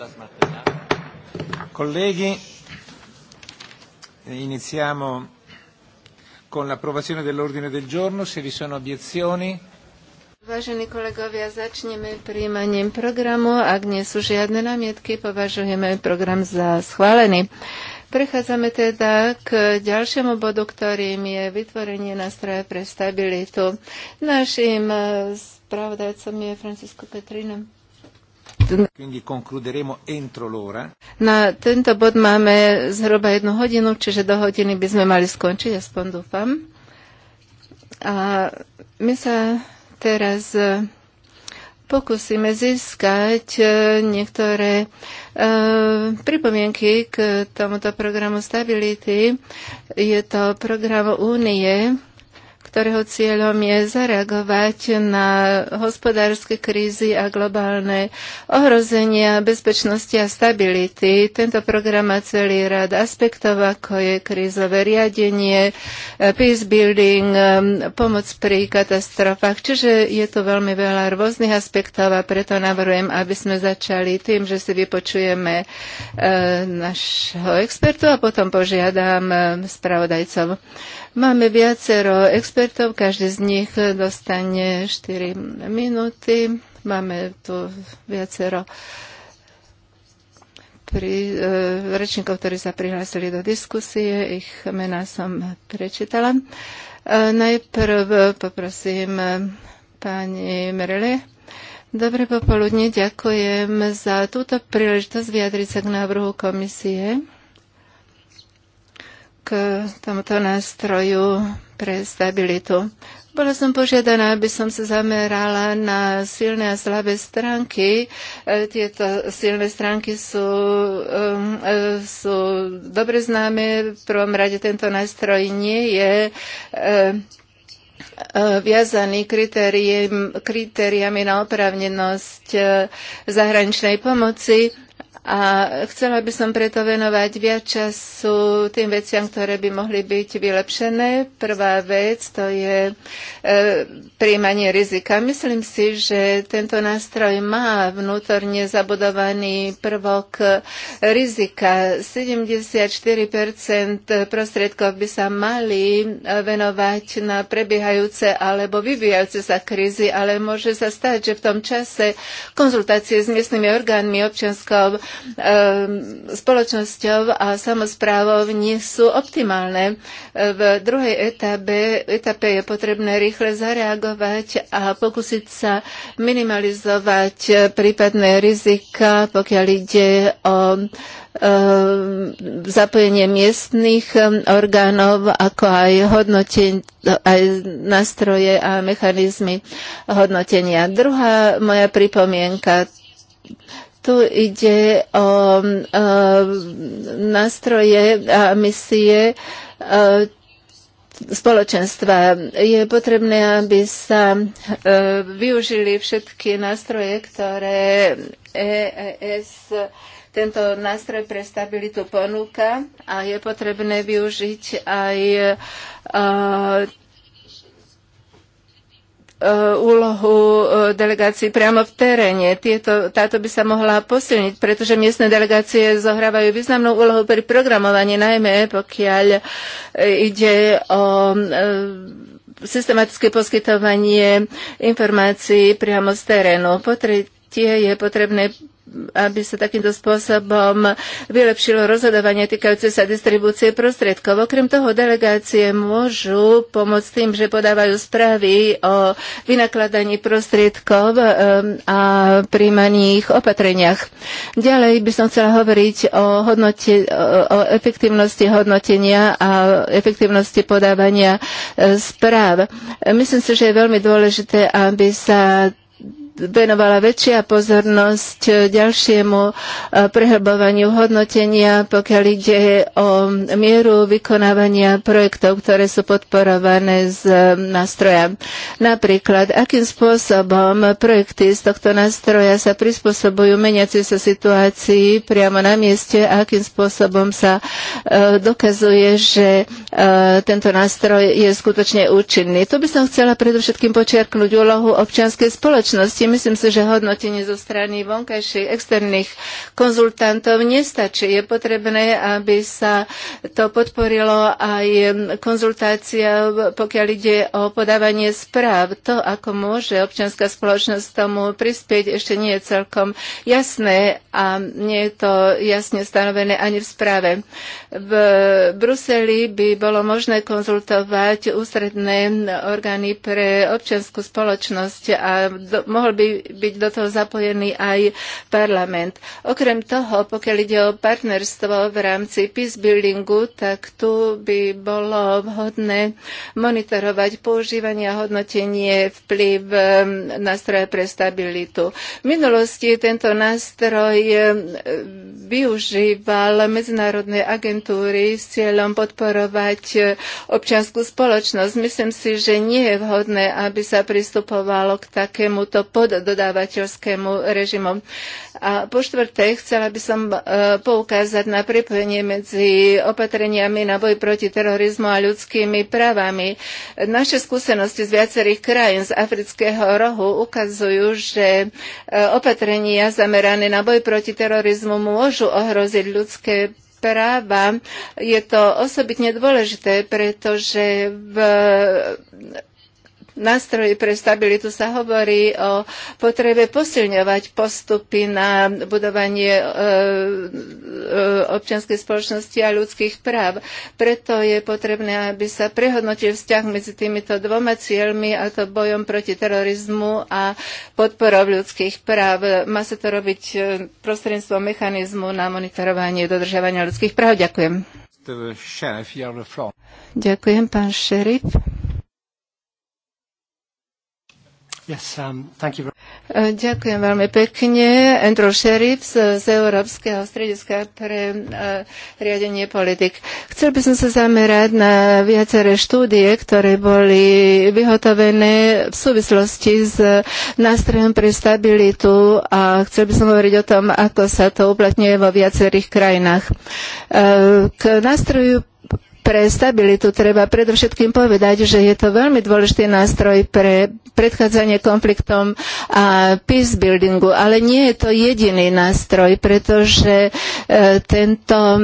della smattina. Colleghi, eh, iniziamo con l'approvazione dell'ordine del giorno. Se vi sono obiezioni. Vážení kolegovia, začneme príjmaním programu. Ak nie sú žiadne námietky, považujeme program za schválený. Prechádzame teda k ďalšiemu bodu, ktorým je vytvorenie nástroja pre stabilitu. Našim eh, spravodajcom je Francisco Petrino. Na tento bod máme zhruba jednu hodinu, čiže do hodiny by sme mali skončiť, aspoň dúfam. A my sa teraz e, pokúsime získať e, niektoré e, pripomienky k tomuto programu Stability. Je to program Únie, ktorého cieľom je zareagovať na hospodárske krízy a globálne ohrozenia bezpečnosti a stability. Tento program má celý rad aspektov, ako je krízové riadenie, peace building, um, pomoc pri katastrofách. Čiže je to veľmi veľa rôznych aspektov a preto navrhujem, aby sme začali tým, že si vypočujeme uh, našho expertu a potom požiadam um, spravodajcov. Máme viacero expertov, každý z nich dostane 4 minúty. Máme tu viacero pri, e, rečníkov, ktorí sa prihlásili do diskusie. Ich mená som prečítala. E, najprv poprosím pani Merele, Dobre popoludne, ďakujem za túto príležitosť vyjadriť sa k návrhu komisie k tomuto nástroju pre stabilitu. Bola som požiadaná, aby som sa zamerala na silné a slabé stránky. E, tieto silné stránky sú, um, e, sú dobre známe. V prvom rade tento nástroj nie je e, viazaný kritériami na opravnenosť zahraničnej pomoci a chcela by som preto venovať viac času tým veciam, ktoré by mohli byť vylepšené. Prvá vec to je e, príjmanie rizika. Myslím si, že tento nástroj má vnútorne zabudovaný prvok rizika. 74% prostriedkov by sa mali venovať na prebiehajúce alebo vyvíjajúce sa krízy, ale môže sa stať, že v tom čase konzultácie s miestnymi orgánmi občianskou Ehm, spoločnosťou a samozprávou nie sú optimálne. Ehm, v druhej etape, etape je potrebné rýchle zareagovať a pokúsiť sa minimalizovať prípadné rizika, pokiaľ ide o ehm, zapojenie miestných orgánov, ako aj hodnotenie, aj nástroje a mechanizmy hodnotenia. Druhá moja pripomienka tu ide o nástroje a misie e, spoločenstva. Je potrebné, aby sa e, využili všetky nástroje, ktoré EES tento nástroj pre stabilitu ponúka a je potrebné využiť aj e, Eh, úlohu eh, delegácií priamo v teréne. Tieto, táto by sa mohla posilniť, pretože miestne delegácie zohrávajú významnú úlohu pri programovaní, najmä pokiaľ eh, ide o systematické poskytovanie informácií priamo z terénu. Po, tre, tie je potrebné aby sa takýmto spôsobom vylepšilo rozhodovanie týkajúce sa distribúcie prostriedkov. Okrem toho delegácie môžu pomôcť tým, že podávajú správy o vynakladaní prostriedkov um, a príjmaných opatreniach. Ďalej by som chcela hovoriť o, hodnote, o efektivnosti hodnotenia a efektivnosti podávania e, správ. Myslím si, že je veľmi dôležité, aby sa venovala väčšia pozornosť eh, ďalšiemu eh, prehlbovaniu hodnotenia, pokiaľ ide o mieru vykonávania projektov, ktoré sú podporované z eh, nástroja. Napríklad, akým spôsobom projekty z tohto nástroja sa prispôsobujú meniacej sa situácii priamo na mieste a akým spôsobom sa dokazuje, že tento nástroj je skutočne účinný. Tu by som chcela predovšetkým počiarknúť úlohu občianskej spoločnosti, oblasti. Myslím si, že hodnotenie zo strany vonkajších externých konzultantov nestačí. Je potrebné, aby sa to podporilo aj konzultácia, pokiaľ ide o podávanie správ. To, ako môže občianská spoločnosť tomu prispieť, ešte nie je celkom jasné a nie je to jasne stanovené ani v správe. V Bruseli by bolo možné konzultovať ústredné orgány pre občianskú spoločnosť a do, mohol mohol by byť do toho zapojený aj parlament. Okrem toho, pokiaľ ide o partnerstvo v rámci peacebuildingu, tak tu by bolo vhodné monitorovať používanie a hodnotenie vplyv ehm, nástroja pre stabilitu. V minulosti tento nástroj ehm, využíval medzinárodné agentúry s cieľom podporovať ehm, občianskú spoločnosť. Myslím si, že nie je vhodné, aby sa pristupovalo k takémuto poddodávateľskému režimu. A po štvrté, chcela by som e, poukázať na prepojenie medzi opatreniami na boj proti terorizmu a ľudskými právami. Naše skúsenosti z viacerých krajín z afrického rohu ukazujú, že e, opatrenia zamerané na boj proti terorizmu môžu ohroziť ľudské práva. Je to osobitne dôležité, pretože v nástroji pre stabilitu sa hovorí o potrebe posilňovať postupy na budovanie e, e, občianskej spoločnosti a ľudských práv. Preto je potrebné, aby sa prehodnotil vzťah medzi týmito dvoma cieľmi a to bojom proti terorizmu a podporou ľudských práv. Má sa to robiť e, prostredníctvom mechanizmu na monitorovanie dodržiavania ľudských práv. Ďakujem. Ďakujem, pán šerif. Yes, um, e, Ďakujem veľmi pekne. Andrew Sheriff z, z Európskeho strediska pre uh, riadenie politik. Chcel by som sa zamerať na viaceré štúdie, ktoré boli vyhotovené v súvislosti s nástrojom pre stabilitu a chcel by som hovoriť o tom, ako sa to uplatňuje vo viacerých krajinách. Uh, k nástroju pre stabilitu treba predovšetkým povedať, že je to veľmi dôležitý nástroj pre predchádzanie konfliktom a peace buildingu, ale nie je to jediný nástroj, pretože e, tento e,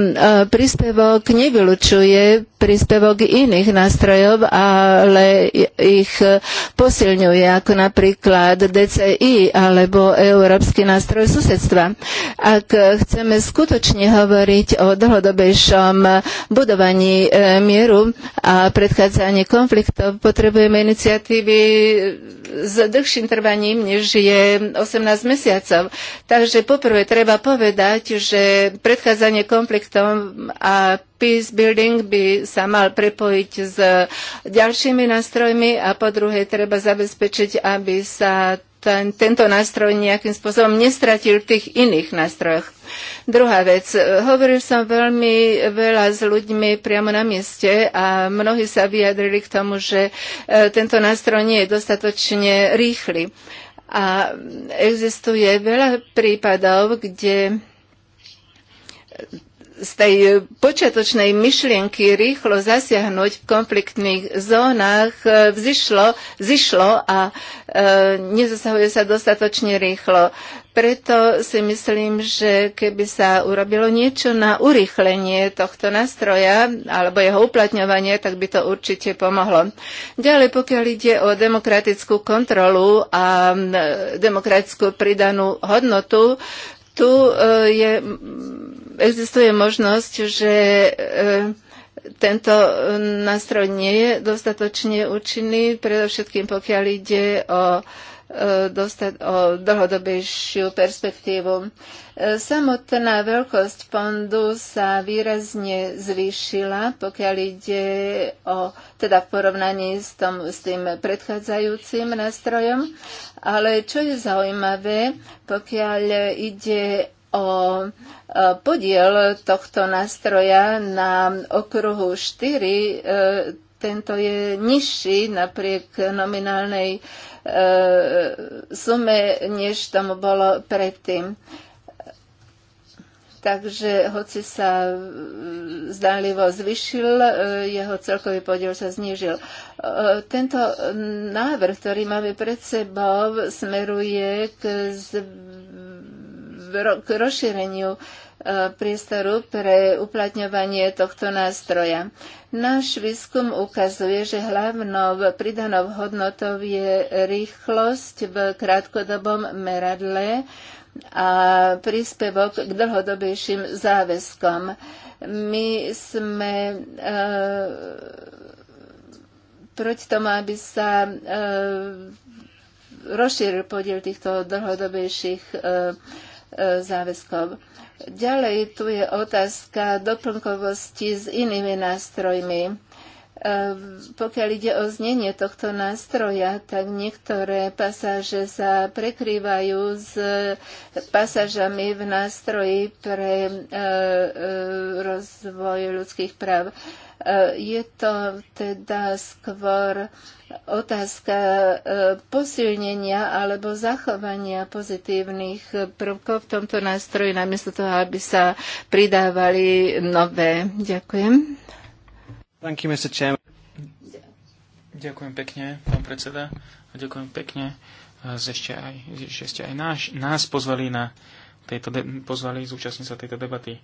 príspevok nevylučuje príspevok iných nástrojov, ale ich posilňuje, ako napríklad DCI alebo Európsky nástroj susedstva. Ak chceme skutočne hovoriť o dlhodobejšom budovaní E, mieru a predchádzanie konfliktov, potrebujeme iniciatívy s dlhším trvaním, než je 18 mesiacov. Takže poprvé treba povedať, že predchádzanie konfliktom a peace building by sa mal prepojiť s ďalšími nástrojmi a po druhé treba zabezpečiť, aby sa ten, tento nástroj nejakým spôsobom nestratil v tých iných nástrojoch. Druhá vec. E, hovoril som veľmi veľa s ľuďmi priamo na mieste a mnohí sa vyjadrili k tomu, že e, tento nástroj nie je dostatočne rýchly. A existuje veľa prípadov, kde z tej počiatočnej myšlienky rýchlo zasiahnuť v konfliktných zónach e, vzišlo, zišlo a e, nezasahuje sa dostatočne rýchlo. Preto si myslím, že keby sa urobilo niečo na urýchlenie tohto nástroja alebo jeho uplatňovanie, tak by to určite pomohlo. Ďalej, pokiaľ ide o demokratickú kontrolu a e, demokratickú pridanú hodnotu, tu e, je existuje možnosť, že e, tento e, nástroj nie je dostatočne účinný, predovšetkým pokiaľ ide o e, dostať o dlhodobejšiu perspektívu. Samotná veľkosť fondu sa výrazne zvýšila, pokiaľ ide o, teda v porovnaní s, tom, s tým predchádzajúcim nástrojom, ale čo je zaujímavé, pokiaľ ide o podiel tohto nástroja na okruhu 4 e, tento je nižší napriek nominálnej e, sume, než tomu bolo predtým. Takže hoci sa zdánlivo zvyšil, e, jeho celkový podiel sa znižil. Tento návrh, ktorý máme pred sebou, smeruje k k rozšíreniu e, priestoru pre uplatňovanie tohto nástroja. Náš výskum ukazuje, že hlavnou pridanou hodnotou je rýchlosť v krátkodobom meradle a príspevok k dlhodobejším záväzkom. My sme e, proti tomu, aby sa e, rozšíril podiel týchto dlhodobejších e, E, záväzkov. Ďalej tu je otázka doplnkovosti s inými nástrojmi. E, pokiaľ ide o znenie tohto nástroja, tak niektoré pasáže sa prekrývajú s pasážami v nástroji pre e, e, rozvoj ľudských práv. Je to teda skôr otázka posilnenia alebo zachovania pozitívnych prvkov v tomto nástroji, namiesto toho, aby sa pridávali nové. Ďakujem. Thank you, Mr. Chairman. Ďakujem pekne, pán predseda. A ďakujem pekne, eh, ste aj, že ste aj náš, nás pozvali, na tejto de- pozvali zúčastniť sa tejto debaty.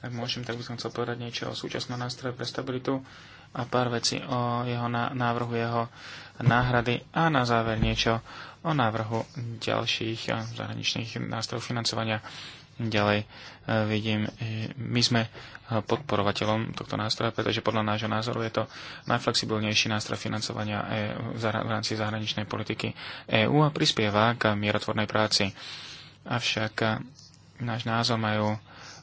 Ak môžem, tak by som chcel povedať niečo o súčasnom nástroje pre stabilitu a pár vecí o jeho návrhu jeho náhrady a na záver niečo o návrhu ďalších eh, zahraničných nástrojov financovania. Ďalej e, vidím, e, my sme e, podporovateľom tohto nástroja, pretože podľa nášho názoru je to najflexibilnejší nástroj financovania v rámci zahraničnej politiky EÚ a prispieva k mierotvornej práci. Avšak náš názor majú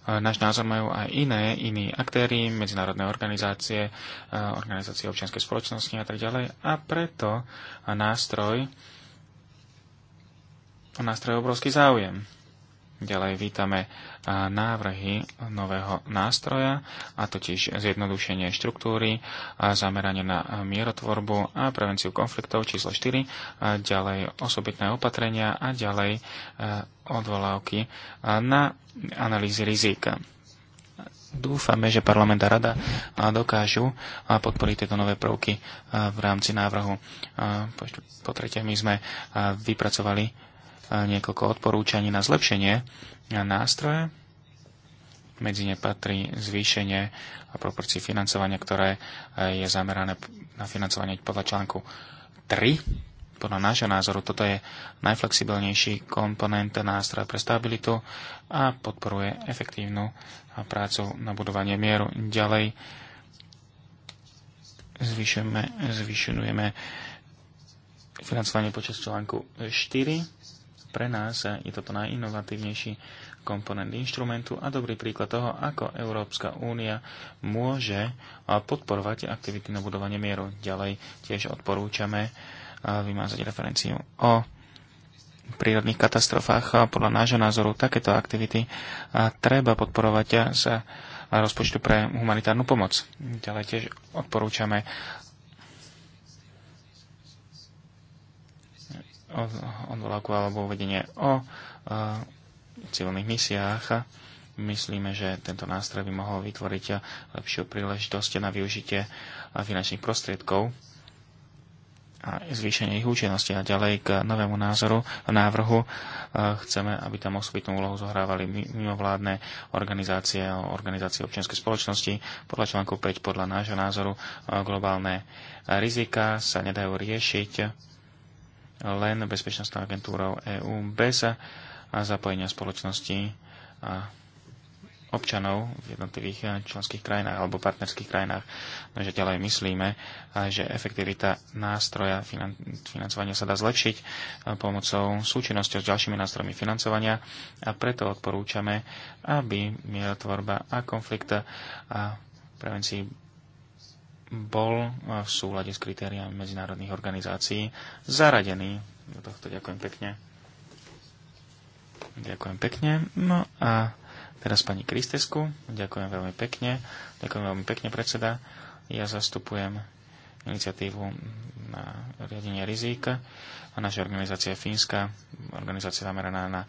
Náš názor majú aj iné, iní aktéry, medzinárodné organizácie, organizácie občianskej spoločnosti a tak ďalej. A preto nástroj, nástroj obrovský záujem. Ďalej vítame návrhy nového nástroja, a totiž zjednodušenie štruktúry, a zameranie na mierotvorbu a prevenciu konfliktov číslo 4, a ďalej osobitné opatrenia a ďalej odvolávky na analýzy rizika. Dúfame, že parlament a rada dokážu podporiť tieto nové prvky v rámci návrhu. Po tretie, my sme vypracovali niekoľko odporúčaní na zlepšenie nástroje. Medzi ne patrí zvýšenie a proporcií financovania, ktoré e, je zamerané na financovanie podľa článku 3. Podľa nášho názoru toto je najflexibilnejší komponent nástroja pre stabilitu a podporuje efektívnu prácu na budovanie mieru. Ďalej zvyšujeme, zvyšujeme financovanie počas článku 4 pre nás je toto najinovatívnejší komponent inštrumentu a dobrý príklad toho, ako Európska únia môže podporovať aktivity na budovanie mieru. Ďalej tiež odporúčame vymázať referenciu o prírodných katastrofách. Podľa nášho názoru takéto aktivity treba podporovať sa rozpočtu pre humanitárnu pomoc. Ďalej tiež odporúčame o odvolávku alebo uvedenie o, o e, civilných misiách. Myslíme, že tento nástroj by mohol vytvoriť lepšiu príležitosť na využitie finančných prostriedkov a zvýšenie ich účinnosti. A ďalej k novému názoru, návrhu e, chceme, aby tam osobitnú úlohu zohrávali mimovládne organizácie a organizácie občianskej spoločnosti. Podľa článku 5, podľa nášho názoru, e, globálne rizika sa nedajú riešiť len bezpečnostnou agentúrou EÚ bez zapojenia spoločnosti a občanov v jednotlivých eh, členských krajinách alebo partnerských krajinách. No, že ďalej myslíme, eh, že efektivita nástroja financovania sa dá zlepšiť eh, pomocou súčinnosti s ďalšími nástrojmi financovania a preto odporúčame, aby mierotvorba a konflikt a prevencii bol v súlade s kritériami medzinárodných organizácií zaradený do tohto. Ďakujem pekne. Ďakujem pekne. No a teraz pani Kristesku. Ďakujem veľmi pekne. Ďakujem veľmi pekne, predseda. Ja zastupujem iniciatívu na riadenie rizik a naša organizácia je fínska, organizácia zameraná na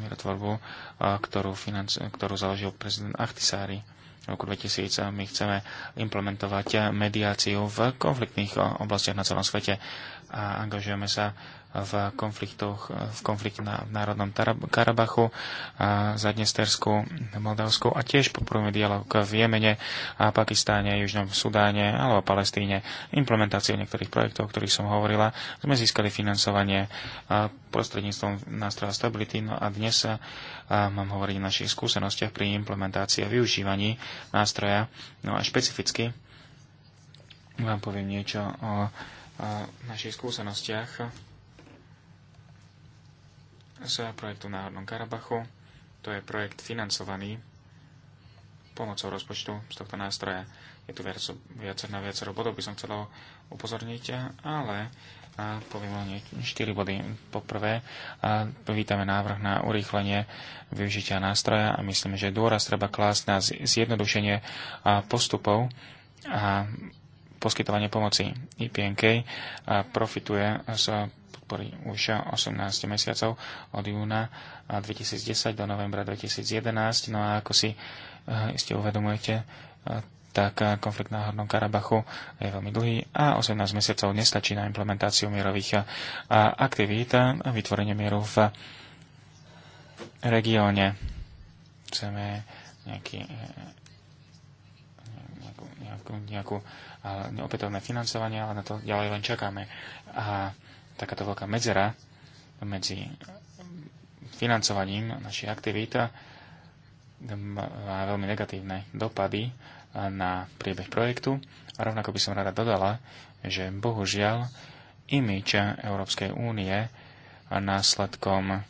mierotvorbu, ktorú, financ- ktorú založil prezident Achtisári roku 2000 my chceme implementovať mediáciu v konfliktných oblastiach na celom svete a angažujeme sa v, konfliktoch, v konflikte na v Národnom Karabachu, a za Dnestersku, Moldavsku a tiež podporujeme dialog v Jemene a Pakistáne, Južnom Sudáne alebo Palestíne. Implementáciu niektorých projektov, o ktorých som hovorila, sme získali financovanie prostredníctvom nástroja stability no a dnes sa mám hovoriť o našich skúsenostiach pri implementácii a využívaní nástroja. No a špecificky vám poviem niečo o, o našich skúsenostiach z projektu v Národnom Karabachu. To je projekt financovaný pomocou rozpočtu z tohto nástroja. Je tu viac, viac na viacero bodov, by som chcel upozorniť, ale a poviem len 4 body. Poprvé, a vítame návrh na urýchlenie využitia nástroja a myslíme, že dôraz treba klásť na zjednodušenie postupov a poskytovanie pomoci IPNK profituje z podpory už 18 mesiacov od júna 2010 do novembra 2011. No a ako si eh, iste uvedomujete, eh, tak eh, konflikt na Hornom Karabachu je veľmi dlhý a 18 mesiacov nestačí na implementáciu mierových aktivít a vytvorenie mieru v regióne. Chceme nejaký, nejakú, nejakú, nejakú neopätovné financovanie, ale na to ďalej len čakáme. A takáto veľká medzera medzi financovaním našich aktivít má veľmi negatívne dopady na priebeh projektu. A rovnako by som rada dodala, že bohužiaľ imič Európskej únie následkom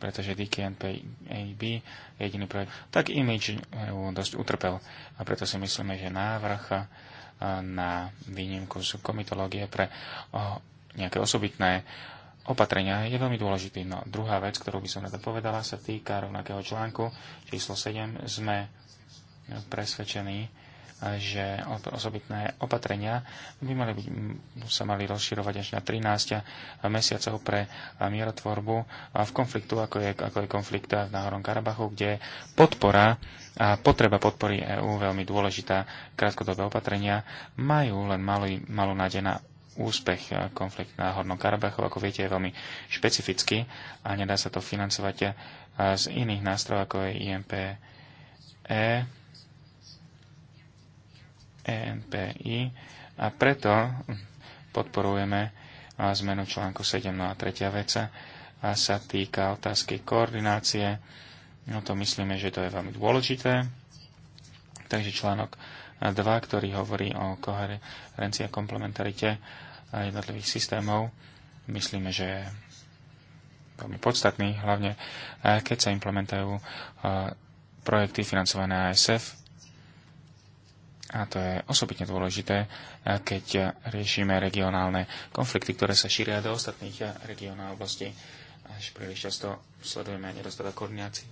pretože DKNPAB je jediný projekt, tak image ju dosť utrpel. A preto si myslíme, že návrh na výnimku z komitológie pre nejaké osobitné opatrenia je veľmi dôležitý. No, druhá vec, ktorú by som rada povedala, sa týka rovnakého článku číslo 7. Sme presvedčení, že osobitné opatrenia by mali byť, sa mali rozširovať až na 13 mesiacov pre e, mierotvorbu v konfliktu, ako je, ako je konflikt v Náhorom Karabachu, kde podpora a potreba podpory EÚ veľmi dôležitá. Krátkodobé opatrenia majú len malý, malú nádej na úspech. E, konflikt na Hornom Karabachu, ako viete, je veľmi špecifický a nedá sa to financovať e, z iných nástrojov, ako je IMP. E, ENPI a preto podporujeme zmenu článku 7. No a tretia vec a sa týka otázky koordinácie. No to myslíme, že to je veľmi dôležité. Takže článok 2, ktorý hovorí o koherencii a komplementarite jednotlivých systémov, myslíme, že je veľmi podstatný, hlavne eh, keď sa implementujú eh, projekty financované ASF a to je osobitne dôležité, e, keď riešime regionálne konflikty, ktoré sa šíria do ostatných e, oblastí. Až príliš často sledujeme nedostatok koordinácie.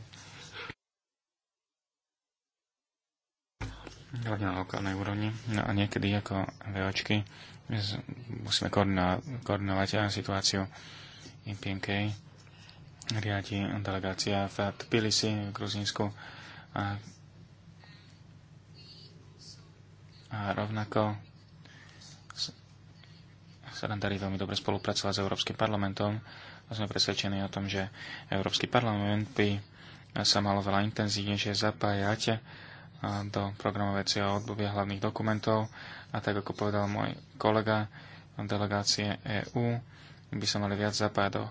Hlavne na lokálnej úrovni. No a niekedy ako VOčky musíme koordinovať, koordinovať e, situáciu IPNK riadi delegácia v Tbilisi v Gruzínsku a a rovnako sa nám darí veľmi dobre spolupracovať s Európskym parlamentom a sme presvedčení o tom, že Európsky parlament by sa malo veľa intenzívnejšie zapájať do programovacieho odbovia hlavných dokumentov a tak ako povedal môj kolega delegácie EÚ, by sa mali viac zapájať do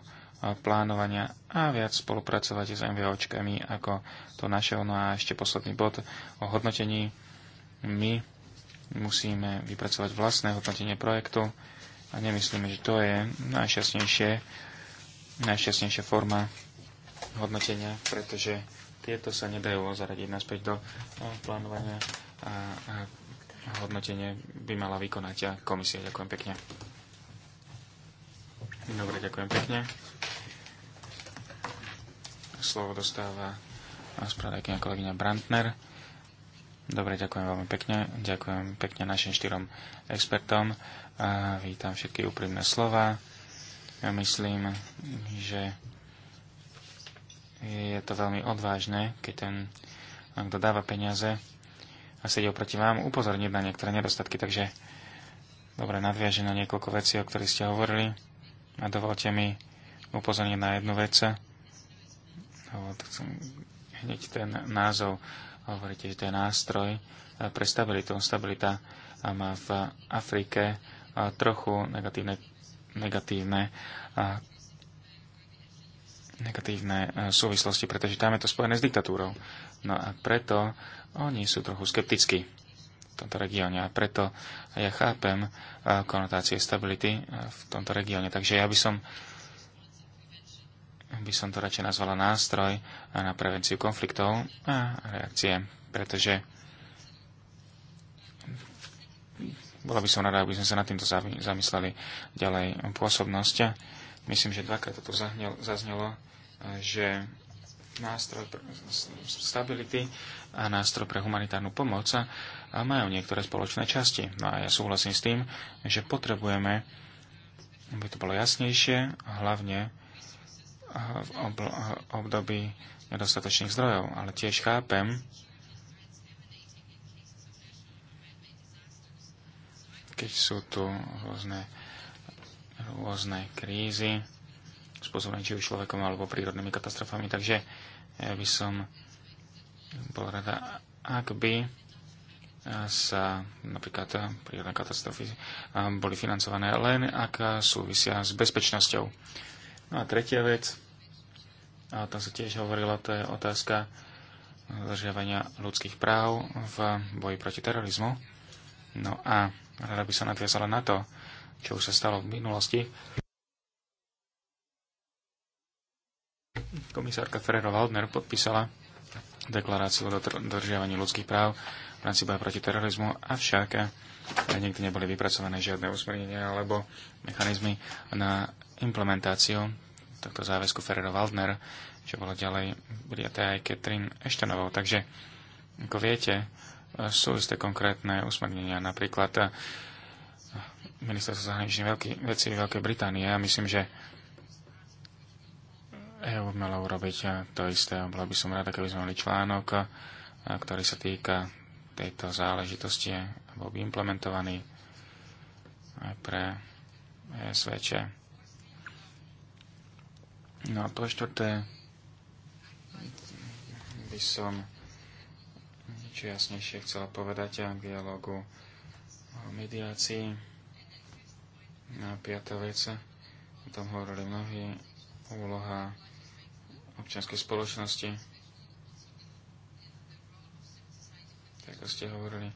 plánovania a viac spolupracovať s MVOčkami ako to našeho. No a ešte posledný bod o hodnotení. My musíme vypracovať vlastné hodnotenie projektu a nemyslíme, že to je najšťastnejšie, najšťastnejšia forma hodnotenia, pretože tieto sa nedajú zaradiť naspäť do plánovania a, a hodnotenie by mala vykonať a komisia. Ďakujem pekne. Dobre, ďakujem pekne. Slovo dostáva spravodajkynia kolegyňa Brantner. Dobre, ďakujem veľmi pekne. Ďakujem pekne našim štyrom expertom. A vítam všetky úprimné slova. Ja myslím, že je to veľmi odvážne, keď ten, kto dáva peniaze a sedí oproti vám, upozorniť na niektoré nedostatky. Takže dobre, nadviažem na niekoľko vecí, o ktorých ste hovorili a dovolte mi upozorniť na jednu vec. Hneď ten názov Hovoríte, že to je nástroj e, pre stabilitu. Stabilita e, má v Afrike e, trochu negatívne, negatívne negatívne súvislosti, pretože tam je to spojené s diktatúrou. No a preto oni sú trochu skeptickí v tomto regióne a preto ja chápem konotácie stability v tomto regióne. Takže ja by som by som to radšej nazvala nástroj na prevenciu konfliktov a reakcie, pretože bola by som rada, aby sme sa nad týmto zamysleli ďalej pôsobnosť. Myslím, že dvakrát to tu zaznelo, že nástroj pre stability a nástroj pre humanitárnu pomoc majú niektoré spoločné časti. No a ja súhlasím s tým, že potrebujeme, aby to bolo jasnejšie, hlavne v období nedostatočných zdrojov, ale tiež chápem, keď sú tu rôzne, rôzne krízy spôsobené či už človekom alebo prírodnými katastrofami, takže ja by som bol rada, ak by sa napríklad prírodné katastrofy eh, boli financované len ak súvisia s bezpečnosťou. No a tretia vec, a o tom sa tiež hovorilo, to je otázka zažiavania ľudských práv v boji proti terorizmu. No a rada by sa nadviazala na to, čo už sa stalo v minulosti. Komisárka Ferrero Waldner podpísala deklaráciu o dodržiavaní ľudských práv v rámci boja proti terorizmu, avšak nikdy neboli vypracované žiadne usmernenia alebo mechanizmy na implementáciu tohto záväzku Ferrero Waldner, čo bolo ďalej prijaté aj Katrin Eštanovou. Takže, ako viete, sú isté konkrétne usmernenia. Napríklad eh, ministerstvo zahraničných vecí Veľkej Británie. Ja myslím, že EU malo urobiť eh, to isté. Bola by som rád, keby sme mali článok, eh, ktorý sa týka tejto záležitosti bol by implementovaný aj pre e SVČ. No a po štvrté by som niečo jasnejšie chcela povedať o dialogu o mediácii. Na no, piatá vec, o tom hovorili mnohí, úloha občianskej spoločnosti. Tak ako ste hovorili,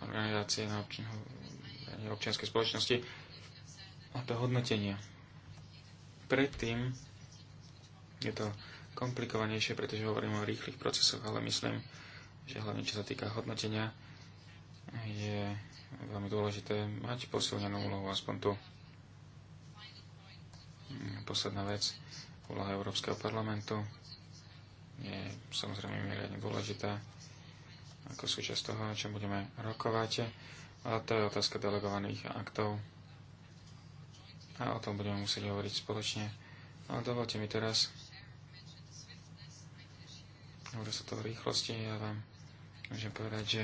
organizácie na občianskej spoločnosti a to hodnotenie predtým je to komplikovanejšie, pretože hovorím o rýchlych procesoch, ale myslím, že hlavne čo sa týka hodnotenia, je veľmi dôležité mať posilnenú úlohu aspoň tu. Posledná vec, úloha Európskeho parlamentu je samozrejme mimoriadne dôležitá ako súčasť toho, čo budeme rokovať. A to je otázka delegovaných aktov a o tom budeme musieť hovoriť spoločne. No, dovolte mi teraz, hovorí sa to o rýchlosti, ja vám môžem povedať, že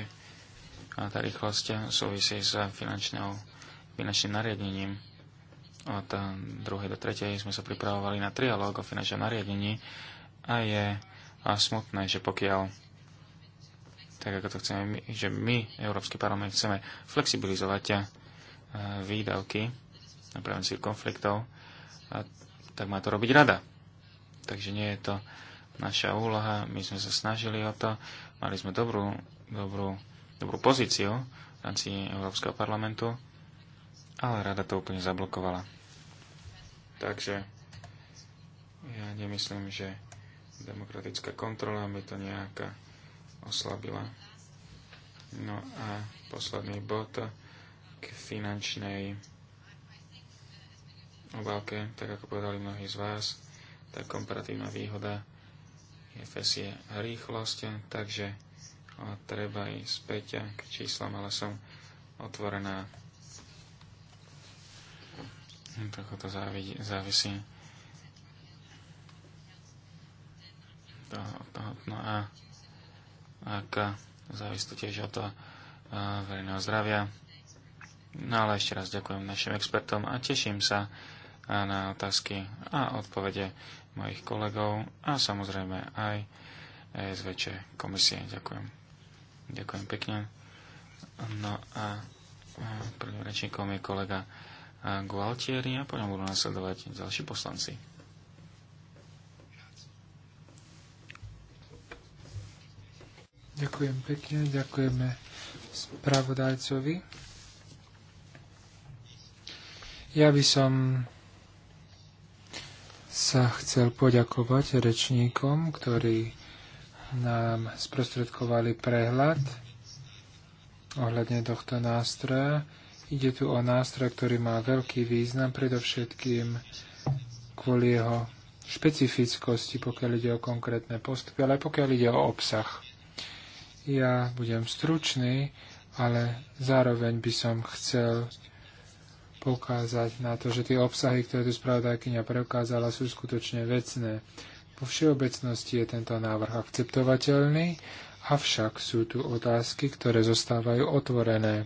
tá rýchlosť súvisí s finančným nariadením. Od druhej do tretej sme sa pripravovali na trialóg o finančnom nariadení a je a smutné, že pokiaľ tak ako to chceme, že my, Európsky parlament, chceme flexibilizovať výdavky na prevenciu konfliktov, a tak má to robiť rada. Takže nie je to naša úloha, my sme sa snažili o to, mali sme dobrú, dobrú, dobrú pozíciu v rámci Európskeho parlamentu, ale rada to úplne zablokovala. Takže ja nemyslím, že demokratická kontrola by to nejaká oslabila. No a posledný bod k finančnej obálke, tak ako povedali mnohí z vás, tá komparatívna výhoda FS je rýchlosť, takže treba ísť späť k číslam, ale som otvorená. Trochu to závisí toho, toho, no a ak závisí to tiež od toho verejného zdravia. No ale ešte raz ďakujem našim expertom a teším sa a na otázky a odpovede mojich kolegov a samozrejme aj ESVČ komisie. Ďakujem. Ďakujem pekne. No a prvým rečníkom je kolega Gualtieri a po ňom budú nasledovať ďalší poslanci. Ďakujem pekne, ďakujeme spravodajcovi. Ja by som sa chcel poďakovať rečníkom, ktorí nám sprostredkovali prehľad ohľadne tohto nástroja. Ide tu o nástroj, ktorý má veľký význam, predovšetkým kvôli jeho špecifickosti, pokiaľ ide o konkrétne postupy, ale pokiaľ ide o obsah. Ja budem stručný, ale zároveň by som chcel poukázať na to, že tie obsahy, ktoré tu spravodajkynia preukázala, sú skutočne vecné. Po všeobecnosti je tento návrh akceptovateľný, avšak sú tu otázky, ktoré zostávajú otvorené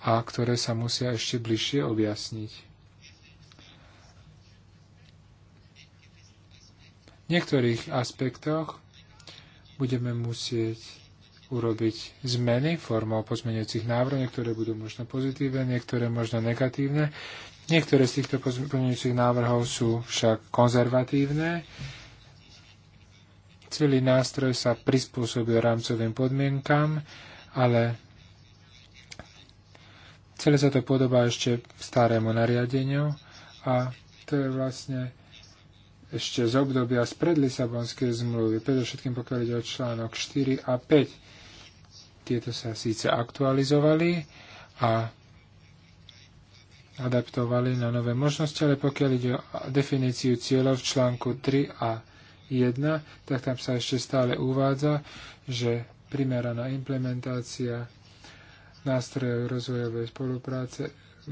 a ktoré sa musia ešte bližšie objasniť. V niektorých aspektoch budeme musieť urobiť zmeny formou pozmeňujúcich návrhov, niektoré budú možno pozitívne, niektoré možno negatívne. Niektoré z týchto pozmeňujúcich návrhov sú však konzervatívne. Celý nástroj sa prispôsobil rámcovým podmienkam, ale celé sa to podobá ešte starému nariadeniu a to je vlastne ešte z obdobia spred Lisabonskej zmluvy, predovšetkým pokiaľ ide o článok 4 a 5 tieto sa síce aktualizovali a adaptovali na nové možnosti, ale pokiaľ ide o definíciu cieľov v článku 3 a 1, tak tam sa ešte stále uvádza, že primeraná implementácia nástrojov rozvojovej spolupráce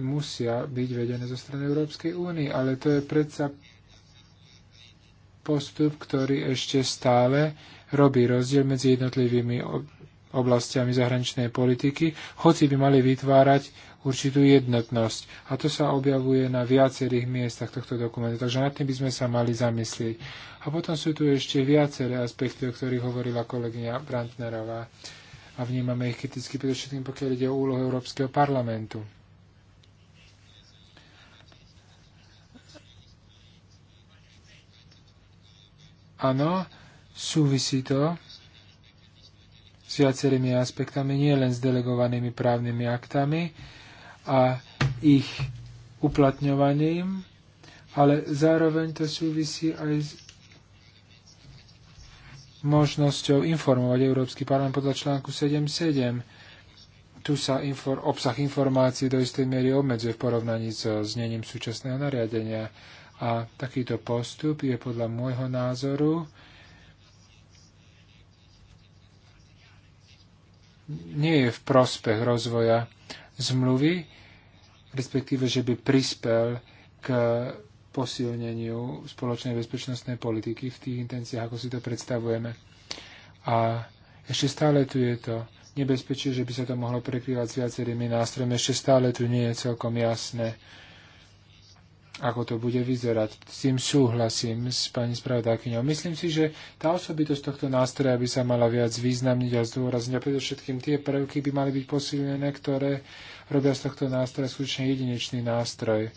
musia byť vedené zo strany Európskej únie, ale to je predsa postup, ktorý ešte stále robí rozdiel medzi jednotlivými oblastiami zahraničnej politiky, hoci by mali vytvárať určitú jednotnosť. A to sa objavuje na viacerých miestach tohto dokumentu, takže nad tým by sme sa mali zamyslieť. A potom sú tu ešte viaceré aspekty, o ktorých hovorila kolegyňa Brantnerová. A vnímame ich kriticky, tým pokiaľ ide o úlohu Európskeho parlamentu. Áno, súvisí to s viacerými aspektami, nie len s delegovanými právnymi aktami a ich uplatňovaním, ale zároveň to súvisí aj s možnosťou informovať Európsky parlament podľa článku 7.7. Tu sa infor, obsah informácií do istej miery obmedzuje v porovnaní so znením súčasného nariadenia. A takýto postup je podľa môjho názoru nie je v prospech rozvoja zmluvy, respektíve, že by prispel k posilneniu spoločnej bezpečnostnej politiky v tých intenciách, ako si to predstavujeme. A ešte stále tu je to nebezpečie, že by sa to mohlo prekrývať s viacerými nástrojmi. Ešte stále tu nie je celkom jasné, ako to bude vyzerať. S tým súhlasím s pani spravodákyňou. Myslím si, že tá osobitosť tohto nástroja by sa mala viac významniť a zdôrazniť. A predovšetkým tie prvky by mali byť posilnené, ktoré robia z tohto nástroja skutočne jedinečný nástroj.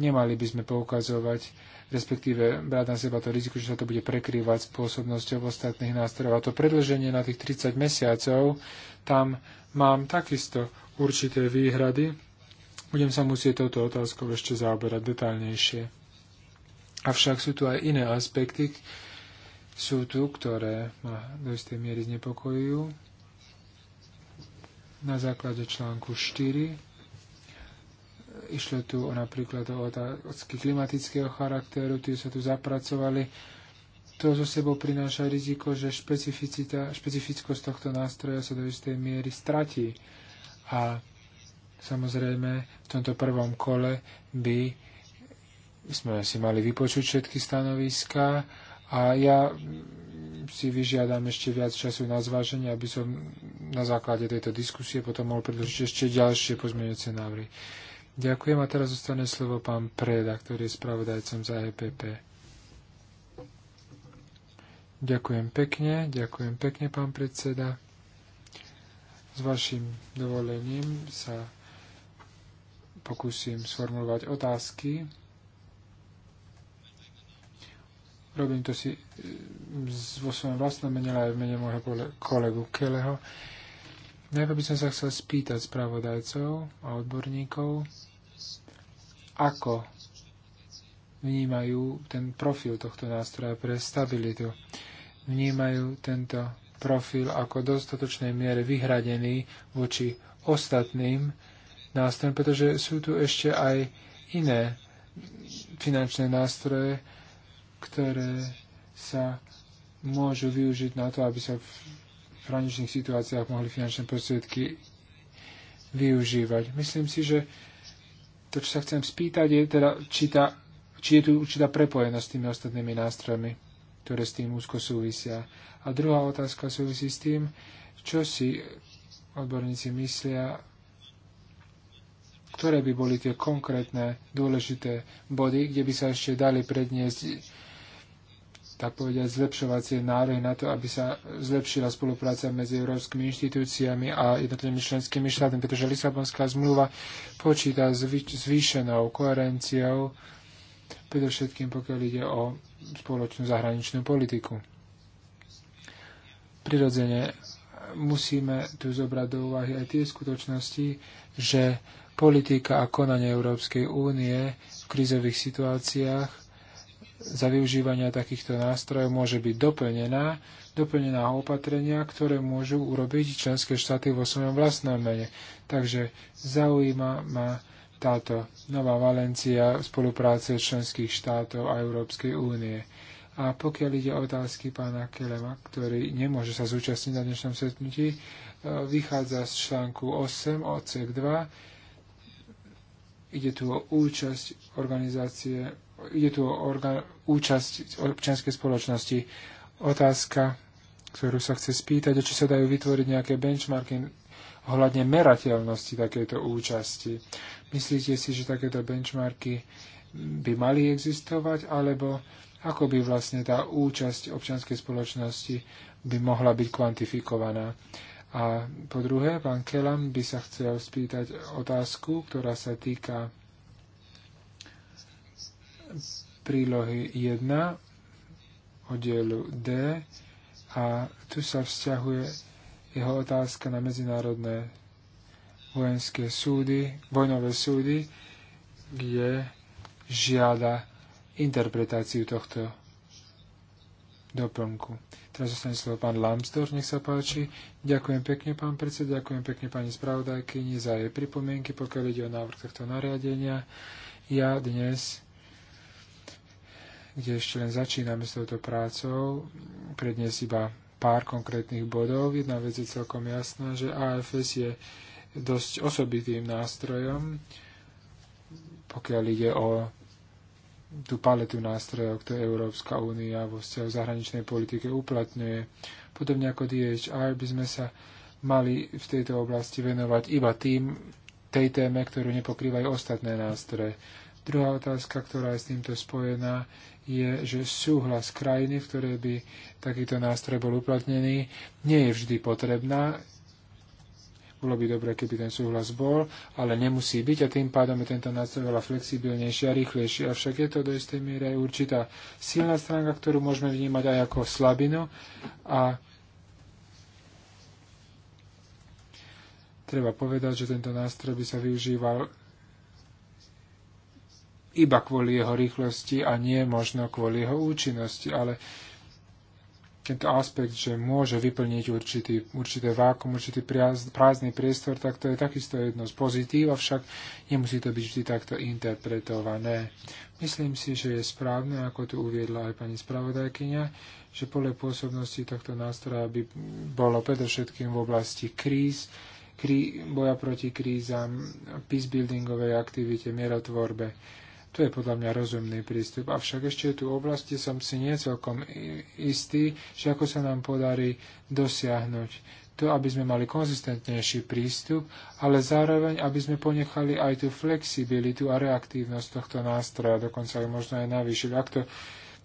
Nemali by sme poukazovať, respektíve brať na seba to riziko, že sa to bude prekrývať spôsobnosťou ostatných nástrojov. A to predlženie na tých 30 mesiacov, tam mám takisto určité výhrady, budem sa musieť touto otázkou ešte zaoberať detaľnejšie. Avšak sú tu aj iné aspekty, sú tu, ktoré ma do istej miery znepokojujú. Na základe článku 4 išlo tu o napríklad o otázky klimatického charakteru, tie sa tu zapracovali. To zo sebou prináša riziko, že špecificita, špecifickosť tohto nástroja sa do istej miery stratí. A Samozrejme, v tomto prvom kole by sme si mali vypočuť všetky stanoviská a ja si vyžiadam ešte viac času na zváženie, aby som na základe tejto diskusie potom mohol predložiť ešte ďalšie pozmeňujúce návrhy. Ďakujem a teraz zostane slovo pán Preda, ktorý je spravodajcom za EPP. Ďakujem pekne, ďakujem pekne, pán predseda. S vašim dovolením sa pokúsim sformulovať otázky. Robím to si e, vo svojom vlastnom mene, ale aj v mene môjho kolegu Keleho. Najprv by som sa chcel spýtať spravodajcov a odborníkov, ako vnímajú ten profil tohto nástroja pre stabilitu. Vnímajú tento profil ako dostatočnej miere vyhradený voči ostatným nástrojom, pretože sú tu ešte aj iné finančné nástroje, ktoré sa môžu využiť na to, aby sa v hraničných situáciách mohli finančné prostriedky využívať. Myslím si, že to, čo sa chcem spýtať, je teda, či, tá, či je tu určitá prepojenosť s tými ostatnými nástrojmi, ktoré s tým úzko súvisia. A druhá otázka súvisí s tým, čo si odborníci myslia ktoré by boli tie konkrétne dôležité body, kde by sa ešte dali predniesť tak povedať, zlepšovacie nárohy na to, aby sa zlepšila spolupráca medzi európskymi inštitúciami a jednotlivými členskými štátmi, pretože Lisabonská zmluva počíta s zvýšenou koherenciou, predovšetkým pokiaľ ide o spoločnú zahraničnú politiku. Prirodzene musíme tu zobrať do úvahy aj tie skutočnosti, že politika a konanie Európskej únie v krizových situáciách za využívania takýchto nástrojov môže byť doplnená, doplnená opatrenia, ktoré môžu urobiť členské štáty vo svojom vlastnom mene. Takže zaujíma ma táto nová Valencia spolupráce členských štátov a Európskej únie. A pokiaľ ide o otázky pána Kelema, ktorý nemôže sa zúčastniť na dnešnom stretnutí, e, vychádza z článku 8, odsek 2, Ide tu o účasť organizácie, ide tu o orga, účasť občianskej spoločnosti. Otázka, ktorú sa chce spýtať, je, či sa dajú vytvoriť nejaké benchmarky ohľadne merateľnosti takéto účasti. Myslíte si, že takéto benchmarky by mali existovať, alebo ako by vlastne tá účasť občianskej spoločnosti by mohla byť kvantifikovaná. A po druhé, pán Kelam by sa chcel spýtať otázku, ktorá sa týka prílohy 1 oddielu D a tu sa vzťahuje jeho otázka na medzinárodné vojenské súdy, vojnové súdy, kde žiada interpretáciu tohto doplnku. Teraz zostane slovo pán Lambsdorff, nech sa páči. Ďakujem pekne, pán predseda, ďakujem pekne pani spravodajkyni za jej pripomienky, pokiaľ ide o návrh tohto nariadenia. Ja dnes, kde ešte len začíname s touto prácou, prednes iba pár konkrétnych bodov. Jedna vec je celkom jasná, že AFS je dosť osobitým nástrojom, pokiaľ ide o tú paletu nástrojov, ktoré Európska únia vo vzťahu zahraničnej politike uplatňuje. Podobne ako DHR by sme sa mali v tejto oblasti venovať iba tým, tej téme, ktorú nepokrývajú ostatné nástroje. Druhá otázka, ktorá je s týmto spojená, je, že súhlas krajiny, v ktorej by takýto nástroj bol uplatnený, nie je vždy potrebná. Bolo by dobre, keby ten súhlas bol, ale nemusí byť a tým pádom je tento nástroj veľa flexibilnejší a rýchlejší. Avšak je to do istej miery aj určitá silná stránka, ktorú môžeme vnímať aj ako slabinu a treba povedať, že tento nástroj by sa využíval iba kvôli jeho rýchlosti a nie možno kvôli jeho účinnosti, ale tento aspekt, že môže vyplniť určitý, určité vákum, určitý prázdny priestor, tak to je takisto jedno z pozitív, avšak nemusí to byť vždy takto interpretované. Myslím si, že je správne, ako tu uviedla aj pani spravodajkynia, že pole pôsobnosti tohto nástroja by bolo predovšetkým v oblasti kríz, kríz boja proti krízam, peacebuildingovej aktivite, mierotvorbe to je podľa mňa rozumný prístup. Avšak ešte tu oblasti, som si nie celkom istý, že ako sa nám podarí dosiahnuť to, aby sme mali konzistentnejší prístup, ale zároveň, aby sme ponechali aj tú flexibilitu a reaktívnosť tohto nástroja, dokonca aj možno aj navýšili. Ak to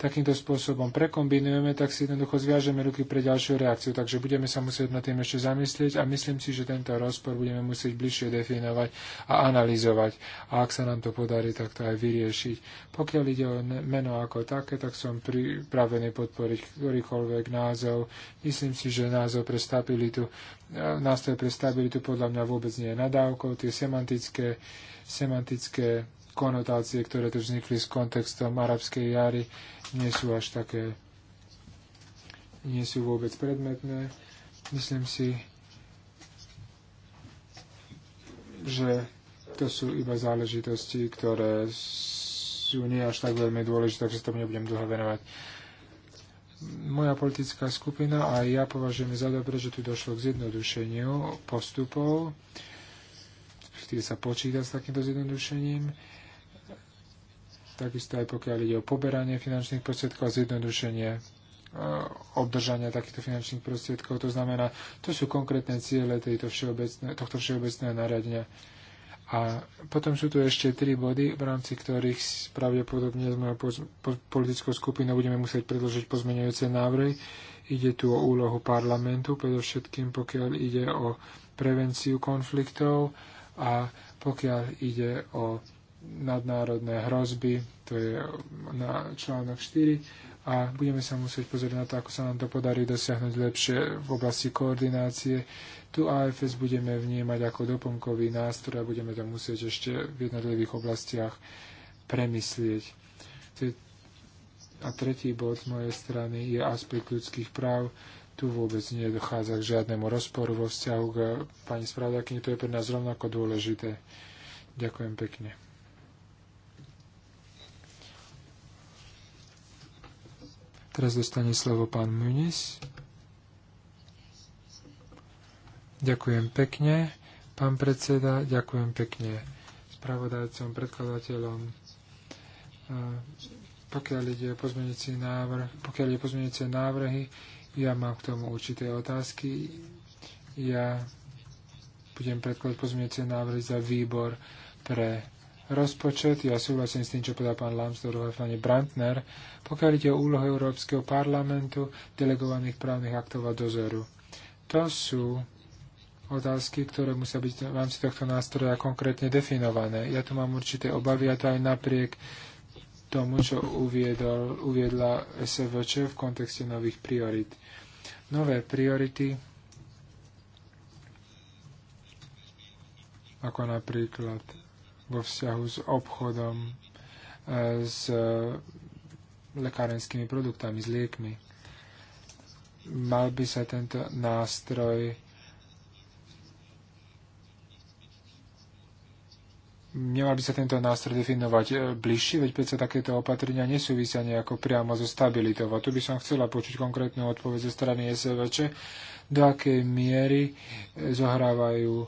takýmto spôsobom prekombinujeme, tak si jednoducho zviažeme ruky pre ďalšiu reakciu. Takže budeme sa musieť nad tým ešte zamyslieť a myslím si, že tento rozpor budeme musieť bližšie definovať a analyzovať. A ak sa nám to podarí, tak to aj vyriešiť. Pokiaľ ide o meno ako také, tak som pripravený podporiť ktorýkoľvek názov. Myslím si, že názov pre stabilitu, e, nástroj pre stabilitu podľa mňa vôbec nie je nadávkou. Tie semantické, semantické konotácie, ktoré tu vznikli s kontextom arabskej jary, nie sú až také, nie sú vôbec predmetné. Myslím si, že to sú iba záležitosti, ktoré sú nie až tak veľmi dôležité, takže sa tomu nebudem dlho venovať moja politická skupina a ja považujem za dobre, že tu došlo k zjednodušeniu postupov, ktorý sa počíta s takýmto zjednodušením takisto aj pokiaľ ide o poberanie finančných prostriedkov a zjednodušenie e, obdržania takýchto finančných prostriedkov. To znamená, to sú konkrétne ciele tejto všeobecné, tohto všeobecného nariadenia. A potom sú tu ešte tri body, v rámci ktorých pravdepodobne z mojou politickou skupinou budeme musieť predložiť pozmeňujúce návrhy. Ide tu o úlohu parlamentu, predovšetkým pokiaľ ide o prevenciu konfliktov a pokiaľ ide o nadnárodné hrozby, to je na článok 4 a budeme sa musieť pozrieť na to, ako sa nám to podarí dosiahnuť lepšie v oblasti koordinácie. Tu AFS budeme vnímať ako doplnkový nástroj a budeme to musieť ešte v jednotlivých oblastiach premyslieť. A tretí bod z mojej strany je aspekt ľudských práv. Tu vôbec nedochádza k žiadnemu rozporu vo vzťahu k pani spravodajkyni. To je pre nás rovnako dôležité. Ďakujem pekne. Teraz dostane slovo pán Muniz. Ďakujem pekne, pán predseda, ďakujem pekne spravodajcom, predkladateľom. Pokiaľ ide o pozmeňujúci návrh, pokiaľ ide pozmeňujúce návrhy, ja mám k tomu určité otázky. Ja budem predkladať pozmeňujúce návrhy za výbor pre rozpočet, ja súhlasím s tým, čo povedal pán Lambsdorff a pani Brandner, pokiaľ ide o úlohu Európskeho parlamentu, delegovaných právnych aktov a dozoru. To sú otázky, ktoré musia byť v rámci tohto nástroja konkrétne definované. Ja tu mám určité obavy a to aj napriek tomu, čo uviedol, uviedla SVČ v kontexte nových priorit. Nové priority, ako napríklad vo vzťahu s obchodom e, s e, lekárenskými produktami, s liekmi. Mal by sa tento nástroj nemal by sa tento nástroj definovať e, bližšie, veď predsa takéto opatrenia nesúvisia nejako priamo so stabilitou. A tu by som chcela počuť konkrétnu odpoveď zo strany SVČ, do akej miery e, zohrávajú e,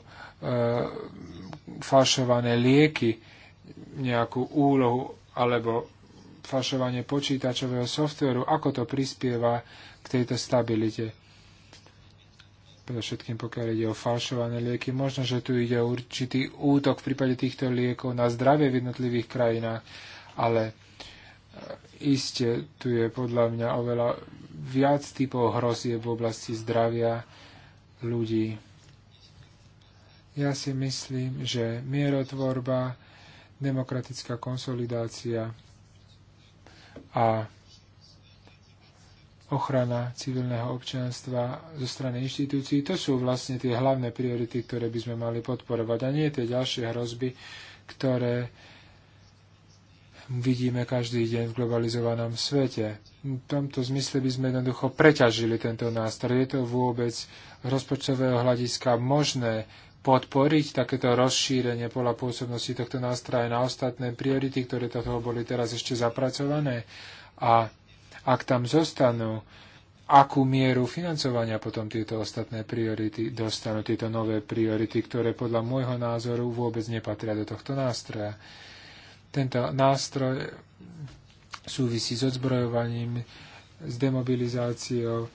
falšované lieky nejakú úlohu alebo falšovanie počítačového softveru, ako to prispieva k tejto stabilite predovšetkým pokiaľ ide o falšované lieky. Možno, že tu ide o určitý útok v prípade týchto liekov na zdravie v jednotlivých krajinách, ale e, iste tu je podľa mňa oveľa viac typov hrozie v oblasti zdravia ľudí. Ja si myslím, že mierotvorba, demokratická konsolidácia a ochrana civilného občianstva zo strany inštitúcií, to sú vlastne tie hlavné priority, ktoré by sme mali podporovať a nie tie ďalšie hrozby, ktoré vidíme každý deň v globalizovanom svete. V tomto zmysle by sme jednoducho preťažili tento nástroj. Je to vôbec z rozpočtového hľadiska možné podporiť takéto rozšírenie pola pôsobnosti tohto nástroja na ostatné priority, ktoré toho boli teraz ešte zapracované. A ak tam zostanú, akú mieru financovania potom tieto ostatné priority dostanú, tieto nové priority, ktoré podľa môjho názoru vôbec nepatria do tohto nástroja. Tento nástroj súvisí s odzbrojovaním, s demobilizáciou,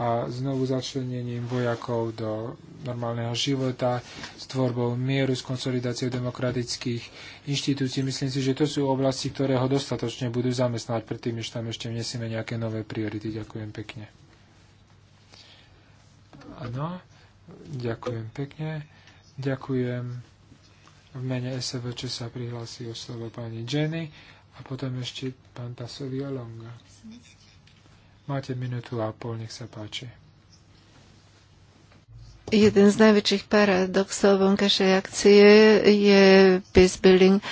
a znovu začlenením vojakov do normálneho života, s tvorbou mieru, s konsolidáciou demokratických inštitúcií. Myslím si, že to sú oblasti, ktoré ho dostatočne budú zamestnať predtým, než tam ešte vnesieme nejaké nové priority. Ďakujem pekne. Áno, ďakujem pekne. Ďakujem. V mene SVČ sa prihlási o slovo pani Jenny a potom ešte pán Tasovia Longa. Máte minútu a pol, nech sa páči jeden z najväčších paradoxov vonkajšej akcie je peace building. E,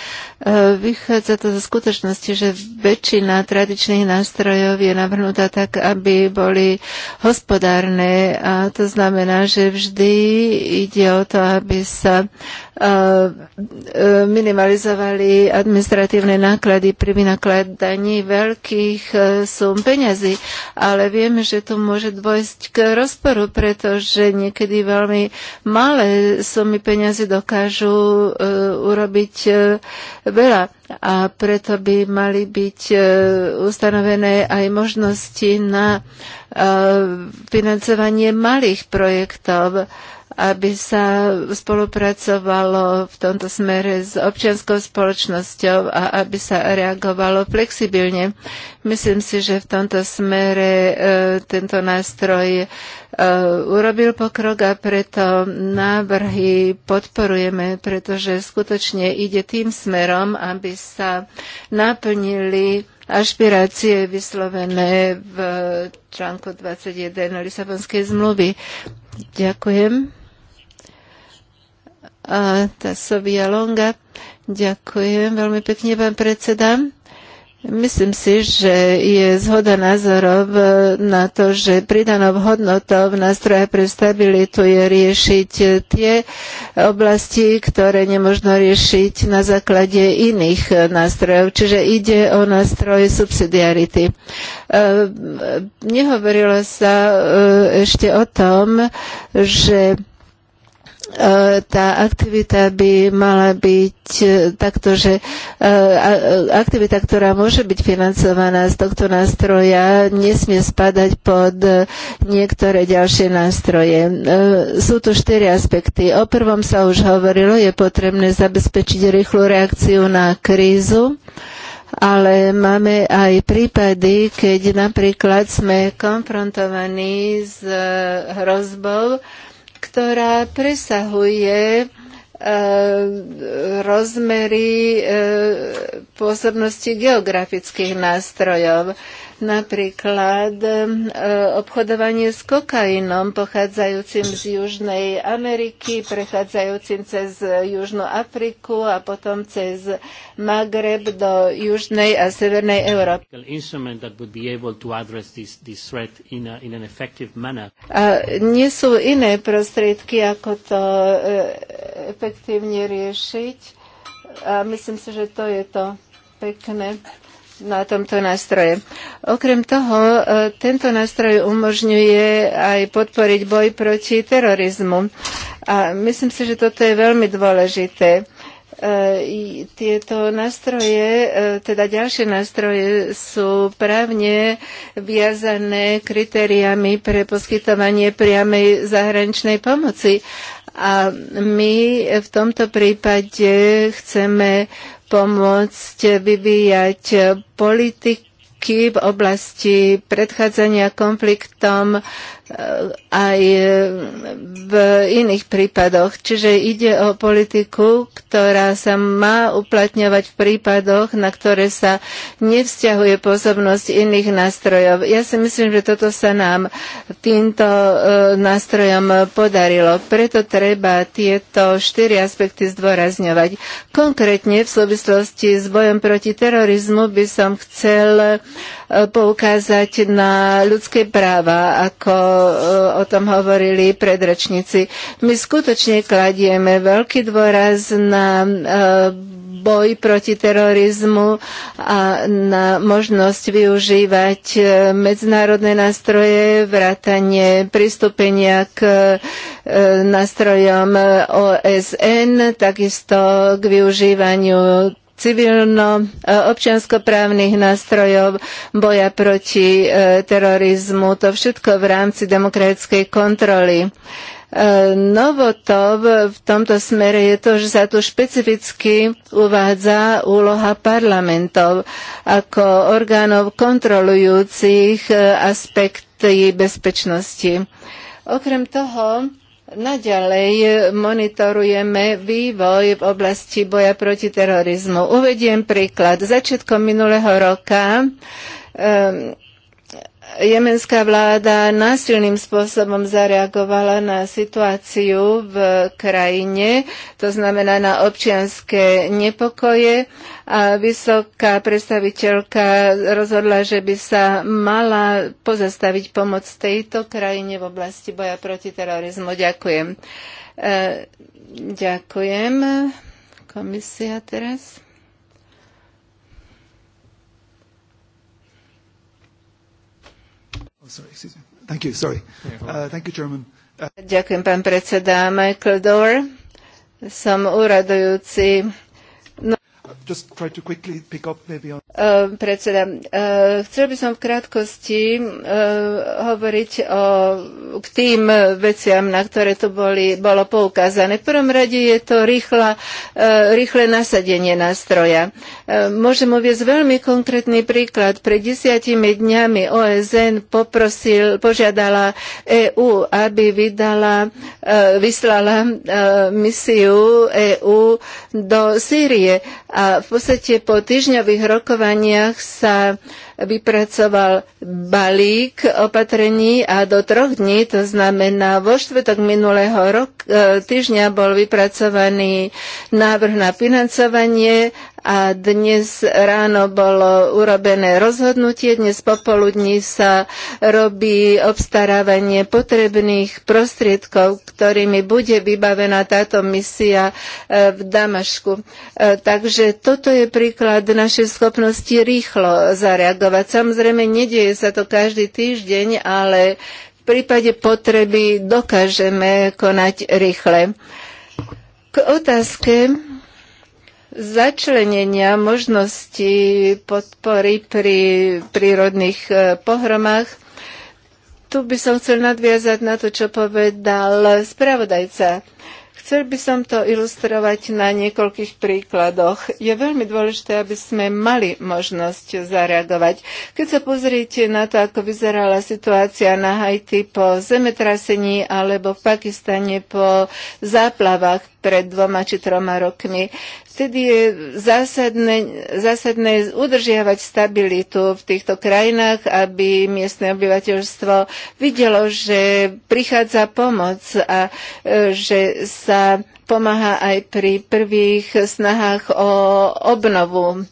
vychádza to zo skutočnosti, že väčšina tradičných nástrojov je navrhnutá tak, aby boli hospodárne a to znamená, že vždy ide o to, aby sa e, e, minimalizovali administratívne náklady pri vynakladaní veľkých sum peňazí. Ale vieme, že to môže dôjsť k rozporu, pretože niekedy veľmi malé sumy peniazy dokážu e, urobiť e, veľa a preto by mali byť e, ustanovené aj možnosti na financovanie malých projektov aby sa spolupracovalo v tomto smere s občianskou spoločnosťou a aby sa reagovalo flexibilne. Myslím si, že v tomto smere e, tento nástroj e, urobil pokrok a preto návrhy podporujeme, pretože skutočne ide tým smerom, aby sa naplnili ašpirácie vyslovené v článku 21 Lisabonskej zmluvy. Ďakujem. Tasovia Longa. Ďakujem veľmi pekne, pán predseda. Myslím si, že je zhoda názorov e, na to, že pridanou hodnotou nástroja pre stabilitu je riešiť tie oblasti, ktoré nemožno riešiť na základe iných nástrojov. Čiže ide o nástroj subsidiarity. E, nehovorilo sa e, ešte o tom, že Eh, tá aktivita by mala byť eh, takto, že eh, aktivita, ktorá môže byť financovaná z tohto nástroja, nesmie spadať pod niektoré ďalšie nástroje. Sú tu štyri aspekty. O prvom sa už hovorilo, je potrebné zabezpečiť rýchlu reakciu na krízu ale máme aj prípady, keď napríklad sme konfrontovaní s hrozbou, ktorá presahuje e, rozmery e, pôsobnosti geografických nástrojov. Napríklad e, obchodovanie s kokainom pochádzajúcim z Južnej Ameriky, prechádzajúcim cez Južnú Afriku a potom cez Magreb do Južnej a Severnej Európy. A nie sú iné prostriedky, ako to e, efektívne riešiť. A myslím si, že to je to pekné na tomto nástroje. Okrem toho, e, tento nástroj umožňuje aj podporiť boj proti terorizmu. A myslím si, že toto je veľmi dôležité e, tieto nástroje, e, teda ďalšie nástroje sú právne viazané kritériami pre poskytovanie priamej zahraničnej pomoci. A my v tomto prípade chceme pomôcť vyvíjať politiky v oblasti predchádzania konfliktom, Eh, aj eh, v iných prípadoch. Čiže ide o politiku, ktorá sa má uplatňovať v prípadoch, na ktoré sa nevzťahuje pôsobnosť iných nástrojov. Ja si myslím, že toto sa nám týmto eh, nástrojom podarilo. Preto treba tieto štyri aspekty zdôrazňovať. Konkrétne v súvislosti s bojom proti terorizmu by som chcel poukázať na ľudské práva ako o tom hovorili predrečníci. My skutočne kladieme veľký dôraz na eh, boj proti terorizmu a na možnosť využívať eh, medzinárodné nástroje, vrátanie pristúpenia k eh, nástrojom OSN, takisto k využívaniu civilno-občianskoprávnych nástrojov, boja proti e, terorizmu, to všetko v rámci demokratickej kontroly. E, novotov v tomto smere je to, že sa tu špecificky uvádza úloha parlamentov ako orgánov kontrolujúcich e, aspekty bezpečnosti. Okrem toho, Naďalej monitorujeme vývoj v oblasti boja proti terorizmu. Uvediem príklad. Začiatkom minulého roka um, jemenská vláda násilným spôsobom zareagovala na situáciu v krajine, to znamená na občianské nepokoje a vysoká predstaviteľka rozhodla, že by sa mala pozastaviť pomoc tejto krajine v oblasti boja proti terorizmu. Ďakujem. E, ďakujem. Komisia teraz. Oh, sorry, excuse me. Thank you, sorry. Uh, thank you, Chairman. Uh... Ďakujem, pán predseda Michael Dover. Som uradujúci Predseda, chcel by som v krátkosti hovoriť o, k tým veciam, na ktoré to boli, bolo poukázané. V prvom rade je to rýchla, rýchle nasadenie nástroja. Môžem uvieť veľmi konkrétny príklad. Pred desiatimi dňami OSN poprosil, požiadala EÚ, aby vydala, vyslala misiu EÚ do Sýrie a v podstate po týždňových rokovaniach sa vypracoval balík opatrení a do troch dní, to znamená vo štvrtok minulého rok, e, týždňa bol vypracovaný návrh na financovanie a dnes ráno bolo urobené rozhodnutie, dnes popoludní sa robí obstarávanie potrebných prostriedkov, ktorými bude vybavená táto misia e, v Damašku. E, takže toto je príklad našej schopnosti rýchlo zareagovať realizovať. Samozrejme, nedieje sa to každý týždeň, ale v prípade potreby dokážeme konať rýchle. K otázke začlenenia možnosti podpory pri prírodných e, pohromách. Tu by som chcel nadviazať na to, čo povedal spravodajca. Chcel by som to ilustrovať na niekoľkých príkladoch. Je veľmi dôležité, aby sme mali možnosť zareagovať. Keď sa pozriete na to, ako vyzerala situácia na Haiti po zemetrasení alebo v Pakistane po záplavách, pred dvoma či troma rokmi. Vtedy je zásadné, zásadné udržiavať stabilitu v týchto krajinách, aby miestne obyvateľstvo videlo, že prichádza pomoc a e, že sa pomáha aj pri prvých snahách o obnovu.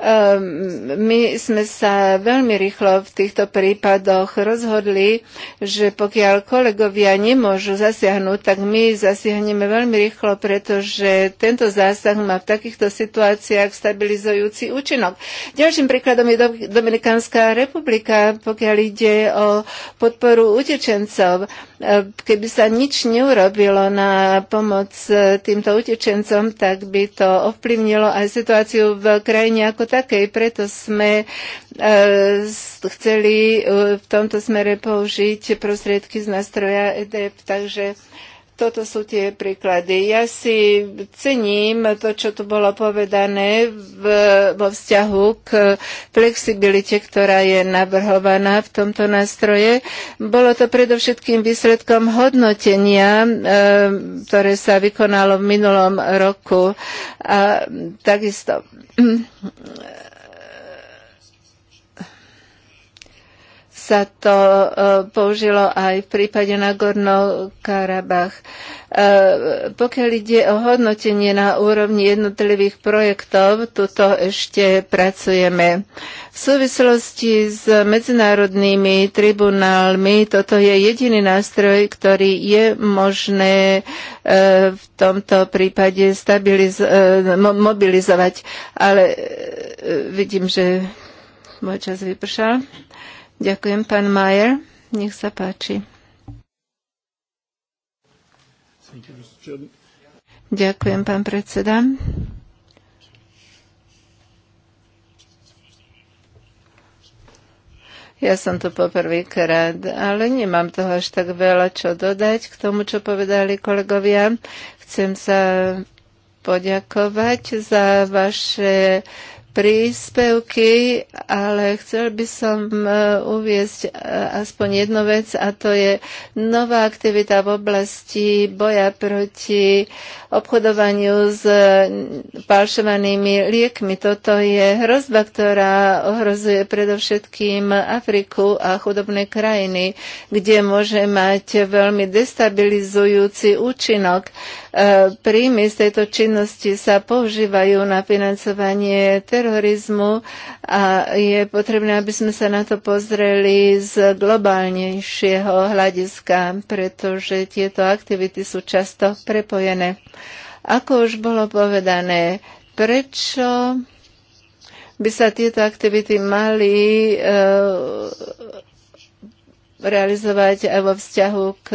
Ehm, my sme sa veľmi rýchlo v týchto prípadoch rozhodli, že pokiaľ kolegovia nemôžu zasiahnuť, tak my zasiahneme veľmi rýchlo, pretože tento zásah má v takýchto situáciách stabilizujúci účinok. Ďalším príkladom je Dominikánska republika, pokiaľ ide o podporu utečencov. Ehm, keby sa nič neurobilo na pomoc týmto utečencom, tak by to ovplyvnilo aj situáciu v krajine ako takej. Preto sme e, chceli e, v tomto smere použiť prostriedky z nástroja EDEP, Takže toto sú tie príklady. Ja si cením to, čo tu bolo povedané v, vo vzťahu k flexibilite, ktorá je navrhovaná v tomto nástroje. Bolo to predovšetkým výsledkom hodnotenia, e, ktoré sa vykonalo v minulom roku. A takisto sa to e, použilo aj v prípade Nagorno Karabach. E, pokiaľ ide o hodnotenie na úrovni jednotlivých projektov, tuto ešte pracujeme. V súvislosti s medzinárodnými tribunálmi toto je jediný nástroj, ktorý je možné e, v tomto prípade stabiliz- mobilizovať. Ale vidím, že môj čas vypršal. Ďakujem, pán Majer. Nech sa páči. Ďakujem, pán predseda. Ja som tu poprvýkrát, ale nemám toho až tak veľa čo dodať k tomu, čo povedali kolegovia. Chcem sa poďakovať za vaše príspevky, ale chcel by som e, uviezť e, aspoň jednu vec a to je nová aktivita v oblasti boja proti obchodovaniu s falšovanými liekmi. Toto je hrozba, ktorá ohrozuje predovšetkým Afriku a chudobné krajiny, kde môže mať veľmi destabilizujúci účinok. E, príjmy z tejto činnosti sa používajú na financovanie terorizmu a je potrebné, aby sme sa na to pozreli z globálnejšieho hľadiska, pretože tieto aktivity sú často prepojené. Ako už bolo povedané, prečo by sa tieto aktivity mali e, realizovať aj vo vzťahu k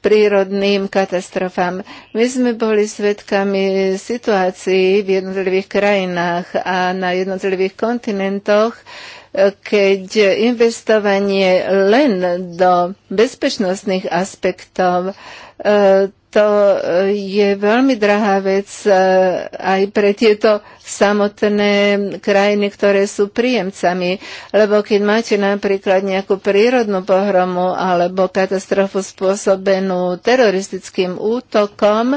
prírodným katastrofám. My sme boli svedkami situácií v jednotlivých krajinách a na jednotlivých kontinentoch, keď investovanie len do bezpečnostných aspektov e, to e, je veľmi drahá vec e, aj pre tieto samotné krajiny, ktoré sú príjemcami. Lebo keď máte napríklad nejakú prírodnú pohromu alebo katastrofu spôsobenú teroristickým útokom,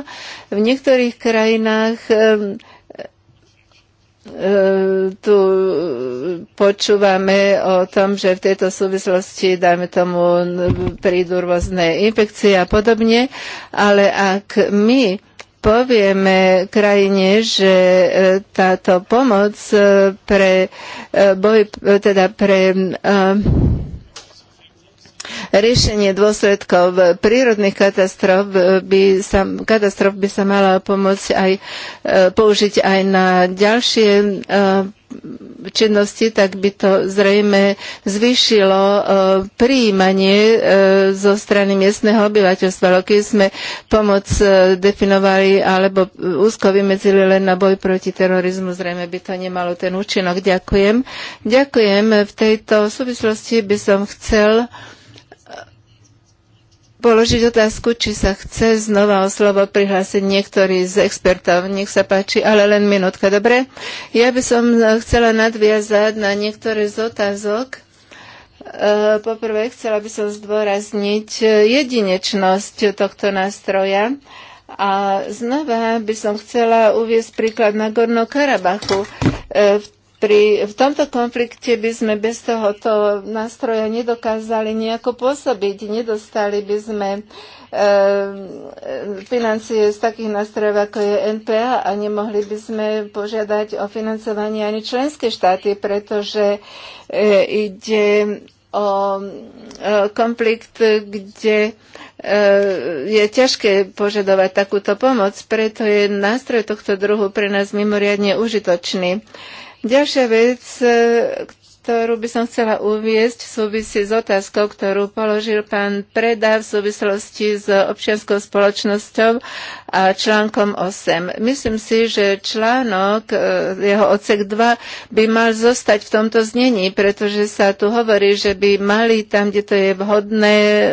v niektorých krajinách e, tu počúvame o tom, že v tejto súvislosti, dajme tomu, prídu rôzne infekcie a podobne, ale ak my povieme krajine, že e, táto pomoc e, pre e, boj, teda pre uh, riešenie dôsledkov prírodných katastrof by sa, katastrof by sa mala pomôcť aj, e, použiť aj na ďalšie e, činnosti, tak by to zrejme zvýšilo e, prijímanie zo strany miestneho obyvateľstva. Keď sme pomoc definovali alebo úzko vymedzili len na boj proti terorizmu, zrejme by to nemalo ten účinok. Ďakujem. Ďakujem. V tejto súvislosti by som chcel uh, položiť otázku, či sa chce znova o slovo prihlásiť niektorý z expertov. Nech sa páči, ale len minútka, dobre? Ja by som e, chcela nadviazať na niektoré z otázok. E, poprvé, chcela by som zdôrazniť e, jedinečnosť tohto nástroja. A znova by som chcela uviezť príklad na Gorno Karabachu. V pri, v tomto konflikte by sme bez tohoto nástroja nedokázali nejako pôsobiť. Nedostali by sme e, financie z takých nástrojov, ako je NPA a nemohli by sme požiadať o financovanie ani členské štáty, pretože e, ide o e, konflikt, kde e, je ťažké požadovať takúto pomoc, preto je nástroj tohto druhu pre nás mimoriadne užitočný. Ďalšia vec, e, ktorú by som chcela uviezť v súvisí s otázkou, ktorú položil pán Preda v súvislosti s občianskou spoločnosťou a článkom 8. Myslím si, že článok, e, jeho odsek 2 by mal zostať v tomto znení, pretože sa tu hovorí, že by mali tam, kde to je vhodné, e,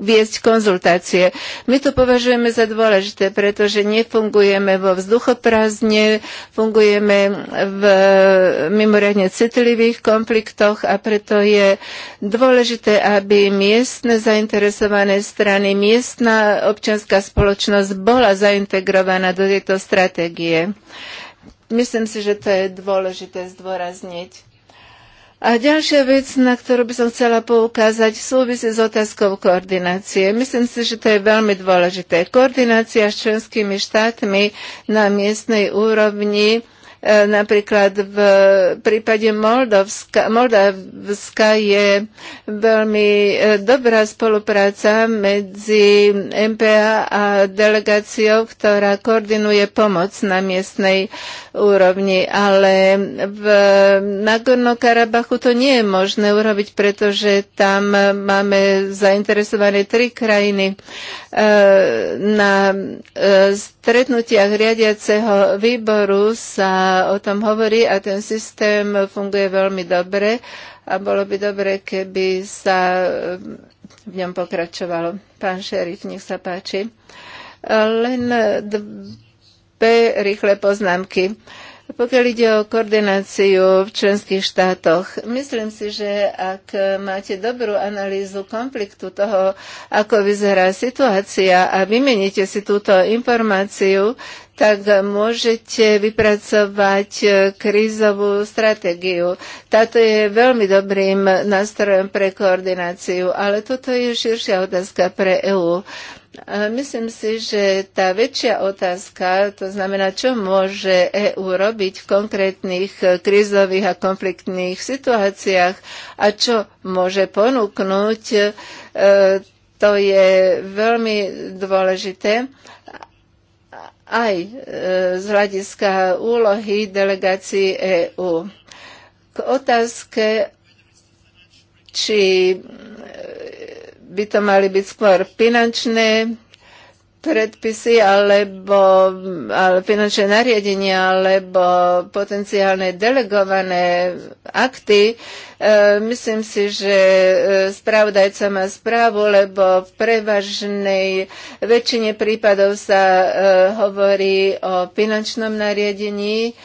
viesť konzultácie. My to považujeme za dôležité, pretože nefungujeme vo vzduchoprázdne, fungujeme v mimoriadne citlivých kom- konfliktoch a preto je dôležité, aby miestne zainteresované strany, miestna občianská spoločnosť bola zaintegrovaná do tejto stratégie. Myslím si, že to je dôležité zdôrazniť. A ďalšia vec, na ktorú by som chcela poukázať, súvisí s otázkou koordinácie. Myslím si, že to je veľmi dôležité. Koordinácia s členskými štátmi na miestnej úrovni E, napríklad v prípade Moldavska, Moldavska je veľmi e, dobrá spolupráca medzi MPA a delegáciou, ktorá koordinuje pomoc na miestnej úrovni, ale v Nagorno-Karabachu to nie je možné urobiť, pretože tam máme zainteresované tri krajiny e, na stretnutiach riadiaceho výboru sa o tom hovorí a ten systém funguje veľmi dobre a bolo by dobre, keby sa v ňom pokračovalo. Pán šerif, nech sa páči. Len dve rýchle poznámky. Uh, pokiaľ ide o koordináciu v členských štátoch, myslím si, že ak máte dobrú analýzu konfliktu toho, ako vyzerá situácia a vymeníte si túto informáciu, tak môžete vypracovať krízovú stratégiu. Táto je veľmi dobrým nástrojom pre koordináciu, ale toto je širšia otázka pre EÚ. Myslím si, že tá väčšia otázka, to znamená, čo môže EÚ robiť v konkrétnych eh, krízových a konfliktných situáciách a čo môže ponúknuť, eh, to je veľmi dôležité aj eh, z hľadiska úlohy delegácií EÚ. K otázke, či by to mali byť skôr finančné predpisy alebo ale finančné nariadenia alebo potenciálne delegované akty. E, myslím si, že e, spravodajca má správu, lebo v prevažnej väčšine prípadov sa e, hovorí o finančnom nariadení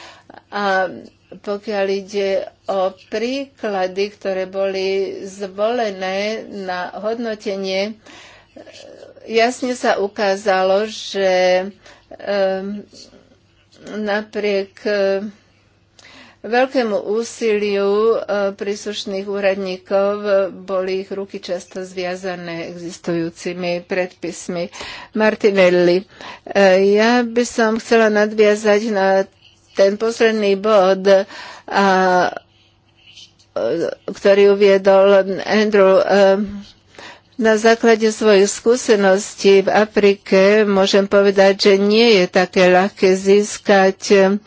a pokiaľ ide o príklady, ktoré boli zvolené na hodnotenie, jasne sa ukázalo, že ehm, napriek eh, veľkému úsiliu eh, príslušných úradníkov boli ich ruky často zviazané existujúcimi predpismi. Martinelli, eh, ja by som chcela nadviazať na ten posledný bod a ktorý uviedol Andrew. Ehm, na základe svojich skúseností v Afrike môžem povedať, že nie je také ľahké získať ehm,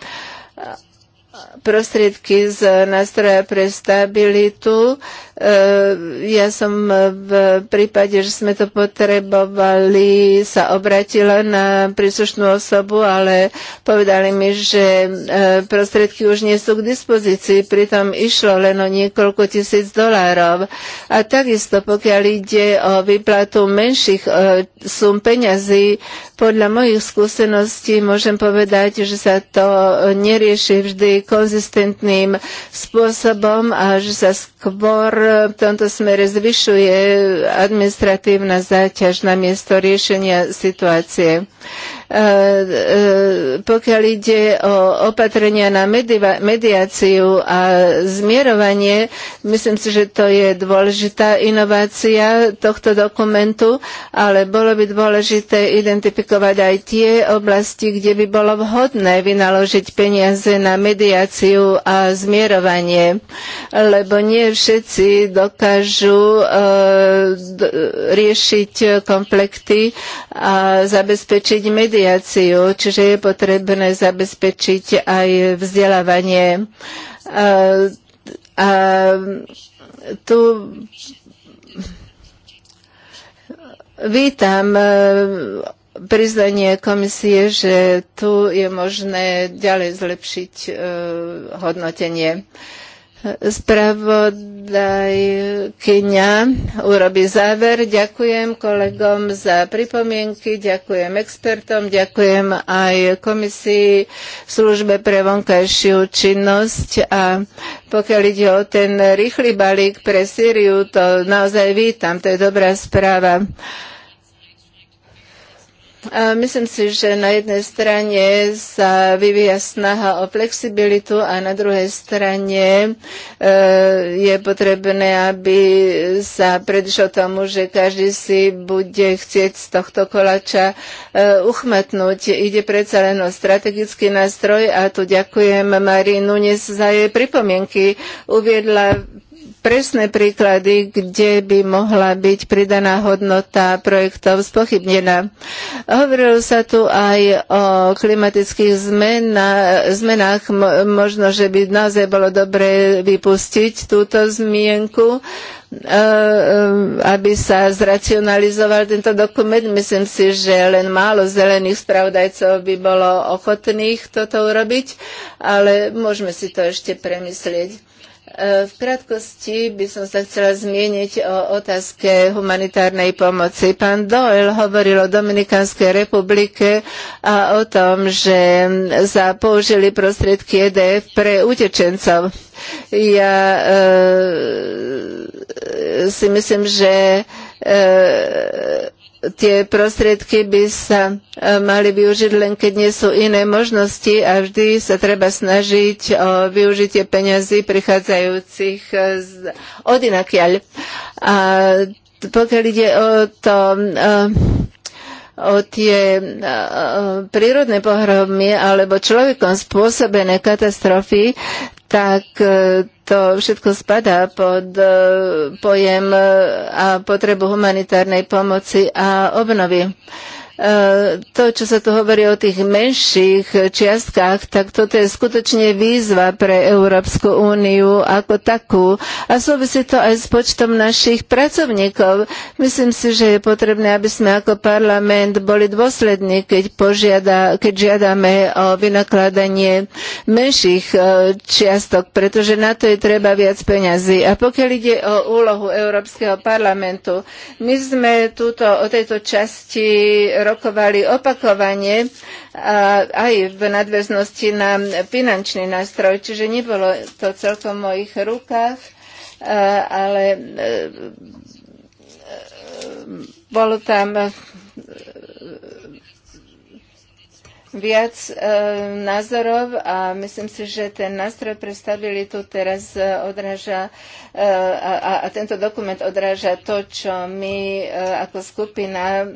prostriedky z nástroja pre stabilitu Eh, ja som eh, v prípade, že sme to potrebovali, sa obratila na príslušnú osobu, ale povedali mi, že eh, prostriedky už nie sú k dispozícii, pritom išlo len o niekoľko tisíc dolárov. A takisto, pokiaľ ide o výplatu menších sum peňazí, podľa mojich skúseností môžem povedať, že sa to nerieši vždy konzistentným spôsobom a že sa skôr v tomto smere zvyšuje administratívna záťaž na miesto riešenia situácie. E, e, pokiaľ ide o opatrenia na mediáciu a zmierovanie, myslím si, že to je dôležitá inovácia tohto dokumentu, ale bolo by dôležité identifikovať aj tie oblasti, kde by bolo vhodné vynaložiť peniaze na mediáciu a zmierovanie, lebo nie všetci dokážu e, riešiť konflikty a zabezpečiť mediáciu mediáciu, čiže je potrebné zabezpečiť aj vzdelávanie. A, a tu vítam e, priznanie komisie, že tu je možné ďalej zlepšiť e, hodnotenie. Spravodajkyňa urobí záver. Ďakujem kolegom za pripomienky, ďakujem expertom, ďakujem aj komisii službe pre vonkajšiu činnosť a pokiaľ ide o ten rýchly balík pre Syriu, to naozaj vítam, to je dobrá správa. Myslím si, že na jednej strane sa vyvíja snaha o flexibilitu a na druhej strane e, je potrebné, aby sa predišlo tomu, že každý si bude chcieť z tohto kolača e, uchmatnúť. Ide predsa len o strategický nástroj a tu ďakujem Marii Nunes za jej pripomienky. Uviedla presné príklady, kde by mohla byť pridaná hodnota projektov spochybnená. Hovorilo sa tu aj o klimatických zmena, zmenách. Možno, že by naozaj bolo dobre vypustiť túto zmienku e, e, aby sa zracionalizoval tento dokument. Myslím si, že len málo zelených spravodajcov by bolo ochotných toto urobiť, ale môžeme si to ešte premyslieť. Eh, v krátkosti by som sa chcela zmieniť o otázke humanitárnej pomoci. Pán Doyle hovoril o Dominikánskej republike a o tom, že sa použili prostriedky EDF pre utečencov. Ja e, si myslím, že e, tie prostriedky by sa e, mali využiť len keď nie sú iné možnosti a vždy sa treba snažiť o využitie peňazí prichádzajúcich e, od inakiaľ. A pokiaľ ide o to e, o tie prírodné pohromy alebo človekom spôsobené katastrofy, tak e, to všetko spadá pod e, pojem e, a potrebu humanitárnej pomoci a obnovy. Eh, to, čo sa tu hovorí o tých menších čiastkách, tak toto je skutočne výzva pre Európsku úniu ako takú a súvisí to aj s počtom našich pracovníkov. Myslím si, že je potrebné, aby sme ako parlament boli dôslední, keď, požiada, keď žiadame o vynakladanie menších eh, čiastok, pretože na to je treba viac peňazí. A pokiaľ ide o úlohu Európskeho parlamentu, my sme túto, o tejto časti rokovali opakovane aj v nadväznosti na finančný nástroj, čiže nebolo to celkom v mojich rukách, ale e, e, bolo tam viac e, názorov a myslím si, že ten nástroj pre stabilitu teraz e, odráža e, a, a tento dokument odráža to, čo my e, ako skupina e,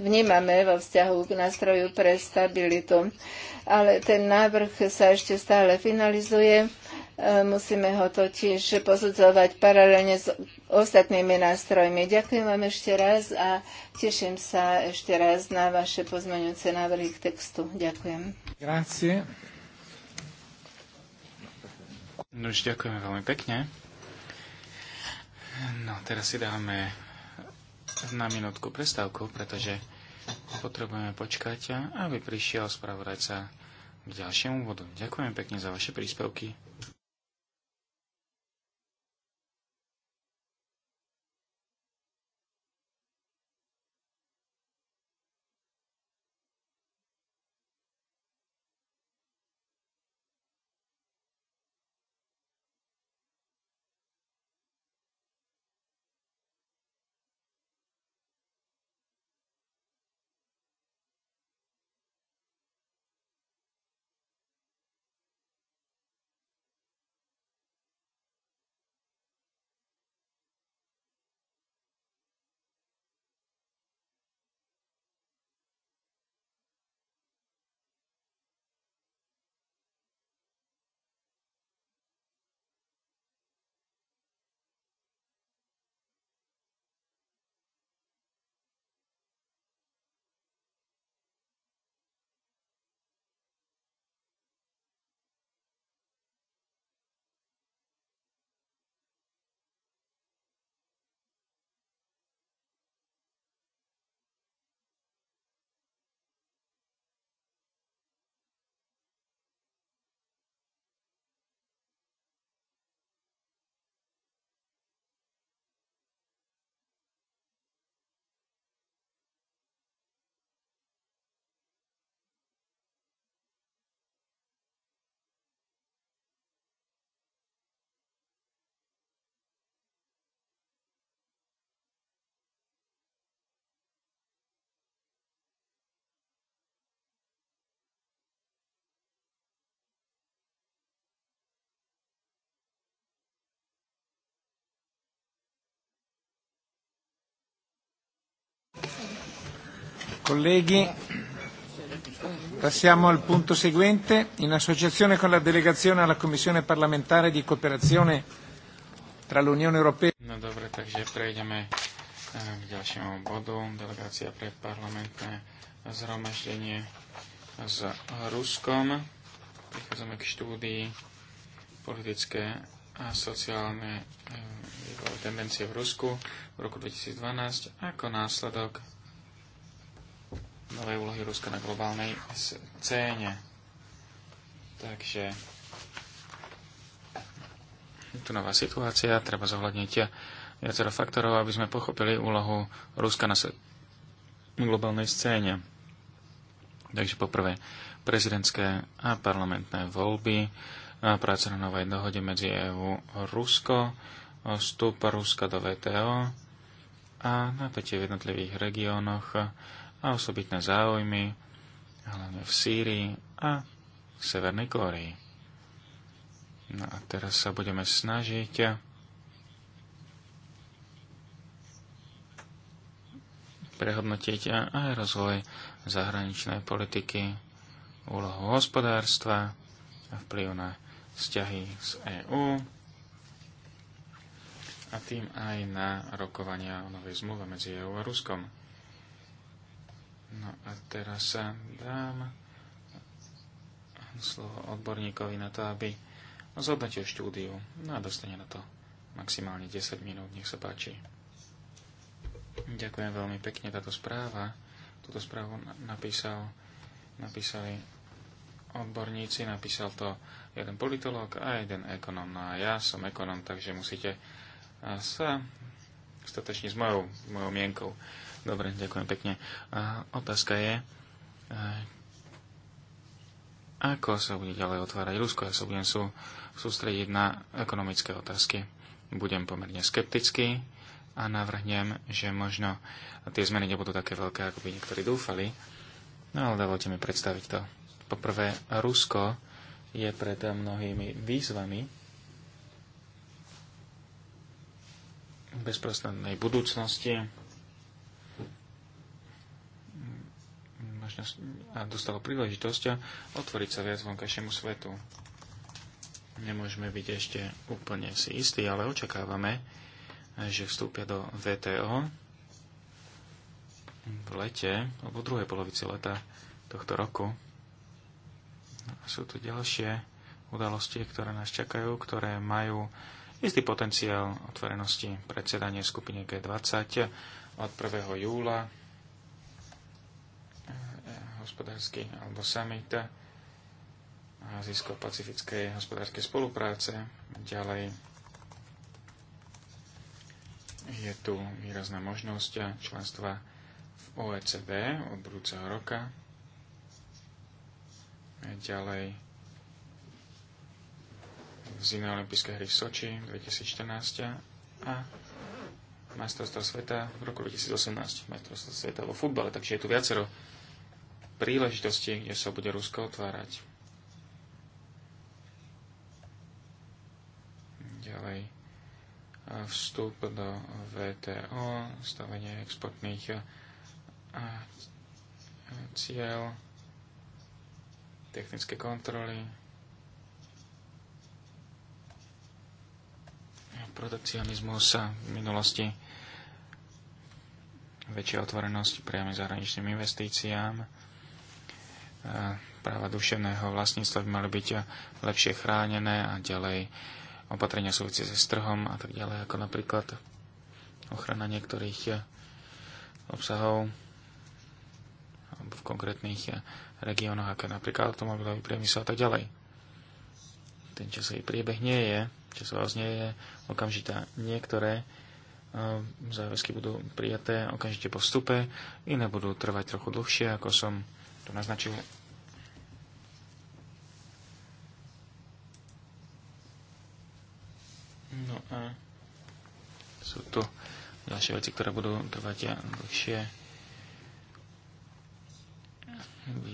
vnímame vo vzťahu k nástroju pre stabilitu. Ale ten návrh sa ešte stále finalizuje Musíme ho totiž posudzovať paralelne s ostatnými nástrojmi. Ďakujem vám ešte raz a teším sa ešte raz na vaše pozmeňujúce návrhy k textu. Ďakujem. Grazie. No už ďakujeme veľmi pekne. No teraz si dáme na minútku prestávku, pretože potrebujeme počkať, aby prišiel spravodajca k ďalšiemu bodu. Ďakujem pekne za vaše príspevky. Colleghi, passiamo al punto seguente. In associazione con la delegazione alla Commissione parlamentare di cooperazione tra l'Unione Europea. No dobre, takže prejdeme eh, k ďalšiemu bodu. Delegácia pre parlamentné zhromaždenie s Ruskom. Prichádzame k štúdii politické a sociálne eh, tendencie v Rusku v roku 2012 ako následok novej úlohy Ruska na globálnej scéne. Takže je tu nová situácia, treba zohľadniť viacero faktorov, aby sme pochopili úlohu Ruska na globálnej scéne. Takže poprvé prezidentské a parlamentné voľby, a práca na novej dohode medzi EÚ a Rusko, vstup Ruska do VTO a napätie v jednotlivých regiónoch a osobitné záujmy, hlavne v Sýrii a v Severnej Kórii. No a teraz sa budeme snažiť prehodnotiť aj rozvoj zahraničnej politiky, úlohu hospodárstva a vplyv na vzťahy z EÚ a tým aj na rokovania o novej zmluve medzi EÚ a Ruskom. No a teraz sa dám slovo odborníkovi na to, aby zhodnotil štúdiu. No a dostane na to maximálne 10 minút, nech sa páči. Ďakujem veľmi pekne, táto správa. Túto správu napísal, napísali odborníci, napísal to jeden politológ a jeden ekonom. No a ja som ekonom, takže musíte sa statočne s mojou, mojou mienkou. Dobre, ďakujem pekne. A otázka je, e, ako sa bude ďalej otvárať Rusko. Ja sa budem sú, sústrediť na ekonomické otázky. Budem pomerne skeptický a navrhnem, že možno tie zmeny nebudú také veľké, ako by niektorí dúfali. No ale dovolte mi predstaviť to. Poprvé, Rusko je pred mnohými výzvami, bezprostrednej budúcnosti. možnosť a dostalo príležitosť otvoriť sa viac vonkajšiemu svetu. Nemôžeme byť ešte úplne si istí, ale očakávame, že vstúpia do VTO v lete, alebo v druhej polovici leta tohto roku. Sú tu ďalšie udalosti, ktoré nás čakajú, ktoré majú istý potenciál otvorenosti predsedanie skupine G20 od 1. júla hospodársky alebo summit Azijsko-pacifickej hospodárskej spolupráce. Ďalej je tu výrazná možnosť členstva v OECD od budúceho roka. Ďalej zimné olympijské hry v Soči 2014 a majstrovstvo sveta v roku 2018, majstrovstvo sveta vo futbale, takže je tu viacero príležitosti, kde sa bude Rusko otvárať. Ďalej vstup do VTO, stavenie exportných cieľ, technické kontroly, protekcionizmus v minulosti, väčšia otvorenosť priamým zahraničným investíciám, práva duševného vlastníctva by mali byť lepšie chránené a ďalej opatrenia súvisí se strhom a tak ďalej, ako napríklad ochrana niektorých eh, obsahov v konkrétnych eh, regiónoch, ako napríklad automobilový priemysel a tak ďalej. Ten časový priebeh nie je, časová znie je okamžitá. Niektoré eh, záväzky budú prijaté okamžite po vstupe, iné budú trvať trochu dlhšie, ako som to naznačil No a sú tu ďalšie veci, ktoré budú trvať dlhšie.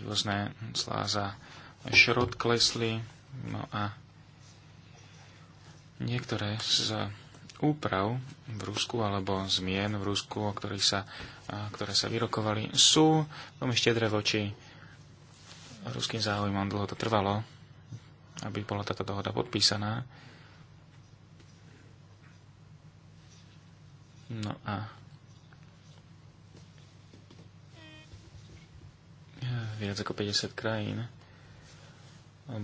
Vývozné sláza šrot klesli. No a niektoré z úprav v Rusku alebo zmien v Rusku, o ktorých sa, ktoré sa vyrokovali, sú veľmi štedré voči ruským záujmom. Dlho to trvalo, aby bola táto dohoda podpísaná. No a viac ako 50 krajín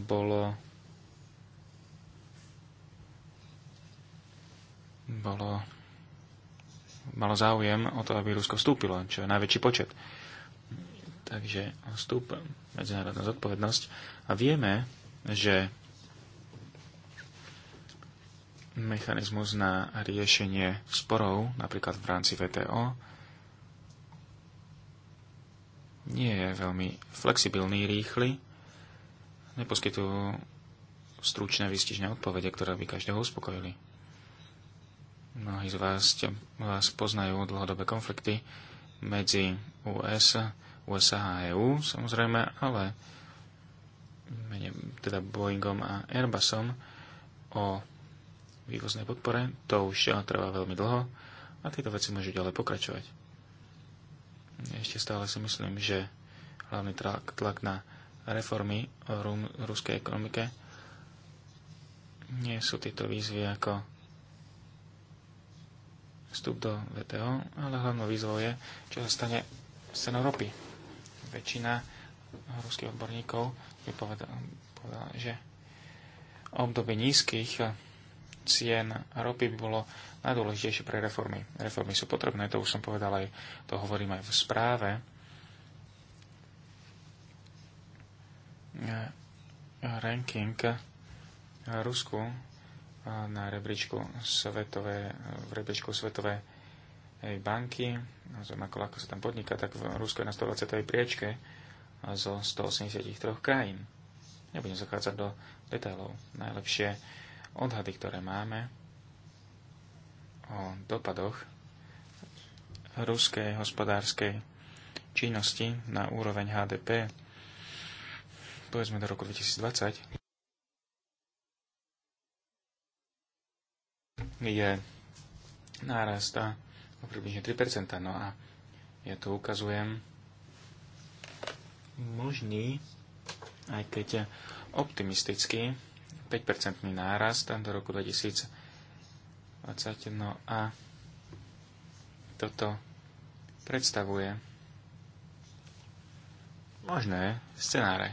bolo bolo malo záujem o to, aby Rusko vstúpilo, čo je najväčší počet. Takže vstúp medzinárodná zodpovednosť a vieme, že mechanizmus na riešenie sporov, napríklad v rámci VTO, nie je veľmi flexibilný, rýchly, neposkytujú stručné, výstižné odpovede, ktoré by každého uspokojili. Mnohí z vás, vás poznajú dlhodobé konflikty medzi US, USA a EU, samozrejme, ale menej, teda Boeingom a Airbusom o vývoznej podpore, to už trvá veľmi dlho a tieto veci môžu ďalej pokračovať. Ešte stále si myslím, že hlavný tlak na reformy o ruskej ekonomike nie sú tieto výzvy ako vstup do VTO, ale hlavnou výzvou je, čo sa stane s cenou ropy. Väčšina ruských odborníkov by povedala, povedala že obdobie nízkych cien ropy bolo najdôležitejšie pre reformy. Reformy sú potrebné, to už som povedal aj, to hovorím aj v správe. Ranking Rusku na rebríčku svetové, v rebríčku svetové banky, ako, ako sa tam podniká, tak Rusko je na 120. priečke zo 183 krajín. Nebudem zachádzať do detailov. Najlepšie odhady, ktoré máme o dopadoch ruskej hospodárskej činnosti na úroveň HDP, povedzme do roku 2020, je nárasta o približne 3%. No a ja tu ukazujem možný, aj keď optimistický, 5-percentný nárast do roku 2020. No a toto predstavuje možné scenáre.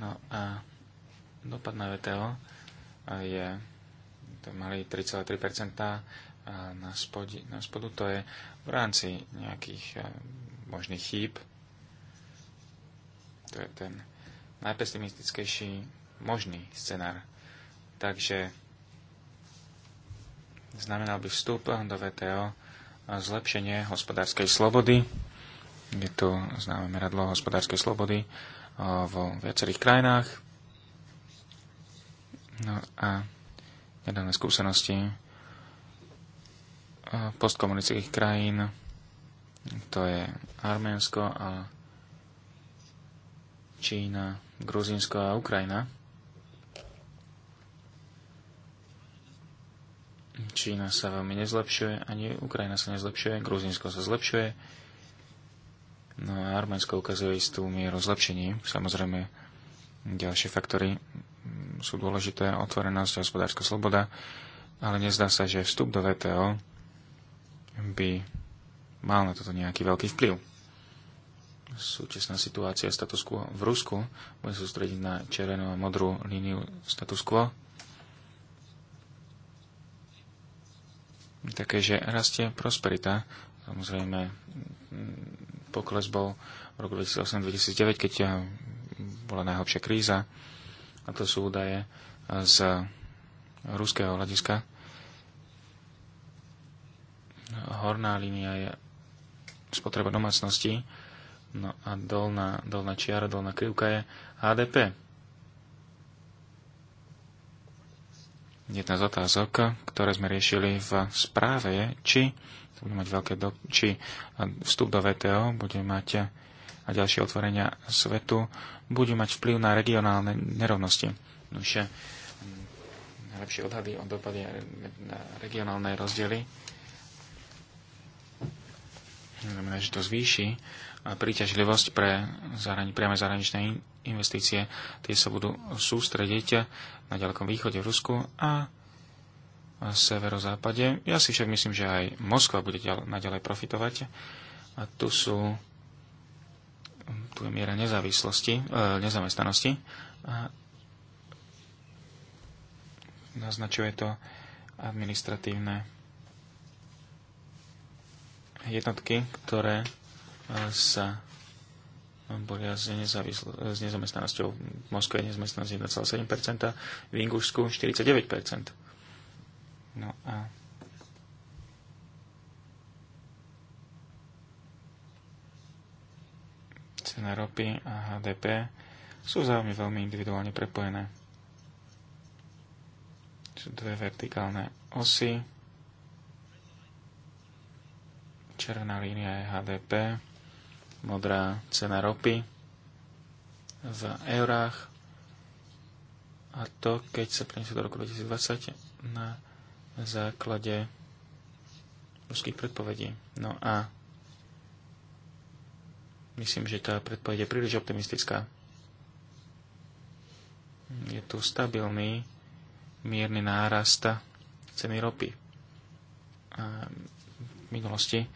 No a dopad na VTO je to mali 3,3% na, na spodu to je v rámci nejakých e, možných chýb. To je ten najpesimistickejší možný scenár. Takže znamenal by vstup do VTO a zlepšenie hospodárskej slobody. Je tu známe meradlo hospodárskej slobody eh, vo viacerých krajinách. No a nedávne skúsenosti eh, postkomunických krajín, to je Arménsko a Čína, Gruzínsko a Ukrajina. Čína sa veľmi nezlepšuje, ani Ukrajina sa nezlepšuje, Gruzinsko sa zlepšuje. No a Arménsko ukazuje istú mieru zlepšení. Samozrejme, ďalšie faktory sú dôležité, otvorenosť, hospodárska sloboda, ale nezdá sa, že vstup do VTO by mal na toto nejaký veľký vplyv. Súčasná situácia status quo v Rusku bude sústrediť na červenú a modrú líniu status quo také, že rastie prosperita. Samozrejme, pokles bol v roku 2008-2009, keď eh, bola najhlbšia kríza. A to sú údaje eh, z ruského hľadiska. Horná línia je spotreba domácnosti, no a dolná, dolná čiara, dolná krivka je HDP. jedna z otázok, ktoré sme riešili v správe, je, či, to bude mať veľké do, či vstup do VTO bude mať a ďalšie otvorenia svetu bude mať vplyv na regionálne nerovnosti. Nože, najlepšie odhady o dopade na regionálne rozdiely znamená, že to zvýši príťažlivosť pre zahrani, priame zahraničné investície. Tie sa budú sústrediť na ďalekom východe v Rusku a severozápade. Ja si však myslím, že aj Moskva bude naďalej profitovať. A tu sú tu je miera nezávislosti, e, nezamestnanosti. A naznačuje to administratívne jednotky, ktoré e, sa bolia s, s nezamestnanosťou. V Moskve je nezamestnanosť 1,7%, v Ingušsku 49%. No a cena ropy a HDP sú zároveň veľmi individuálne prepojené. Sú dve vertikálne osy. Červená línia je HDP modrá cena ropy v eurách a to, keď sa preniesie do roku 2020 na základe ruských predpovedí. No a myslím, že tá predpoveď je príliš optimistická. Je tu stabilný, mierny nárast ceny ropy. A v minulosti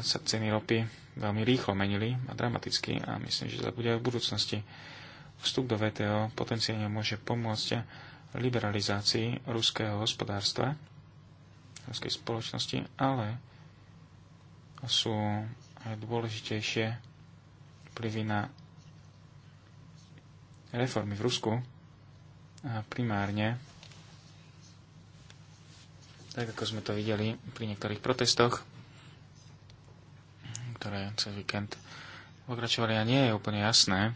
sa ceny ropy veľmi rýchlo menili a dramaticky a myslím, že to bude aj v budúcnosti. Vstup do VTO potenciálne môže pomôcť liberalizácii ruského hospodárstva, ruskej spoločnosti, ale sú aj dôležitejšie vplyvy na reformy v Rusku a primárne tak ako sme to videli pri niektorých protestoch ktoré cez víkend pokračovali a nie je úplne jasné,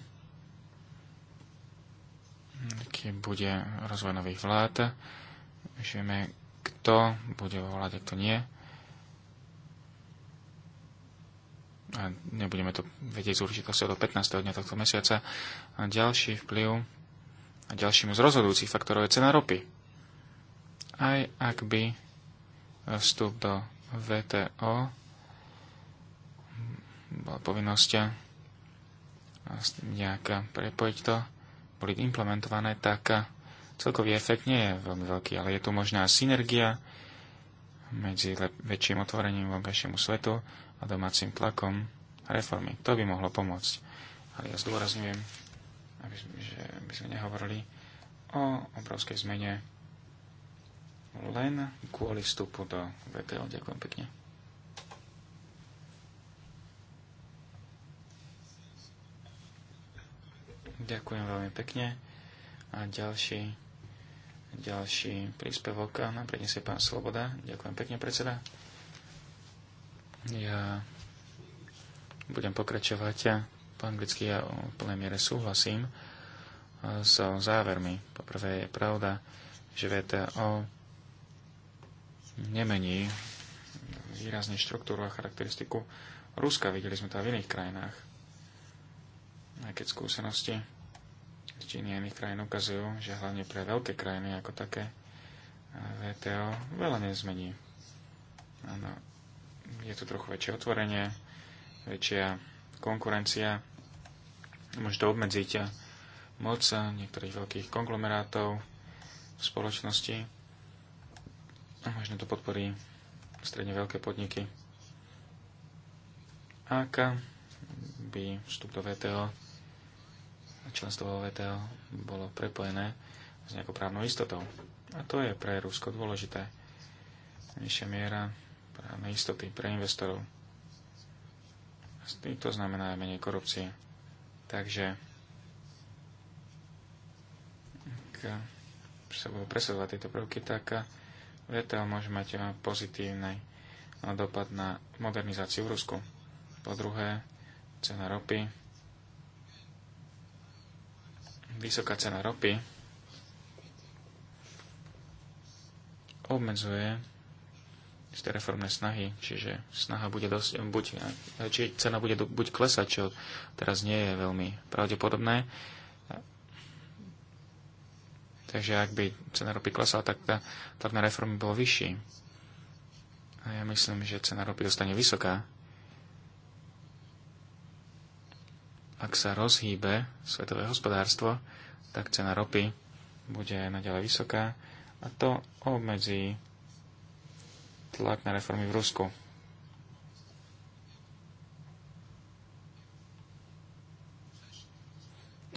aký bude rozvoj nových vlád. Žijeme, kto bude vo vláde, kto nie. A nebudeme to vedieť z určitosti do 15. dňa tohto mesiaca. A ďalší vplyv a ďalším z rozhodujúcich faktorov je cena ropy. Aj ak by vstup do VTO bola povinnosť nejak prepojiť to, boli implementované, tak celkový efekt nie je veľmi veľký, ale je tu možná synergia medzi väčším otvorením vonkajšiemu svetu a domácim tlakom reformy. To by mohlo pomôcť. Ale ja zdôrazňujem, aby sme, že by sme nehovorili o obrovskej zmene len kvôli vstupu do VTO. Ďakujem pekne. Ďakujem veľmi pekne. A ďalší, ďalší príspevok nám predniesie pán Sloboda. Ďakujem pekne, predseda. Ja budem pokračovať a po anglicky ja o plnej miere súhlasím so závermi. Poprvé je pravda, že VTO nemení výrazne štruktúru a charakteristiku Ruska. Videli sme to aj v iných krajinách. Aj keď skúsenosti z iných krajín ukazujú, že hlavne pre veľké krajiny ako také VTO veľa nezmení. Áno, je tu trochu väčšie otvorenie, väčšia konkurencia, možno obmedziť moc niektorých veľkých konglomerátov v spoločnosti a možno to podporí stredne veľké podniky. Aká by vstup do VTO členstvo vo VTO bolo prepojené s nejakou právnou istotou. A to je pre Rusko dôležité. Nižšia miera právnej istoty pre investorov. To znamená aj menej korupcie. Takže ak sa budú presadovať tieto prvky, tak VTO môže mať pozitívny dopad na modernizáciu v Rusku. Po druhé, cena ropy vysoká cena ropy obmedzuje isté reformné snahy, čiže snaha bude dosť, buď, či cena bude buď klesať, čo teraz nie je veľmi pravdepodobné. Takže ak by cena ropy klesala, tak tá na reformy bolo vyšší. A ja myslím, že cena ropy dostane vysoká. ak sa rozhýbe svetové hospodárstvo, tak cena ropy bude naďalej vysoká a to obmedzí tlak na reformy v Rusku.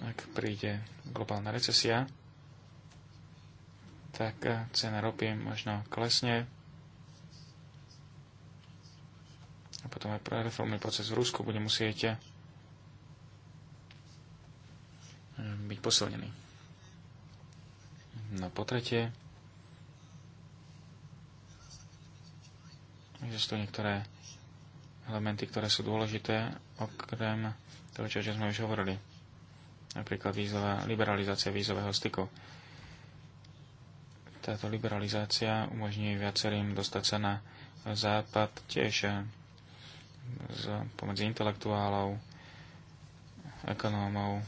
Ak príde globálna recesia, tak cena ropy možno klesne a potom aj pre reformný proces v Rusku bude musieť byť posilnený. No po tretie, to niektoré elementy, ktoré sú dôležité, okrem toho, čo sme už hovorili. Napríklad vízová, liberalizácia vízového styku. Táto liberalizácia umožní viacerým dostať sa na západ tiež pomedzi intelektuálov, ekonómov,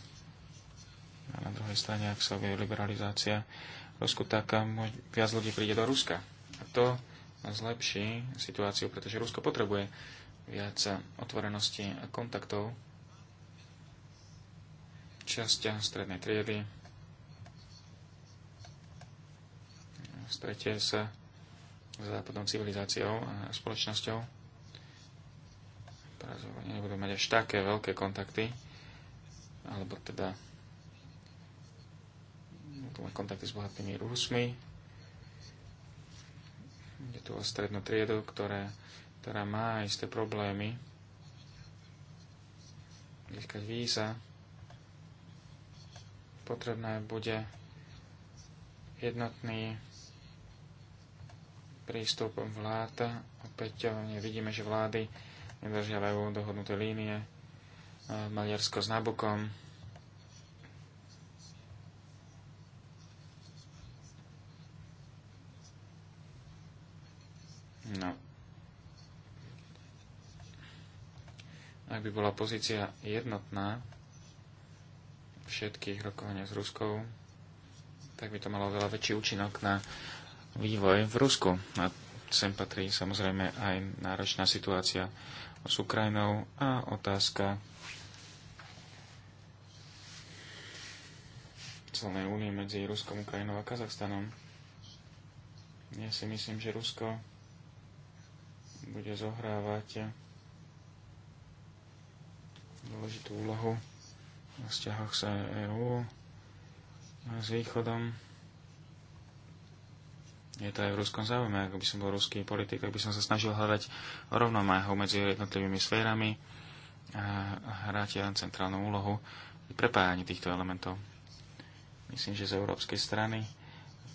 a na druhej strane, ak sa vie liberalizácia Rusku, tak viac ľudí príde do Ruska. A to zlepší situáciu, pretože Rusko potrebuje viac otvorenosti a kontaktov. Časť strednej triedy stretie sa s západnou civilizáciou a spoločnosťou. Pravdepodobne nebudú mať až také veľké kontakty, alebo teda tu má kontakty s bohatými Rusmi. Je tu o strednú triedu, ktoré, ktorá má isté problémy získať víza. Potrebné bude jednotný prístup vlád. Opäť vidíme, že vlády nedržiavajú dohodnuté línie. Maďarsko s Nabukom No. Ak by bola pozícia jednotná všetkých rokovania s Ruskou, tak by to malo veľa väčší účinok na vývoj v Rusku. A sem patrí samozrejme aj náročná situácia s Ukrajinou a otázka celnej únie medzi Ruskom, Ukrajinou a Kazachstanom. Ja si myslím, že Rusko bude zohrávať dôležitú úlohu v vzťahoch sa e EÚ s východom. Je to aj v ruskom záujme. Ak by som bol ruský politik, ak by som sa snažil hľadať rovnováhu medzi jednotlivými sférami a hrať aj centrálnu úlohu pri prepájaní týchto elementov. Myslím, že z európskej strany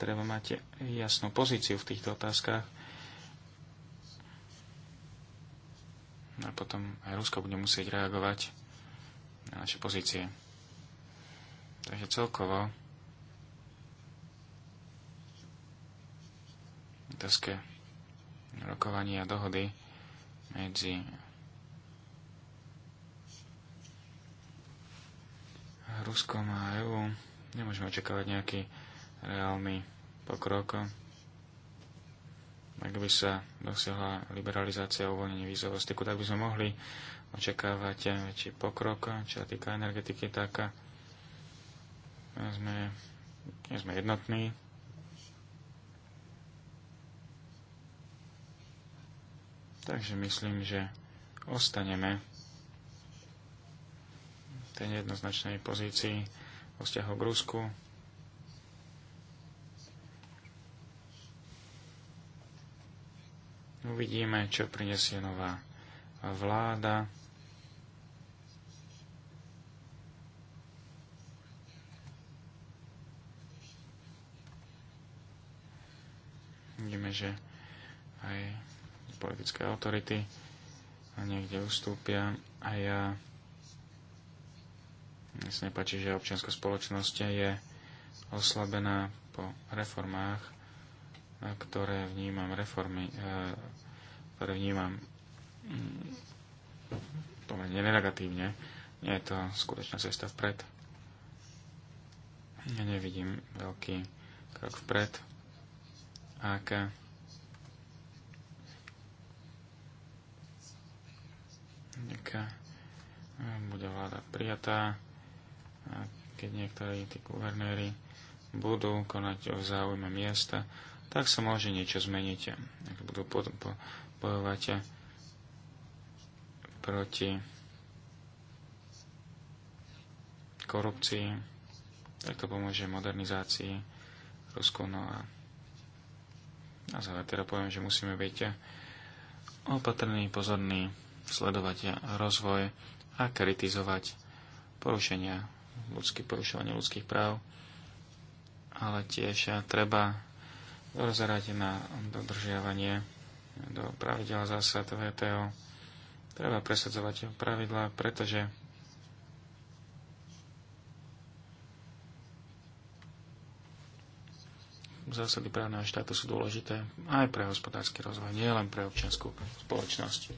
treba mať jasnú pozíciu v týchto otázkach a potom aj Rusko bude musieť reagovať na naše pozície. Takže celkovo otázke rokovania dohody medzi Ruskom a EÚ nemôžeme očakávať nejaký reálny pokrok ak by sa dosiahla liberalizácia a uvoľnenie vízového styku, tak by sme mohli očakávať väčší pokrok, čo sa týka energetiky, tak sme, nie sme jednotní. Takže myslím, že ostaneme v tej jednoznačnej pozícii vo vzťahu k Rusku. Uvidíme, čo prinesie nová vláda. Vidíme, že aj politické autority niekde ustúpia a ja mne sa nepáči, že občianská spoločnosť je oslabená po reformách ktoré vnímam reformy, e, ktoré vnímam mm, pomerne negatívne, Nie je to skutočná cesta vpred. Ja nevidím veľký krok vpred. Ak nejaká bude vláda prijatá, keď niektorí tí guvernéri budú konať v záujme miesta, tak sa môže niečo zmeniť. Ak budú bojovať proti korupcii, tak to pomôže modernizácii Rusku. No a na záver teda poviem, že musíme byť opatrný, pozorný, sledovať rozvoj a kritizovať porušenia ľudský, porušovanie ľudských práv, ale tiež treba dozerať na dodržiavanie do pravidel zásad VTO. Treba presadzovať pravidlá, pretože zásady právneho štátu sú dôležité aj pre hospodársky rozvoj, nielen pre občianskú spoločnosť.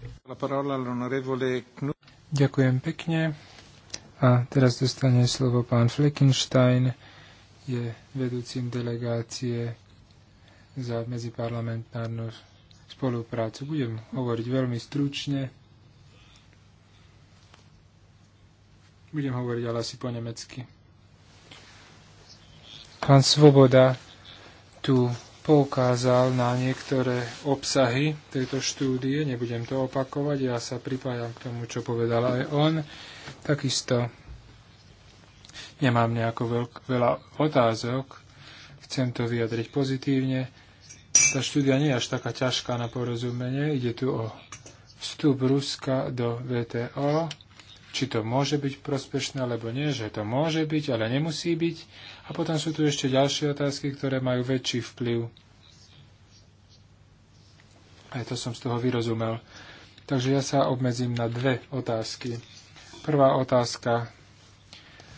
Ďakujem pekne. A teraz dostane slovo pán Fleckenstein, je vedúcim delegácie za medziparlamentárnu spoluprácu. Budem hovoriť veľmi stručne. Budem hovoriť ale asi po nemecky. Pán Svoboda tu poukázal na niektoré obsahy tejto štúdie. Nebudem to opakovať, ja sa pripájam k tomu, čo povedal aj on. Takisto nemám nejako veľk, veľa otázok. Chcem to vyjadriť pozitívne sa štúdia nie je až taká ťažká na porozumenie. Ide tu o vstup Ruska do VTO, či to môže byť prospešné alebo nie, že to môže byť, ale nemusí byť. A potom sú tu ešte ďalšie otázky, ktoré majú väčší vplyv. Aj to som z toho vyrozumel. Takže ja sa obmedzím na dve otázky. Prvá otázka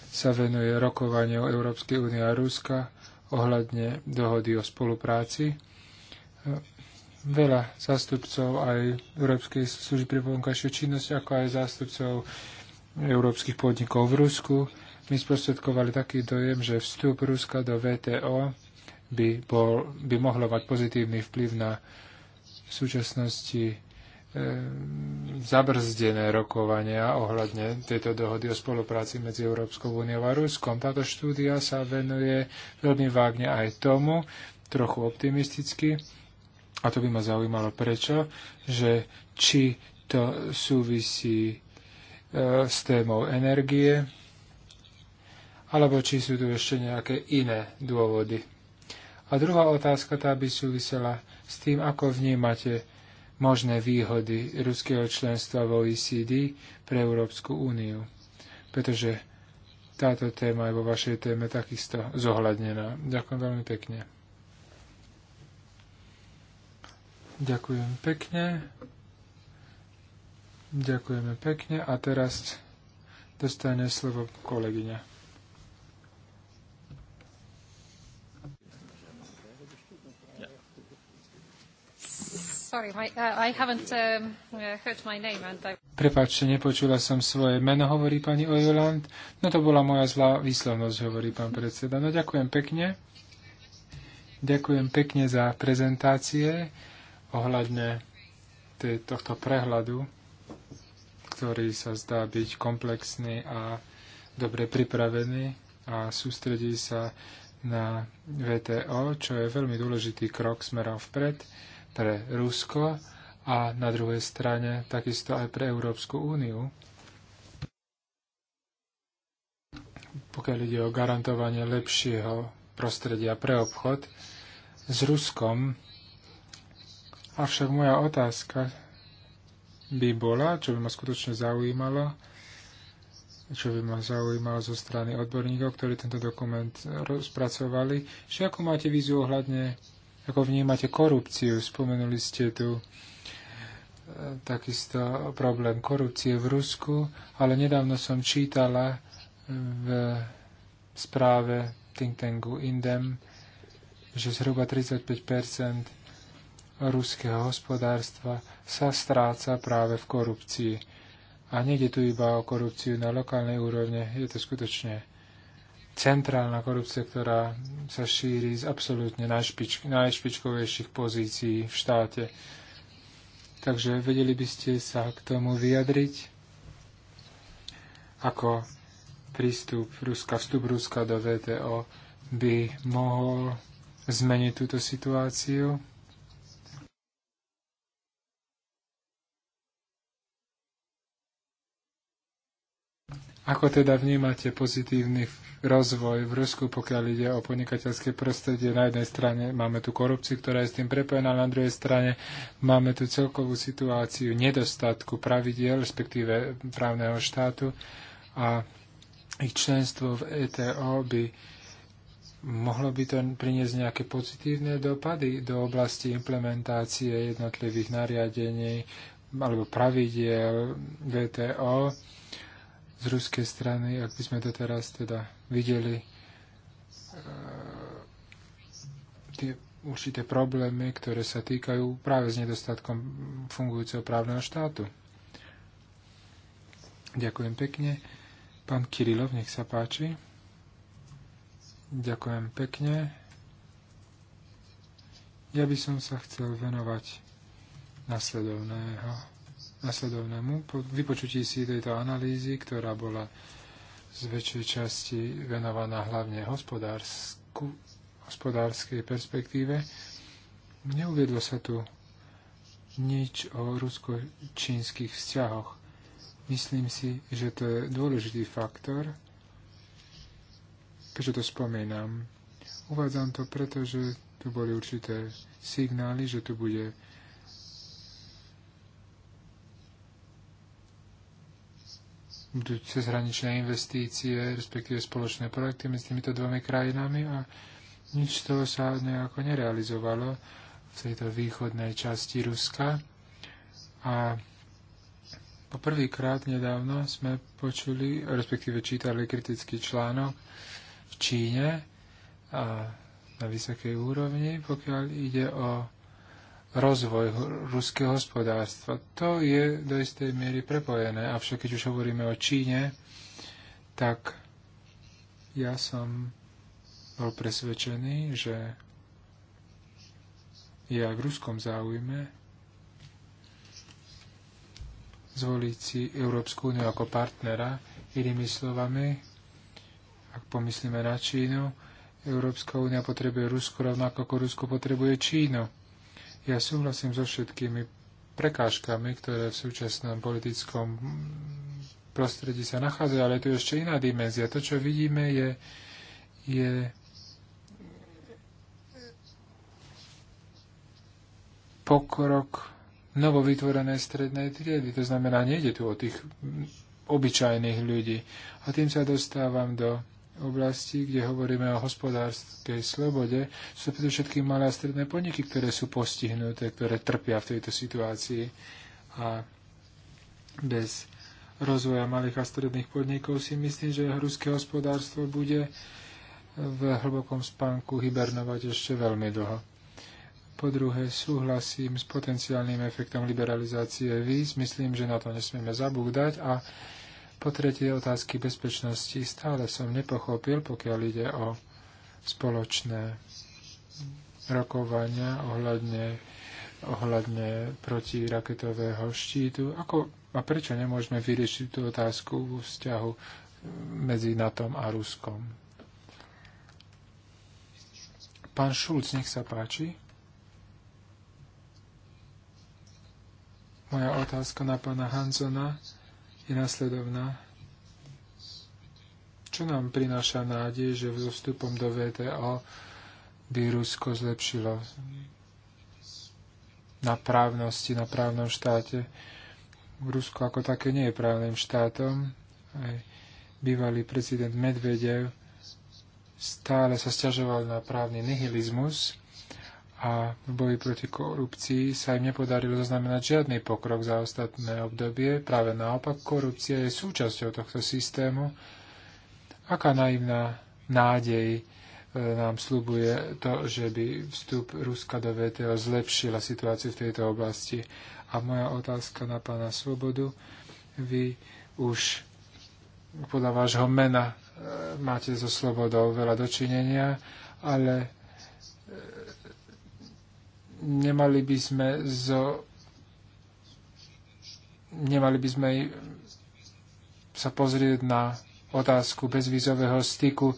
sa venuje rokovaniu Európskej únie a Ruska ohľadne dohody o spolupráci veľa zástupcov aj Európskej služby pre vonkajšiu činnosť, ako aj zástupcov európskych podnikov v Rusku. My sprostredkovali taký dojem, že vstup Ruska do VTO by, bol, by mohlo mať pozitívny vplyv na v súčasnosti e, zabrzdené rokovania ohľadne tejto dohody o spolupráci medzi Európskou úniou a Ruskom. Táto štúdia sa venuje veľmi vágne aj tomu, trochu optimisticky, a to by ma zaujímalo prečo, že či to súvisí e, s témou energie, alebo či sú tu ešte nejaké iné dôvody. A druhá otázka tá by súvisela s tým, ako vnímate možné výhody ruského členstva v OECD pre Európsku úniu. Pretože táto téma je vo vašej téme takisto zohľadnená. Ďakujem veľmi pekne. Ďakujem pekne. Ďakujeme pekne a teraz dostane slovo kolegyňa. Sorry, my, uh, I haven't um, uh, heard my name and I... Prepačte, nepočula som svoje meno, hovorí pani Ojoland. No to bola moja zlá výslovnosť, hovorí pán predseda. No ďakujem pekne. Ďakujem pekne za prezentácie ohľadne tohto prehľadu, ktorý sa zdá byť komplexný a dobre pripravený a sústredí sa na VTO, čo je veľmi dôležitý krok smerom vpred pre Rusko a na druhej strane takisto aj pre Európsku úniu. Pokiaľ ide o garantovanie lepšieho prostredia pre obchod s Ruskom, Avšak moja otázka by bola, čo by ma skutočne zaujímalo, čo by ma zaujímalo zo strany odborníkov, ktorí tento dokument rozpracovali, že ako máte víziu ohľadne, ako vnímate korupciu. Spomenuli ste tu e, takisto problém korupcie v Rusku, ale nedávno som čítala e, v správe think tanku Indem, že zhruba 35 ruského hospodárstva sa stráca práve v korupcii. A nejde tu iba o korupciu na lokálnej úrovne, je to skutočne centrálna korupcia, ktorá sa šíri z absolútne najšpič, najšpičkovejších pozícií v štáte. Takže vedeli by ste sa k tomu vyjadriť, ako prístup Ruska, vstup Ruska do VTO by mohol zmeniť túto situáciu. Ako teda vnímate pozitívny rozvoj v Rusku, pokiaľ ide o podnikateľské prostredie? Na jednej strane máme tu korupciu, ktorá je s tým prepojená, na druhej strane máme tu celkovú situáciu nedostatku pravidiel, respektíve právneho štátu a ich členstvo v ETO by mohlo by to priniesť nejaké pozitívne dopady do oblasti implementácie jednotlivých nariadení alebo pravidiel VTO z ruskej strany, ak by sme doteraz teda videli e, tie určité problémy, ktoré sa týkajú práve s nedostatkom fungujúceho právneho štátu. Ďakujem pekne. Pán Kirilov, nech sa páči. Ďakujem pekne. Ja by som sa chcel venovať nasledovného nasledovnému po vypočutí si tejto analýzy, ktorá bola z väčšej časti venovaná hlavne hospodárskej perspektíve. Neuviedlo sa tu nič o rusko-čínskych vzťahoch. Myslím si, že to je dôležitý faktor. Prečo to spomínam? Uvádzam to preto, že tu boli určité signály, že tu bude budú cezhraničné investície, respektíve spoločné projekty medzi týmito dvomi krajinami a nič z toho sa nejako nerealizovalo v tejto východnej časti Ruska. A poprvýkrát nedávno sme počuli, respektíve čítali kritický článok v Číne a na vysokej úrovni, pokiaľ ide o rozvoj ruského hospodárstva. To je do istej miery prepojené. Avšak keď už hovoríme o Číne, tak ja som bol presvedčený, že je aj v ruskom záujme zvoliť si Európsku úniu ako partnera. Inými slovami, ak pomyslíme na Čínu, Európska únia potrebuje Rusko rovnako ako Rusko potrebuje Čínu. Ja súhlasím so všetkými prekážkami, ktoré v súčasnom politickom prostredí sa nachádzajú, ale tu je ešte iná dimenzia. To, čo vidíme, je, je pokrok novovytvorené strednej triedy. To znamená, nejde tu o tých obyčajných ľudí. A tým sa dostávam do oblasti, kde hovoríme o hospodárskej slobode, sú predovšetkým malé a stredné podniky, ktoré sú postihnuté, ktoré trpia v tejto situácii. A bez rozvoja malých a stredných podnikov si myslím, že ruské hospodárstvo bude v hlbokom spánku hibernovať ešte veľmi dlho. Po druhé, súhlasím s potenciálnym efektom liberalizácie víz. Myslím, že na to nesmieme zabúdať a po tretie otázky bezpečnosti stále som nepochopil, pokiaľ ide o spoločné rokovania ohľadne, ohľadne protiraketového štítu. Ako a prečo nemôžeme vyriešiť tú otázku v vzťahu medzi NATO a Ruskom? Pán Šulc, nech sa páči. Moja otázka na pána Hanzona je následovná. Čo nám prináša nádej, že v zostupom do VTO by Rusko zlepšilo na právnosti, na právnom štáte? Rusko ako také nie je právnym štátom. Aj bývalý prezident Medvedev stále sa stiažoval na právny nihilizmus a v boji proti korupcii sa im nepodarilo zaznamenať žiadny pokrok za ostatné obdobie. Práve naopak, korupcia je súčasťou tohto systému. Aká naivná nádej e, nám slubuje to, že by vstup Ruska do VTO zlepšila situáciu v tejto oblasti. A moja otázka na pána Svobodu. Vy už podľa vášho mena e, máte so slobodou veľa dočinenia, ale nemali by sme z nemali by sme sa pozrieť na otázku bezvizového styku,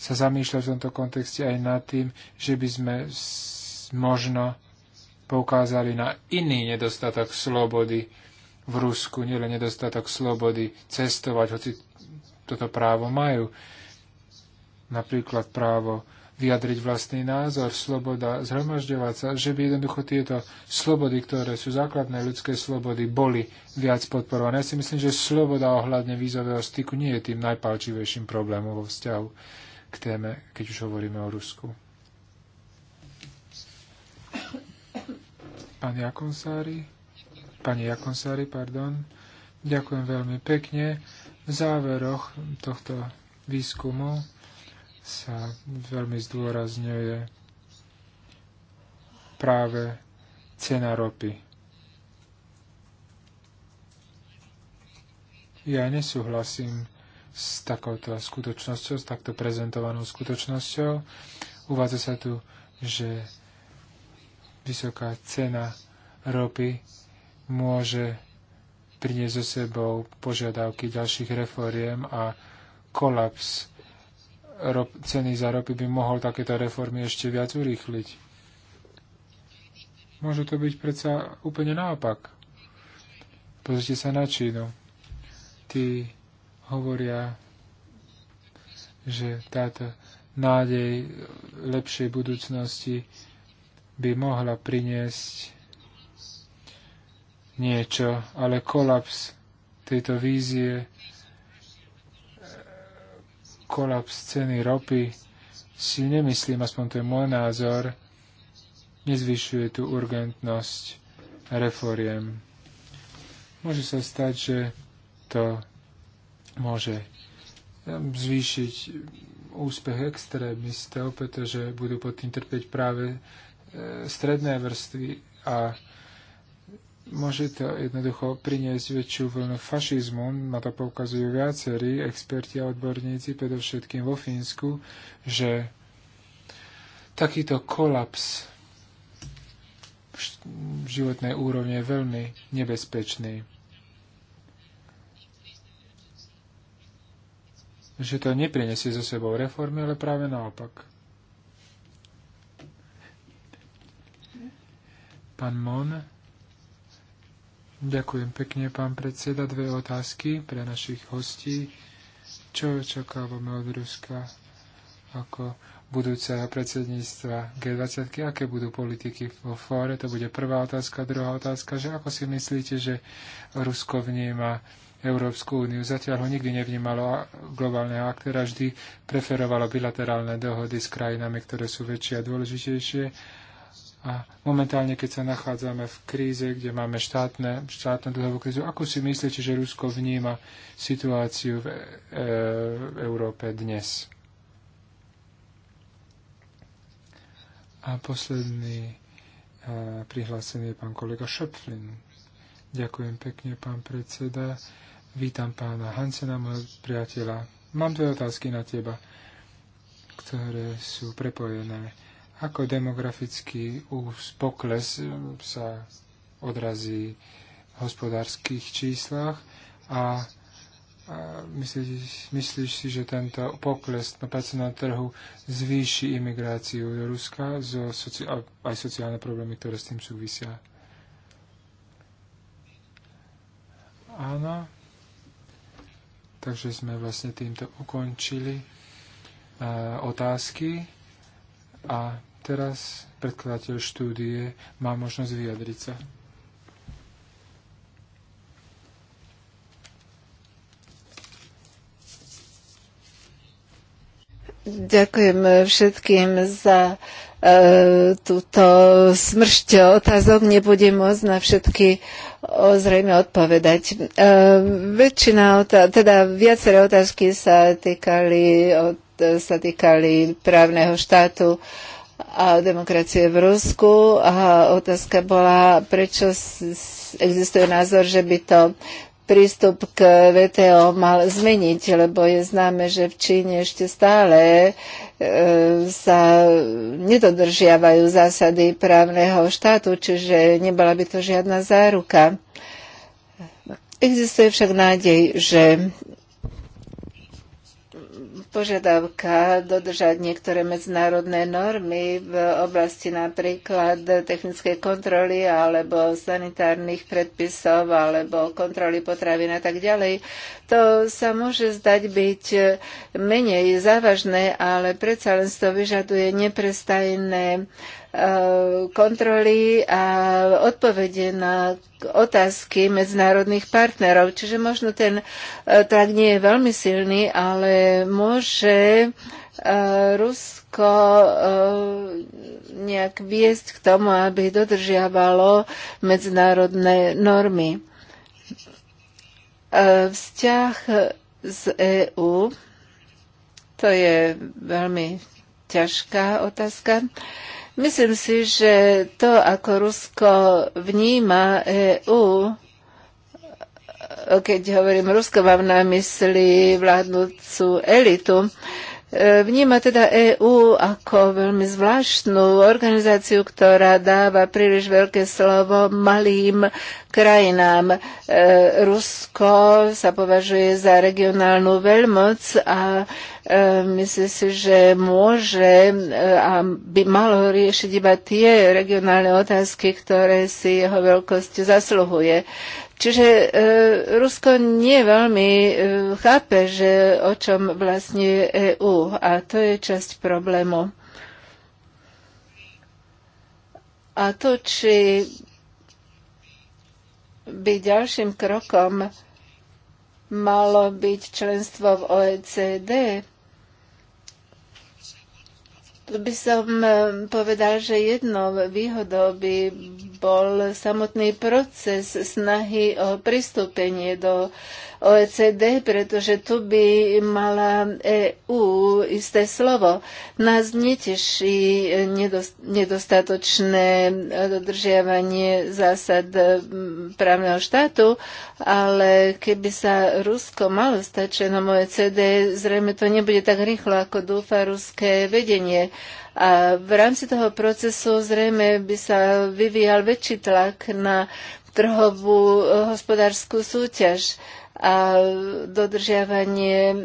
sa zamýšľať v tomto kontexte aj nad tým, že by sme možno poukázali na iný nedostatok slobody v Rusku, nielen nedostatok slobody cestovať, hoci toto právo majú, napríklad právo vyjadriť vlastný názor, sloboda zhromažďovať sa, že by jednoducho tieto slobody, ktoré sú základné ľudské slobody, boli viac podporované. Ja si myslím, že sloboda ohľadne vízového styku nie je tým najpalčivejším problémom vo vzťahu k téme, keď už hovoríme o Rusku. Pán Jakonsári? Pani Jakonsári, pardon. Ďakujem veľmi pekne. V záveroch tohto výskumu sa veľmi zdôrazňuje práve cena ropy. Ja nesúhlasím s takouto skutočnosťou, s takto prezentovanou skutočnosťou. Uvádza sa tu, že vysoká cena ropy môže priniesť so sebou požiadavky ďalších reforiem a kolaps rop, ceny za ropy by mohol takéto reformy ešte viac urýchliť. Môže to byť predsa úplne naopak. Pozrite sa na Čínu. Tí hovoria, že táto nádej lepšej budúcnosti by mohla priniesť niečo, ale kolaps tejto vízie kolaps ceny ropy si nemyslím, aspoň to je môj názor, nezvyšuje tú urgentnosť reforiem. Môže sa stať, že to môže ehm, zvýšiť úspech extrémistov, pretože budú pod tým trpieť práve ehm, stredné vrstvy a Môže to jednoducho priniesť väčšiu vlnu fašizmu, na to poukazujú viacerí experti a odborníci, predovšetkým vo Fínsku, že takýto kolaps životnej úrovni je veľmi nebezpečný. Že to nepriniesie so sebou reformy, ale práve naopak. Pán Mon, Ďakujem pekne, pán predseda. Dve otázky pre našich hostí. Čo očakávame od Ruska ako budúceho predsedníctva G20? Aké budú politiky vo fóre? To bude prvá otázka. Druhá otázka, že ako si myslíte, že Rusko vníma Európsku úniu. Zatiaľ ho nikdy nevnímalo globálneho aktéra, vždy preferovalo bilaterálne dohody s krajinami, ktoré sú väčšie a dôležitejšie a momentálne, keď sa nachádzame v kríze, kde máme štátne, štátnu dlhovú krízu, ako si myslíte, že Rusko vníma situáciu v, e, v Európe dnes? A posledný e, prihlásený je pán kolega Šöpflin. Ďakujem pekne, pán predseda. Vítam pána Hansena, môjho priateľa. Mám dve otázky na teba, ktoré sú prepojené ako demografický pokles eh, sa odrazí v hospodárskych číslach a myslíš, myslíš si, že tento pokles na pracovnom trhu zvýši imigráciu do Ruska zo soci- aj sociálne problémy, ktoré s tým súvisia? Áno. Takže sme vlastne týmto ukončili uh, otázky. A teraz predkladateľ štúdie má možnosť vyjadriť sa. Ďakujem všetkým za e, túto smršť otázok nebudem môcť na všetky zrejme odpovedať. E, Väčšina, teda viaceré otázky sa týkali od E, sa týkali právneho štátu a demokracie v Rusku. A otázka bola, prečo existuje názor, že by to prístup k VTO mal zmeniť, lebo je známe, že v Číne ešte stále e, sa nedodržiavajú zásady právneho štátu, čiže nebola by to žiadna záruka. Existuje však nádej, že požiadavka dodržať niektoré medzinárodné normy v oblasti napríklad technickej kontroly alebo sanitárnych predpisov alebo kontroly potravín a tak ďalej, to sa môže zdať byť menej závažné, ale predsa len to vyžaduje neprestajné Eh, kontroly a odpovede na otázky medzinárodných partnerov. Čiže možno ten eh, tlak nie je veľmi silný, ale môže eh, Rusko nejak viesť k tomu, aby dodržiavalo medzinárodné normy. Vzťah z EÚ, to je veľmi ťažká otázka. Uh, Myslím si, že to, ako Rusko vníma EU, keď hovorím Rusko, mám na mysli vládnúcu elitu, Vníma teda EÚ ako veľmi zvláštnu organizáciu, ktorá dáva príliš veľké slovo malým krajinám. E, Rusko sa považuje za regionálnu veľmoc a e, myslím si, že môže e, a by malo riešiť iba tie regionálne otázky, ktoré si jeho veľkosť zasluhuje. Čiže e, Rusko nie veľmi e, chápe, že o čom vlastne je EU a to je časť problému. A to, či by ďalším krokom malo byť členstvo v OECD, tu by som e, povedal, že jednou výhodou by bol samotný proces snahy o pristúpenie do OECD, pretože tu by mala EU isté slovo. Nás neteší nedostatočné dodržiavanie zásad právneho štátu, ale keby sa Rusko malo stať členom OECD, zrejme to nebude tak rýchlo, ako dúfa ruské vedenie. A v rámci toho procesu zrejme by sa vyvíjal väčší tlak na trhovú eh, hospodárskú súťaž a dodržiavanie e,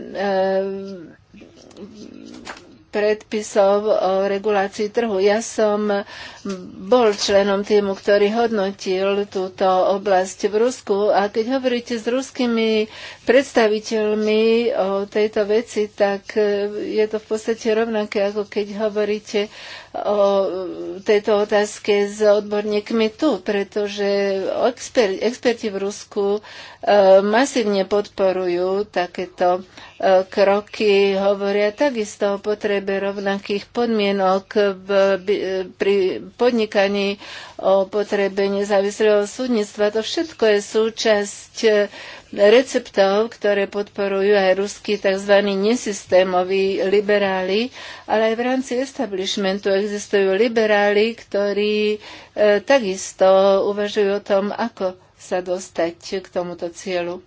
predpisov o eh, regulácii trhu. Ja som bol členom týmu, ktorý hodnotil túto oblasť v Rusku a keď hovoríte s ruskými predstaviteľmi o tejto veci, tak eh, je to v podstate rovnaké, ako keď hovoríte o tejto otázke s odborníkmi tu, pretože expert, experti v Rusku e, masívne podporujú takéto e, kroky, hovoria takisto o potrebe rovnakých podmienok v, b, pri podnikaní, o potrebe nezávislého súdnictva. To všetko je súčasť e, receptov, ktoré podporujú aj ruskí tzv. nesystémoví liberáli, ale aj v rámci establishmentu existujú liberáli, ktorí e, takisto uvažujú o tom, ako sa dostať k tomuto cieľu.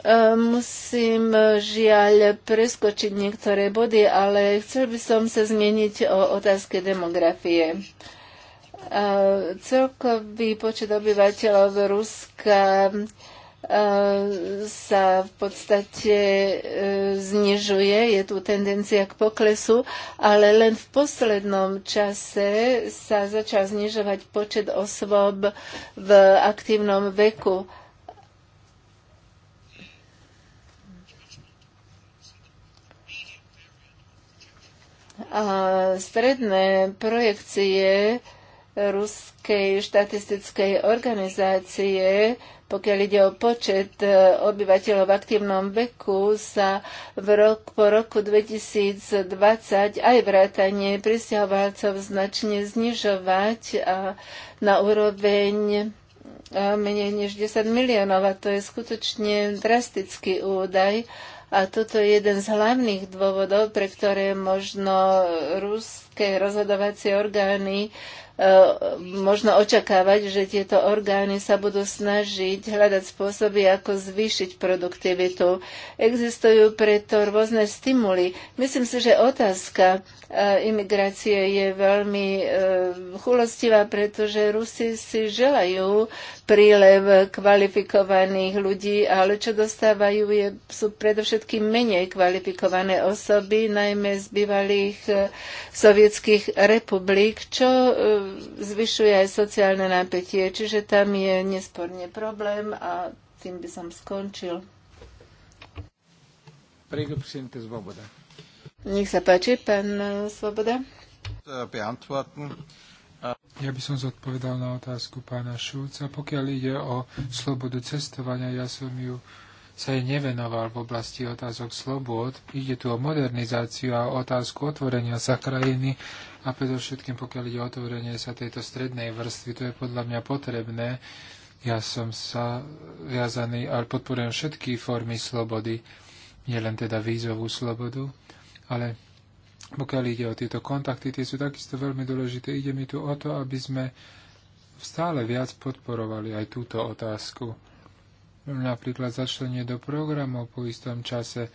E, musím žiaľ preskočiť niektoré body, ale chcel by som sa zmieniť o otázke demografie. Eh, celkový počet obyvateľov Ruska eh, sa v podstate eh, znižuje, je tu tendencia k poklesu, ale len v poslednom čase sa začal znižovať počet osôb v aktívnom veku. A stredné projekcie ruskej štatistickej organizácie, pokiaľ ide o počet e, obyvateľov v aktívnom veku, sa v rok, po roku 2020 aj vrátanie pristahovalcov značne znižovať a na úroveň e, menej než 10 miliónov. A to je skutočne drastický údaj. A toto je jeden z hlavných dôvodov, pre ktoré možno Rusko európske rozhodovacie orgány e, možno očakávať, že tieto orgány sa budú snažiť hľadať spôsoby, ako zvýšiť produktivitu. Existujú preto rôzne stimuly. Myslím si, že otázka e, imigrácie je veľmi e, chulostivá, pretože Rusi si želajú prílev kvalifikovaných ľudí, ale čo dostávajú je, sú predovšetkým menej kvalifikované osoby, najmä z bývalých sovietských sovietských republik, čo e, zvyšuje aj sociálne napätie. Čiže tam je nesporne problém a tým by som skončil. Prego, Svoboda. Nech sa páči, pán e, Svoboda. Ja by som zodpovedal na otázku pána Šulca. Pokiaľ ide o slobodu cestovania, ja som ju sa jej nevenoval v oblasti otázok slobôd. Ide tu o modernizáciu a otázku otvorenia sa krajiny a predovšetkým pokiaľ ide o otvorenie sa tejto strednej vrstvy, to je podľa mňa potrebné. Ja som sa viazaný, ale podporujem všetky formy slobody, nielen len teda vízovú slobodu, ale pokiaľ ide o tieto kontakty, tie sú takisto veľmi dôležité. Ide mi tu o to, aby sme stále viac podporovali aj túto otázku napríklad začlenie do programov po istom čase.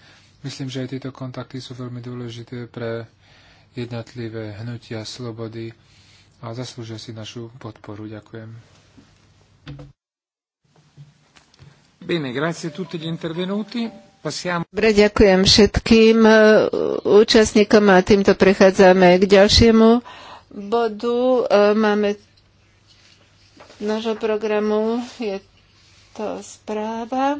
Myslím, že aj tieto kontakty sú veľmi dôležité pre jednotlivé hnutia slobody a zaslúžia si našu podporu. Ďakujem. Bene, grazie a tutti gli intervenuti. Dobre, ďakujem všetkým e, účastníkom a týmto prechádzame k ďalšiemu bodu. E, máme nášho programu je táto správa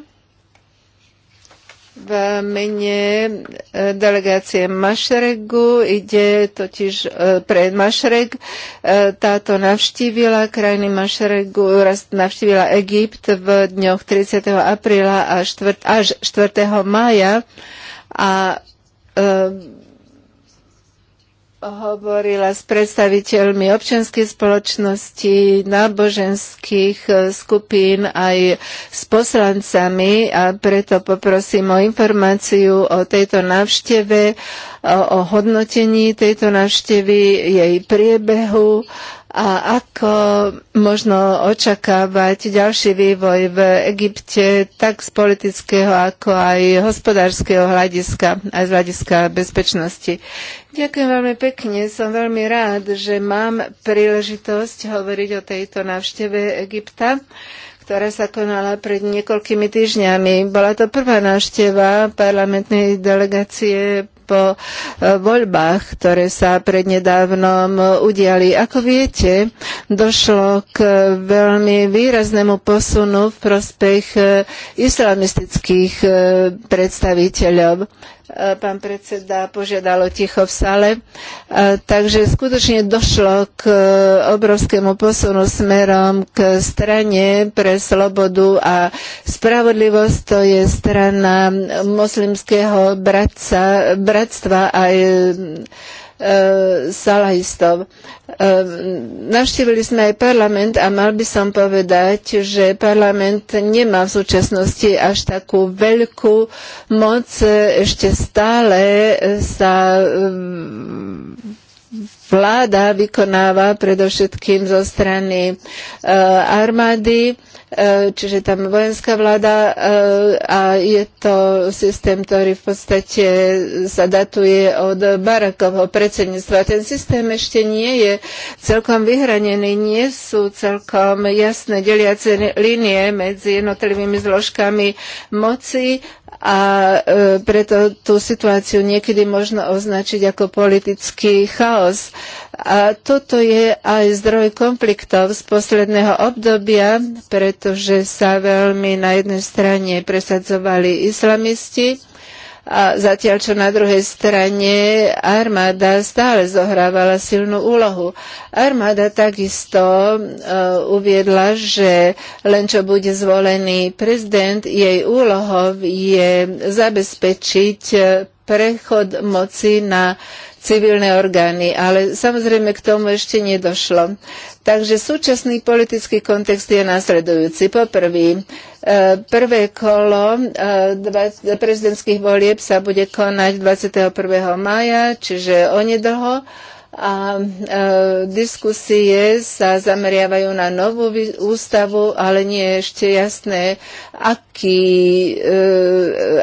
v mene e, delegácie Mašregu. Ide totiž e, pre Mašreg. E, táto navštívila krajiny Mašregu, navštívila Egypt v dňoch 30. apríla až 4. až 4. mája a hovorila s predstaviteľmi občianskej spoločnosti, náboženských e, skupín aj s poslancami a preto poprosím o informáciu o tejto návšteve, o, o hodnotení tejto návštevy, jej priebehu a ako možno očakávať ďalší vývoj v Egypte, tak z politického, ako aj hospodárskeho hľadiska, aj z hľadiska bezpečnosti? Ďakujem veľmi pekne. Som veľmi rád, že mám príležitosť hovoriť o tejto návšteve Egypta ktorá sa konala pred niekoľkými týždňami. Bola to prvá návšteva parlamentnej delegácie po e, voľbách, ktoré sa prednedávnom udiali. Ako viete, došlo k veľmi výraznému posunu v prospech e, islamistických e, predstaviteľov. E, pán predseda požiadalo ticho v sale. E, takže skutočne došlo k e, obrovskému posunu smerom k strane pre slobodu a spravodlivosť. To je strana moslimského bratca, bratstva a je, E, salahistov. E, navštívili sme aj parlament a mal by som povedať, že parlament nemá v súčasnosti až takú veľkú moc. Ešte stále sa e, vláda vykonáva predovšetkým zo strany armády E, čiže tam vojenská vláda e, a je to systém, ktorý v podstate sa datuje od Barakovho predsedníctva. Ten systém ešte nie je celkom vyhranený, nie sú celkom jasné deliace linie medzi jednotlivými zložkami moci a e, preto tú situáciu niekedy možno označiť ako politický chaos. A toto je aj zdroj konfliktov z posledného obdobia, pretože sa veľmi na jednej strane presadzovali islamisti, a zatiaľ, čo na druhej strane armáda stále zohrávala silnú úlohu. Armáda takisto e, uviedla, že len čo bude zvolený prezident, jej úlohou je zabezpečiť e, prechod moci na civilné orgány, ale samozrejme k tomu ešte nedošlo. Takže súčasný politický kontext je následujúci. prvý, e, prvé kolo e, prezidentských volieb sa bude konať 21. maja, čiže onedlho a e, diskusie sa zameriavajú na novú ústavu, ale nie je ešte jasné, aký, e,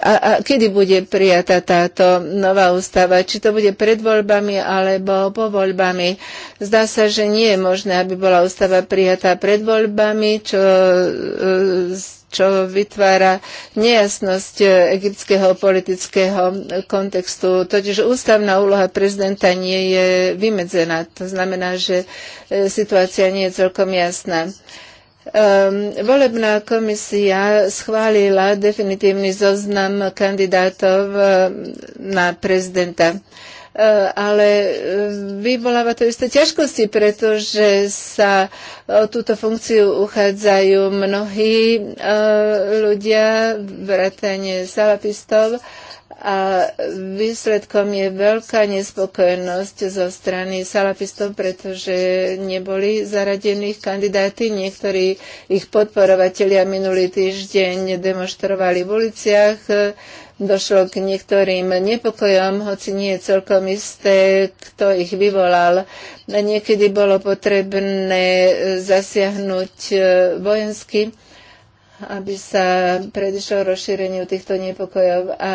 a, a, kedy bude prijatá táto nová ústava. Či to bude pred voľbami alebo po voľbami. Zdá sa, že nie je možné, aby bola ústava prijatá pred voľbami, čo e, čo vytvára nejasnosť eh, egyptského politického eh, kontextu. Totiž ústavná úloha prezidenta nie je vymedzená. To znamená, že eh, situácia nie je celkom jasná. Um, volebná komisia schválila definitívny zoznam kandidátov na prezidenta. Uh, Eh, ale eh, vyvoláva to isté ťažkosti, pretože sa o túto funkciu uchádzajú mnohí eh, ľudia, vrátane salapistov, a výsledkom je veľká nespokojnosť zo strany salapistov, pretože neboli zaradení kandidáti. Niektorí ich podporovatelia minulý týždeň demonstrovali v uliciach došlo k niektorým nepokojom, hoci nie je celkom isté, kto ich vyvolal. Niekedy bolo potrebné e, zasiahnuť e, vojensky, aby sa predišlo rozšíreniu týchto nepokojov. A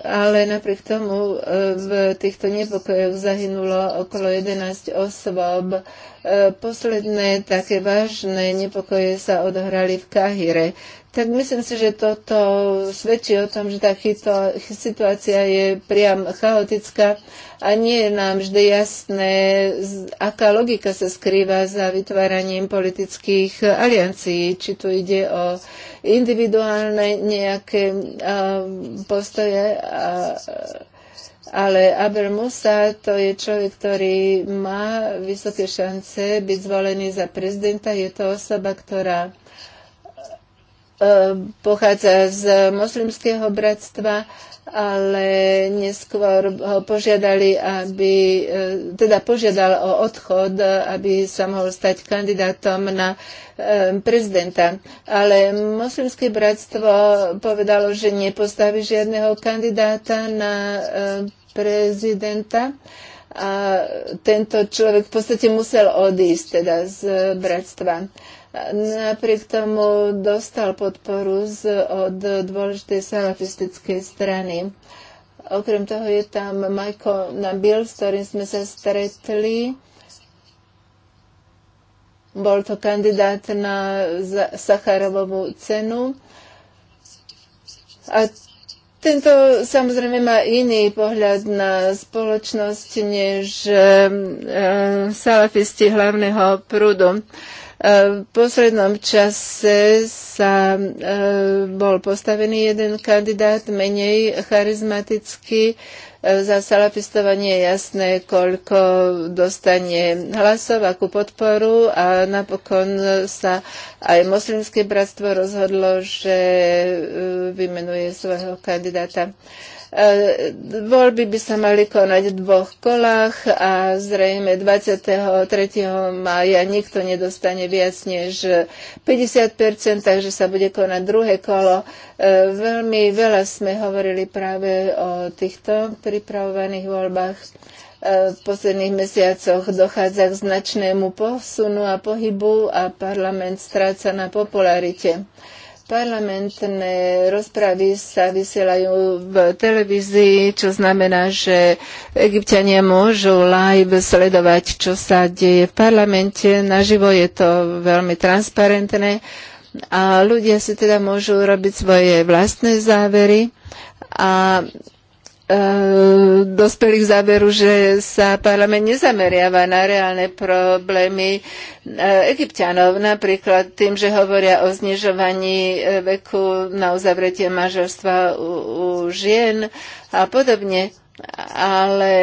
ale napriek tomu e, v týchto nepokojoch zahynulo okolo 11 osôb. Posledné také vážne nepokoje sa odohrali v Kahire tak myslím si, že toto svedčí o tom, že tá chyto, situácia je priam chaotická a nie je nám vždy jasné, aká logika sa skrýva za vytváraním politických aliancií. Či tu ide o individuálne nejaké postoje. A, ale Abel Musa to je človek, ktorý má vysoké šance byť zvolený za prezidenta. Je to osoba, ktorá Ehm, pochádza z moslimského bratstva, ale neskôr ho požiadali, aby, e, teda požiadal o odchod, aby sa mohol stať kandidátom na ehm, prezidenta. Ale moslimské bratstvo povedalo, že nepostaví žiadneho kandidáta na ehm, prezidenta a tento človek v podstate musel odísť teda z bratstva. Napriek tomu dostal podporu z, od dôležitej salafistickej strany. Okrem toho je tam Michael Nabil, s ktorým sme sa stretli. Bol to kandidát na Sacharovovú cenu. A tento samozrejme má iný pohľad na spoločnosť než e, salafisti hlavného prúdu. E, v poslednom čase sa e, bol postavený jeden kandidát, menej charizmatický, e, za salafistova nie je jasné, koľko dostane hlasov, akú podporu a napokon sa aj moslimské bratstvo rozhodlo, že e, vymenuje svojho kandidáta. Eh, voľby by sa mali konať v dvoch kolách a zrejme 23. mája nikto nedostane viac než 50%, takže sa bude konať druhé kolo. Eh, veľmi veľa sme hovorili práve o týchto pripravovaných voľbách eh, v posledných mesiacoch dochádza k značnému posunu a pohybu a parlament stráca na popularite. Parlamentné rozpravy sa vysielajú v televízii, čo znamená, že egyptiania môžu live sledovať, čo sa deje v parlamente. Naživo je to veľmi transparentné a ľudia si teda môžu robiť svoje vlastné závery a E, dospeli k záveru, že sa parlament nezameriava na reálne problémy e, egyptianov, napríklad tým, že hovoria o znižovaní e, veku na uzavretie manželstva u, u žien a podobne. Ale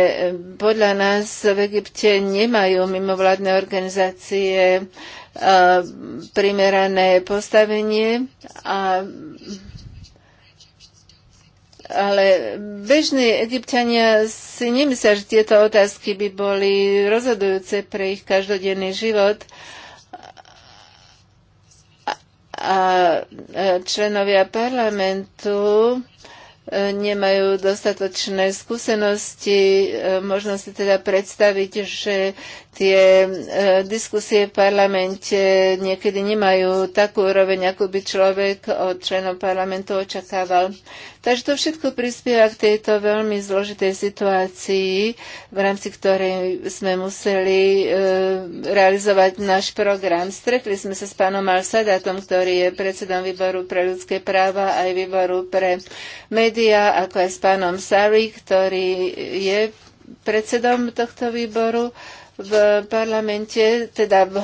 podľa nás v Egypte nemajú mimovládne organizácie primerané postavenie a ale bežní egyptiania si nemyslia, že tieto otázky by boli rozhodujúce pre ich každodenný život. A členovia parlamentu e, nemajú dostatočné skúsenosti, e, možno si teda predstaviť, že tie e, diskusie v parlamente niekedy nemajú takú úroveň, ako by človek od členov parlamentu očakával. Takže to všetko prispieva k tejto veľmi zložitej situácii, v rámci ktorej sme museli e, realizovať náš program. Stretli sme sa s pánom Alsadatom, ktorý je predsedom výboru pre ľudské práva aj výboru pre médiá, ako aj s pánom Sari, ktorý je predsedom tohto výboru v parlamente, teda v,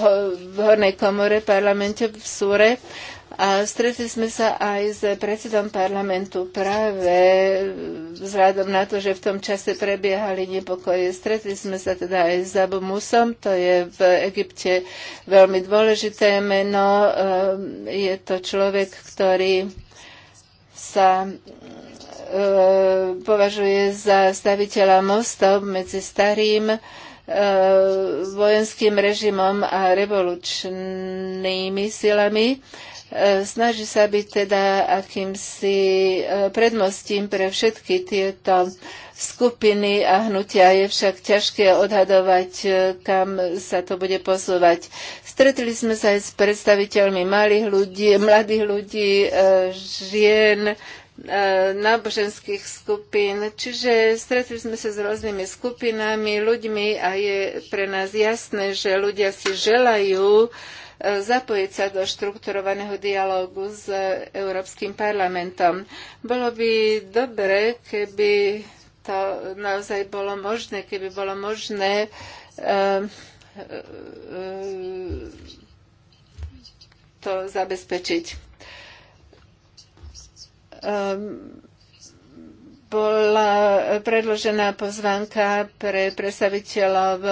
v hornej komore parlamente v Súre. A stretli sme sa aj s predsedom parlamentu práve vzhľadom na to, že v tom čase prebiehali nepokoje. Stretli sme sa teda aj s Abu Musom, to je v Egypte veľmi dôležité meno. Ehm, je to človek, ktorý sa ehm, považuje za staviteľa mostov medzi starým E, vojenským režimom a revolučnými silami. E, snaží sa byť teda akýmsi e, prednostím pre všetky tieto skupiny a hnutia. Je však ťažké odhadovať, kam sa to bude posúvať. Stretli sme sa aj s predstaviteľmi malých ľudí, mladých ľudí, žien, E, náboženských skupín. Čiže stretli sme sa s rôznymi skupinami, ľuďmi a je pre nás jasné, že ľudia si želajú e, zapojiť sa do štrukturovaného dialógu s Európskym parlamentom. Bolo by dobre, keby to naozaj bolo možné, keby bolo možné uh, uh, to zabezpečiť. Ehm, bola predložená pozvanka pre predstaviteľov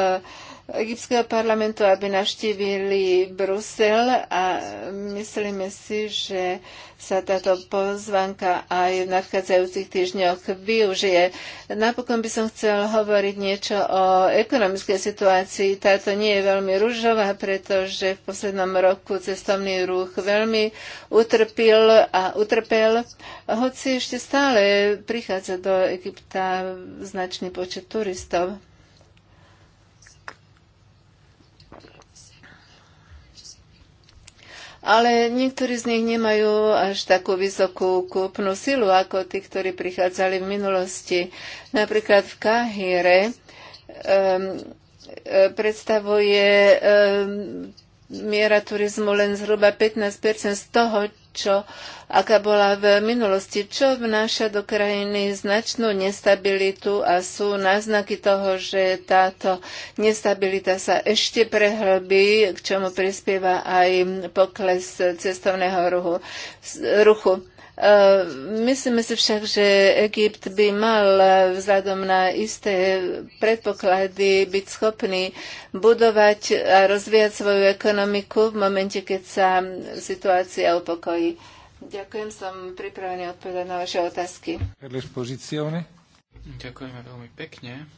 egyptského parlamentu, aby navštívili Brusel a myslíme si, že sa táto pozvanka aj v nadchádzajúcich týždňoch využije. Napokon by som chcel hovoriť niečo o ekonomickej situácii. Táto nie je veľmi rúžová, pretože v poslednom roku cestovný ruch veľmi utrpil a utrpel, hoci ešte stále prichádza do Egypta značný počet turistov. ale niektorí z nich nemajú až takú vysokú kúpnu silu ako tí, ktorí prichádzali v minulosti. Napríklad v Kahire um, predstavuje um, miera turizmu len zhruba 15% z toho, čo, aká bola v minulosti, čo vnáša do krajiny značnú nestabilitu a sú náznaky toho, že táto nestabilita sa ešte prehlbí, k čomu prispieva aj pokles cestovného ruchu. ruchu. Ehm, myslíme si však, že Egypt by mal e, vzhľadom na isté predpoklady byť schopný budovať a rozvíjať svoju ekonomiku v momente, keď sa situácia upokojí. Ďakujem, som pripravený odpovedať na vaše otázky. Ďakujeme veľmi pekne.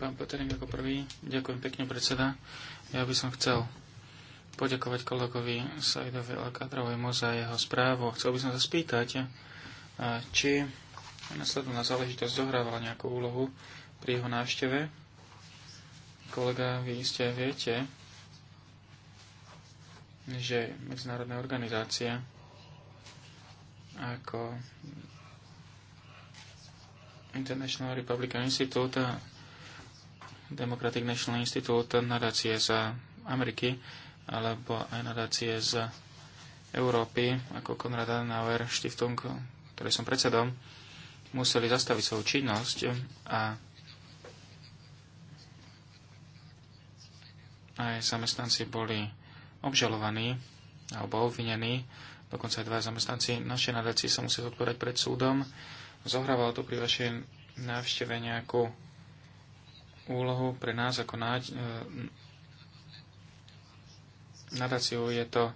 Pán Petrin ako prvý. Ďakujem pekne, predseda. Ja by som chcel poďakovať kolegovi Sajdovi Alcadrovému za jeho správu. Chcel by som sa spýtať, či nasledná záležitosť zohrávala nejakú úlohu pri jeho návšteve. Kolega, vy ste viete, že medzinárodné organizácie ako International Republican Institute a Democratic National Institute nadácie za Ameriky alebo aj nadácie z Európy, ako Konrad Adenauer Stiftung, ktorý som predsedom, museli zastaviť svoju činnosť a aj zamestnanci boli obžalovaní alebo obvinení, dokonca aj dva zamestnanci našej nadácie sa museli odporať pred súdom. Zohrávalo to pri vašej návšteve nejakú úlohu pre nás ako nadáciu je to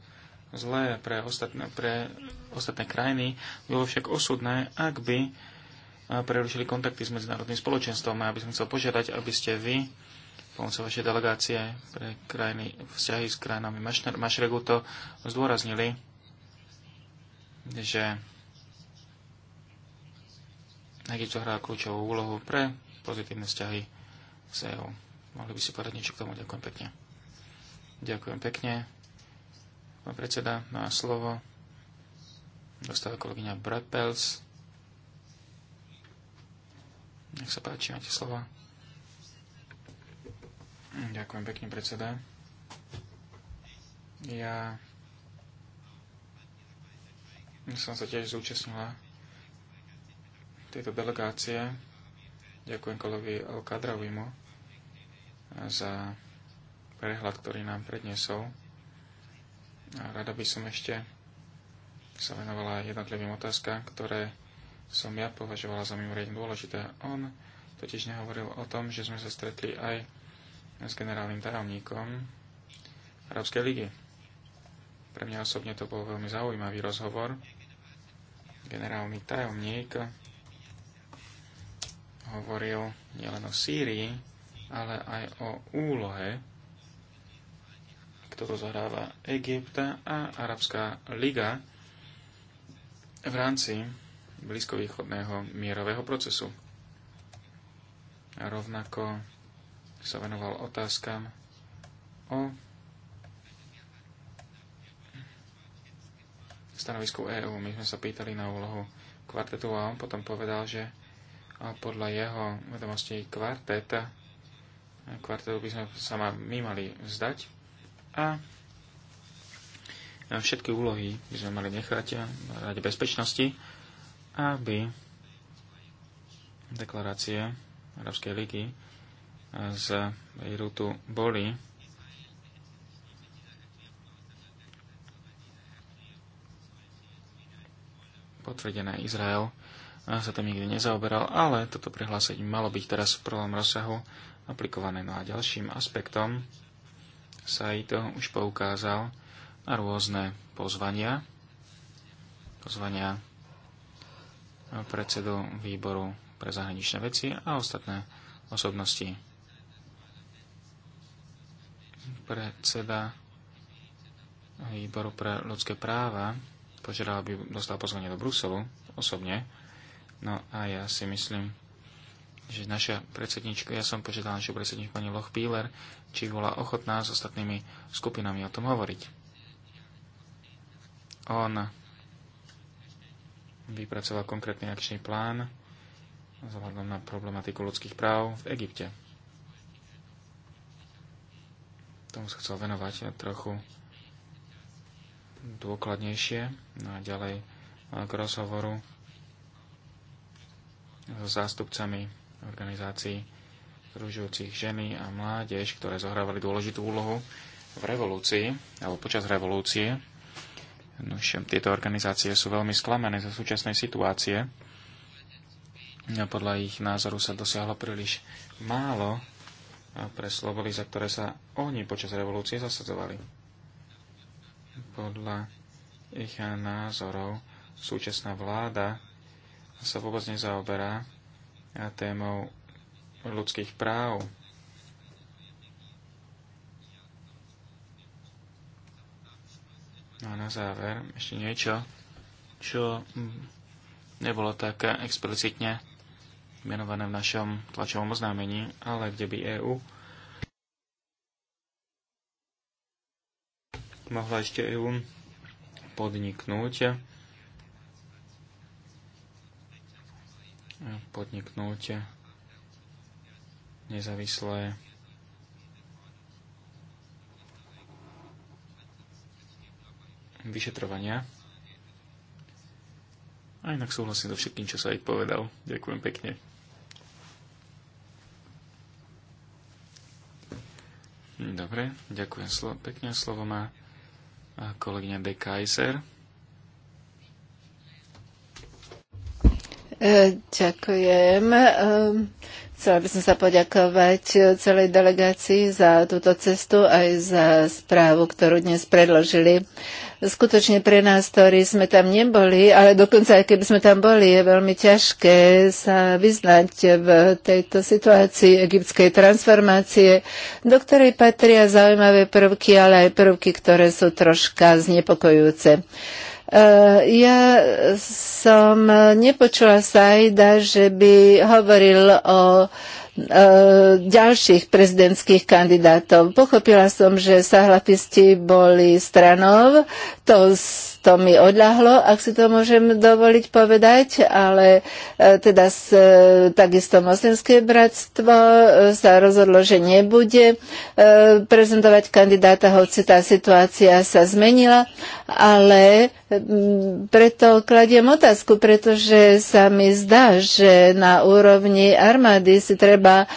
zlé pre ostatné, pre ostatné krajiny. Bolo však osudné, ak by eh, prerušili kontakty s medzinárodným spoločenstvom. A ja by som chcel požiadať, aby ste vy pomocou vašej delegácie pre krajiny, vzťahy s krajinami Mašregu to zdôraznili, že Egypt hrá kľúčovú úlohu pre pozitívne vzťahy s EU. Mohli by si povedať niečo k tomu? Ďakujem pekne. Ďakujem pekne. Pán predseda má slovo. Dostáva kolegyňa Brepels. Nech sa páči, máte slovo. Ďakujem pekne, predseda. Ja som sa tiež zúčastnila tejto delegácie. Ďakujem kolegy El Kadravimu za prehľad, ktorý nám predniesol. A rada by som ešte sa venovala jednotlivým otázkam, ktoré som ja považovala za mimoriadne dôležité. On totiž nehovoril o tom, že sme sa stretli aj s generálnym tajomníkom Arabskej ligy. Pre mňa osobne to bol veľmi zaujímavý rozhovor. Generálny tajomník hovoril nielen o Sýrii, ale aj o úlohe toto to zahráva Egypt a Arabská liga v rámci blízkovýchodného mierového procesu. A rovnako sa venoval otázkam o stanovisku EÚ. My sme sa pýtali na úlohu kvartetu a on potom povedal, že podľa jeho vedomostí kvarteta, kvartetu by sme sa mali vzdať, a všetky úlohy by sme mali nechať Rade bezpečnosti, aby deklarácie Arabskej ligy z Beirutu boli potvrdené Izrael sa tam nikdy nezaoberal, ale toto prihlásenie malo byť teraz v prvom rozsahu aplikované. No a ďalším aspektom to už poukázal na rôzne pozvania, pozvania predsedu výboru pre zahraničné veci a ostatné osobnosti. Predseda výboru pre ľudské práva požiadal, aby dostal pozvanie do Bruselu osobne. No a ja si myslím, že naša predsednička, ja som požiadal našu predsedničku pani Loch Píler, či bola ochotná s ostatnými skupinami o tom hovoriť. On vypracoval konkrétny akčný plán vzhľadom na problematiku ľudských práv v Egypte. Tomu sa chcel venovať trochu dôkladnejšie. No a ďalej k rozhovoru so zástupcami organizácií združujúcich ženy a mládež, ktoré zohrávali dôležitú úlohu v revolúcii alebo počas revolúcie. No, tieto organizácie sú veľmi sklamené zo súčasnej situácie. A podľa ich názoru sa dosiahlo príliš málo pre slobody, za ktoré sa oni počas revolúcie zasadzovali. Podľa ich názorov súčasná vláda sa vôbec nezaoberá a témou ľudských práv. No a na záver ešte niečo, čo nebolo tak explicitne menované v našom tlačovom oznámení, ale kde by EÚ mohla ešte EÚ podniknúť podniknúť nezávislé vyšetrovania. A inak súhlasím so všetkým, čo sa aj povedal. Ďakujem pekne. Dobre, ďakujem slo- pekne. Slovo má eh, kolegyňa De Kaiser. E, ďakujem. E, chcela by som sa poďakovať celej delegácii za túto cestu aj za správu, ktorú dnes predložili. Skutočne pre nás, ktorí sme tam neboli, ale dokonca aj keby sme tam boli, je veľmi ťažké sa vyznať v tejto situácii egyptskej transformácie, do ktorej patria zaujímavé prvky, ale aj prvky, ktoré sú troška znepokojúce. Eh, ja som nepočula Saida, že by hovoril o eh, ďalších prezidentských kandidátov. Pochopila som, že sahlapisti boli stranov, to to mi odľahlo, ak si to môžem dovoliť povedať, ale e, teda s, e, takisto moslimské bratstvo e, sa rozhodlo, že nebude prezentovať kandidáta, hoci tá situácia sa zmenila, ale mm, preto kladiem otázku, pretože sa mi zdá, že na úrovni armády si treba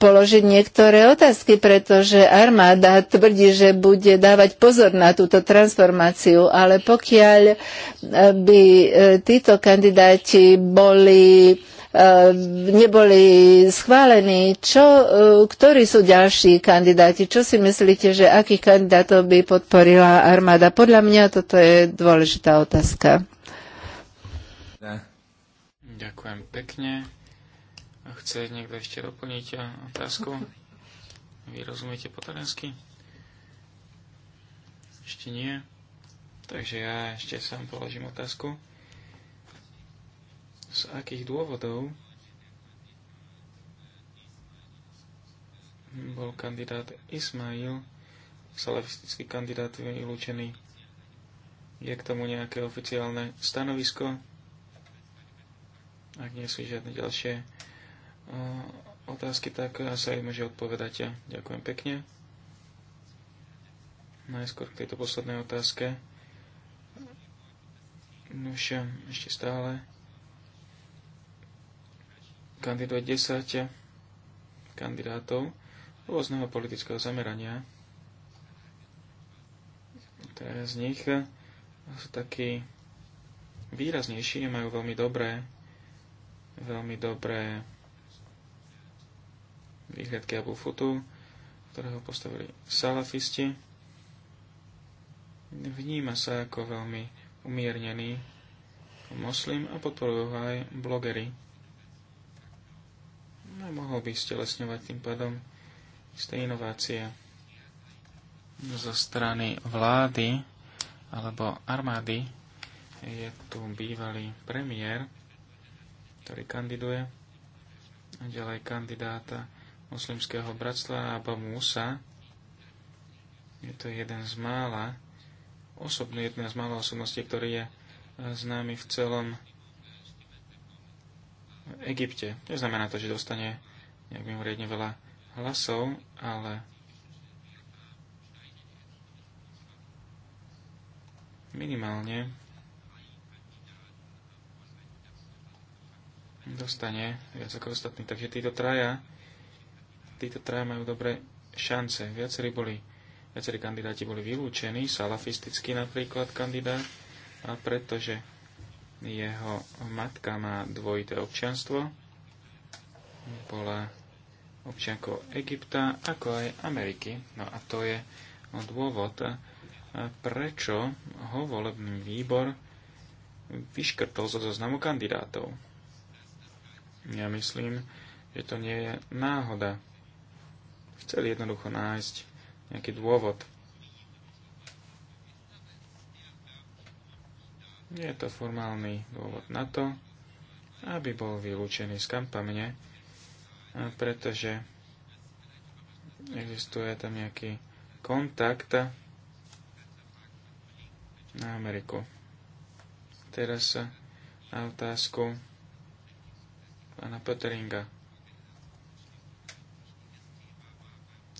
položiť niektoré otázky, pretože armáda tvrdí, že bude dávať pozor na túto transformáciu ale pokiaľ e, by e, títo kandidáti boli e, neboli schválení. Čo, ktorí sú ďalší kandidáti? Čo si myslíte, že akých kandidátov by podporila armáda? Podľa mňa toto je dôležitá otázka. Ďakujem pekne. Chce niekto ešte doplniť otázku? Vy rozumiete po Ešte nie. Takže ja ešte sám položím otázku. Z akých dôvodov bol kandidát Ismail, salafistický kandidát, vylúčený? Je k tomu nejaké oficiálne stanovisko? Ak nie sú žiadne ďalšie uh, otázky, tak sa im môže odpovedať. Ďakujem pekne. Najskôr k tejto poslednej otázke. Nož, ešte stále kandiduje 10 kandidátov rôzneho politického zamerania. Teraz z nich sú takí výraznejší, majú veľmi dobré, veľmi dobré výhľadky Abu Futu, ktorého postavili salafisti. Vníma sa ako veľmi umiernený moslim a podporujú ho aj blogery. No, mohol by stelesňovať tým pádom isté inovácie zo strany vlády alebo armády je tu bývalý premiér, ktorý kandiduje, a ďalej kandidáta moslimského bratstva Abba Musa. Je to jeden z mála osobný, jedna z malých osobností, ktorý je e, známy v celom Egypte. Neznamená to, že dostane nejak mimoriadne veľa hlasov, ale minimálne dostane viac ako ostatní. Takže títo traja, títo traja majú dobré šance. Viacerí boli viacerí kandidáti boli vylúčení, salafistický napríklad kandidát, a pretože jeho matka má dvojité občianstvo, bola občiankou Egypta, ako aj Ameriky. No a to je dôvod, prečo ho volebný výbor vyškrtol zo zoznamu kandidátov. Ja myslím, že to nie je náhoda. Chceli jednoducho nájsť nejaký dôvod. Nie je to formálny dôvod na to, aby bol vylúčený z kampane, pretože existuje tam nejaký kontakt na Ameriku. Teraz na otázku pána Peteringa.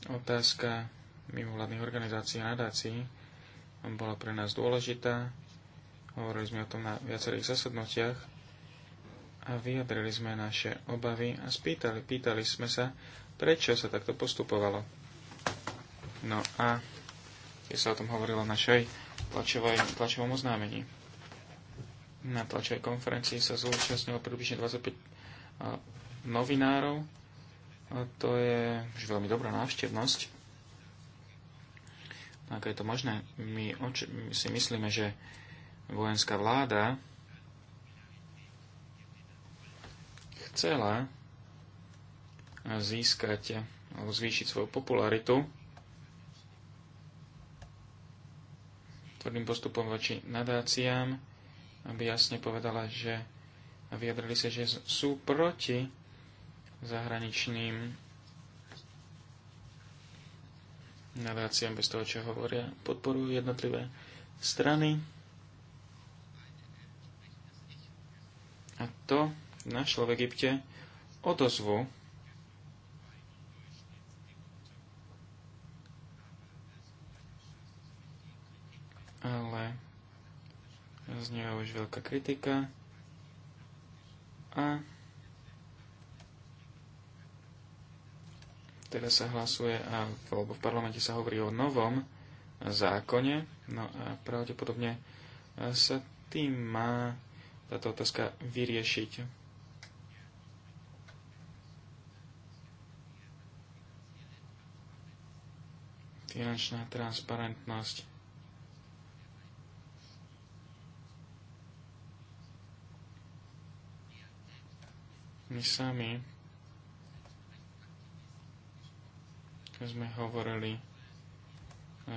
Otázka mimovládnych organizácií a nadácií bola pre nás dôležitá. Hovorili sme o tom na viacerých zasadnutiach a vyjadrili sme naše obavy a spýtali, pýtali sme sa, prečo sa takto postupovalo. No a keď sa o tom hovorilo v našej tlačovej, tlačovom oznámení. Na tlačovej konferencii sa zúčastnilo približne 25 novinárov. A to je už veľmi dobrá návštevnosť. Ako je to možné? My, oči, my si myslíme, že vojenská vláda chcela získať alebo zvýšiť svoju popularitu tvrdým postupom voči nadáciám, aby jasne povedala, že a vyjadrili sa, že sú proti zahraničným nadáciám bez toho, čo hovoria. Podporujú jednotlivé strany. A to našlo v Egypte odozvu ale z neho už veľká kritika a teraz sa hlasuje, alebo v parlamente sa hovorí o novom zákone, no a pravdepodobne e, sa tým má táto otázka vyriešiť. Finančná transparentnosť. My sami sme hovorili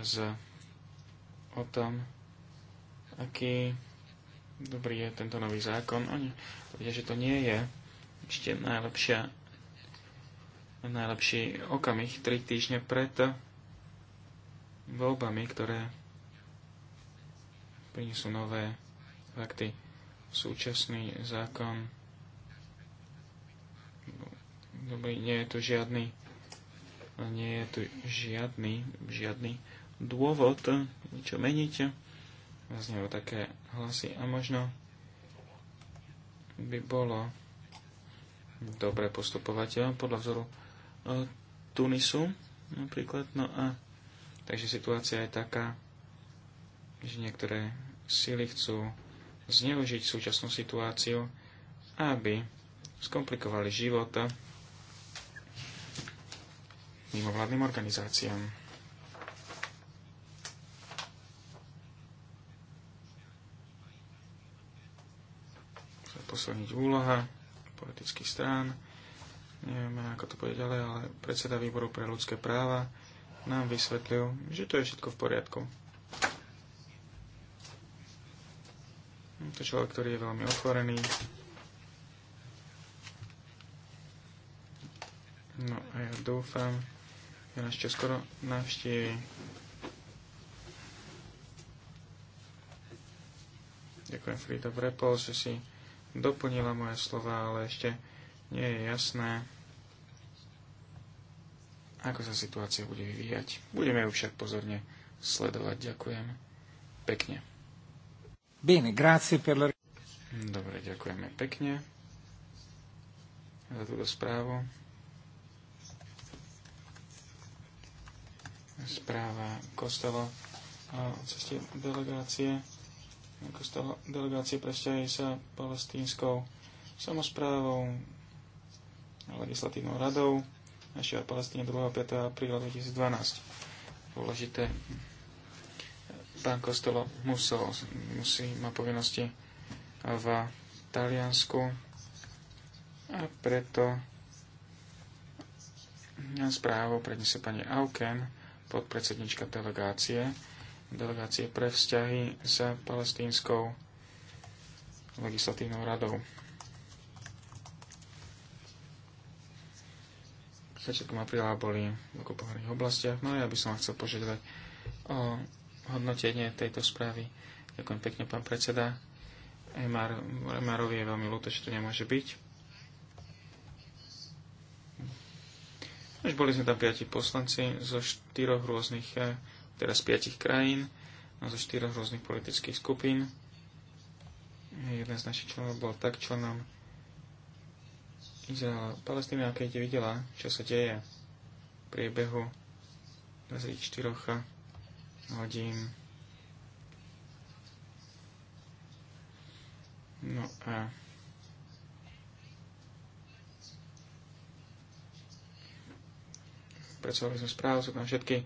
z, o tom, aký dobrý je tento nový zákon. Oni povedia, že to nie je ešte najlepšia, najlepší okamih 3 týždne pred voľbami, ktoré prinesú nové fakty. Súčasný zákon no, dobrý, nie je tu žiadny nie je tu žiadny, žiadny dôvod niečo meniť. Zaznievajú také hlasy a možno by bolo dobre postupovať podľa vzoru e, Tunisu napríklad. No a takže situácia je taká, že niektoré síly chcú zneužiť súčasnú situáciu, aby skomplikovali život mimovládnym organizáciám. posilniť úloha politických strán. Nevieme, ako to pôjde ďalej, ale predseda výboru pre ľudské práva nám vysvetlil, že to je všetko v poriadku. Hm, je to človek, ktorý je veľmi otvorený. No a ja dúfam, ja nás skoro navštívi. Ďakujem Frida Brepol, že si doplnila moje slova, ale ešte nie je jasné, ako sa situácia bude vyvíjať. Budeme ju však pozorne sledovať. Ďakujem pekne. Bene, grazie per la... Dobre, ďakujeme pekne za túto správu. správa Kostelo o ceste delegácie, Kostela delegácie pre sa palestínskou samozprávou, legislatívnou radou našiel Palestíne 2. 5. apríla 2012. Dôležité, pán Kostelo musel, musí, má povinnosti v Taliansku a preto správu predniesie pani Auken podpredsednička delegácie, delegácie pre vzťahy s palestínskou legislatívnou radou. Začiatkom apríla boli v okupovaných oblastiach. No ja by som chcel požiadať o hodnotenie tejto správy. Ďakujem pekne, pán predseda. Emar, Emarovi je veľmi ľúto, že to nemôže byť Až boli sme tam piati poslanci zo štyroch rôznych, eh, teraz piatich krajín, zo štyroch rôznych politických skupín. Jeden z našich členov bol tak členom Izraela Palestína, keď videla, čo sa deje v priebehu štyroch hodín. No a spracovali sme správu, sú tam všetky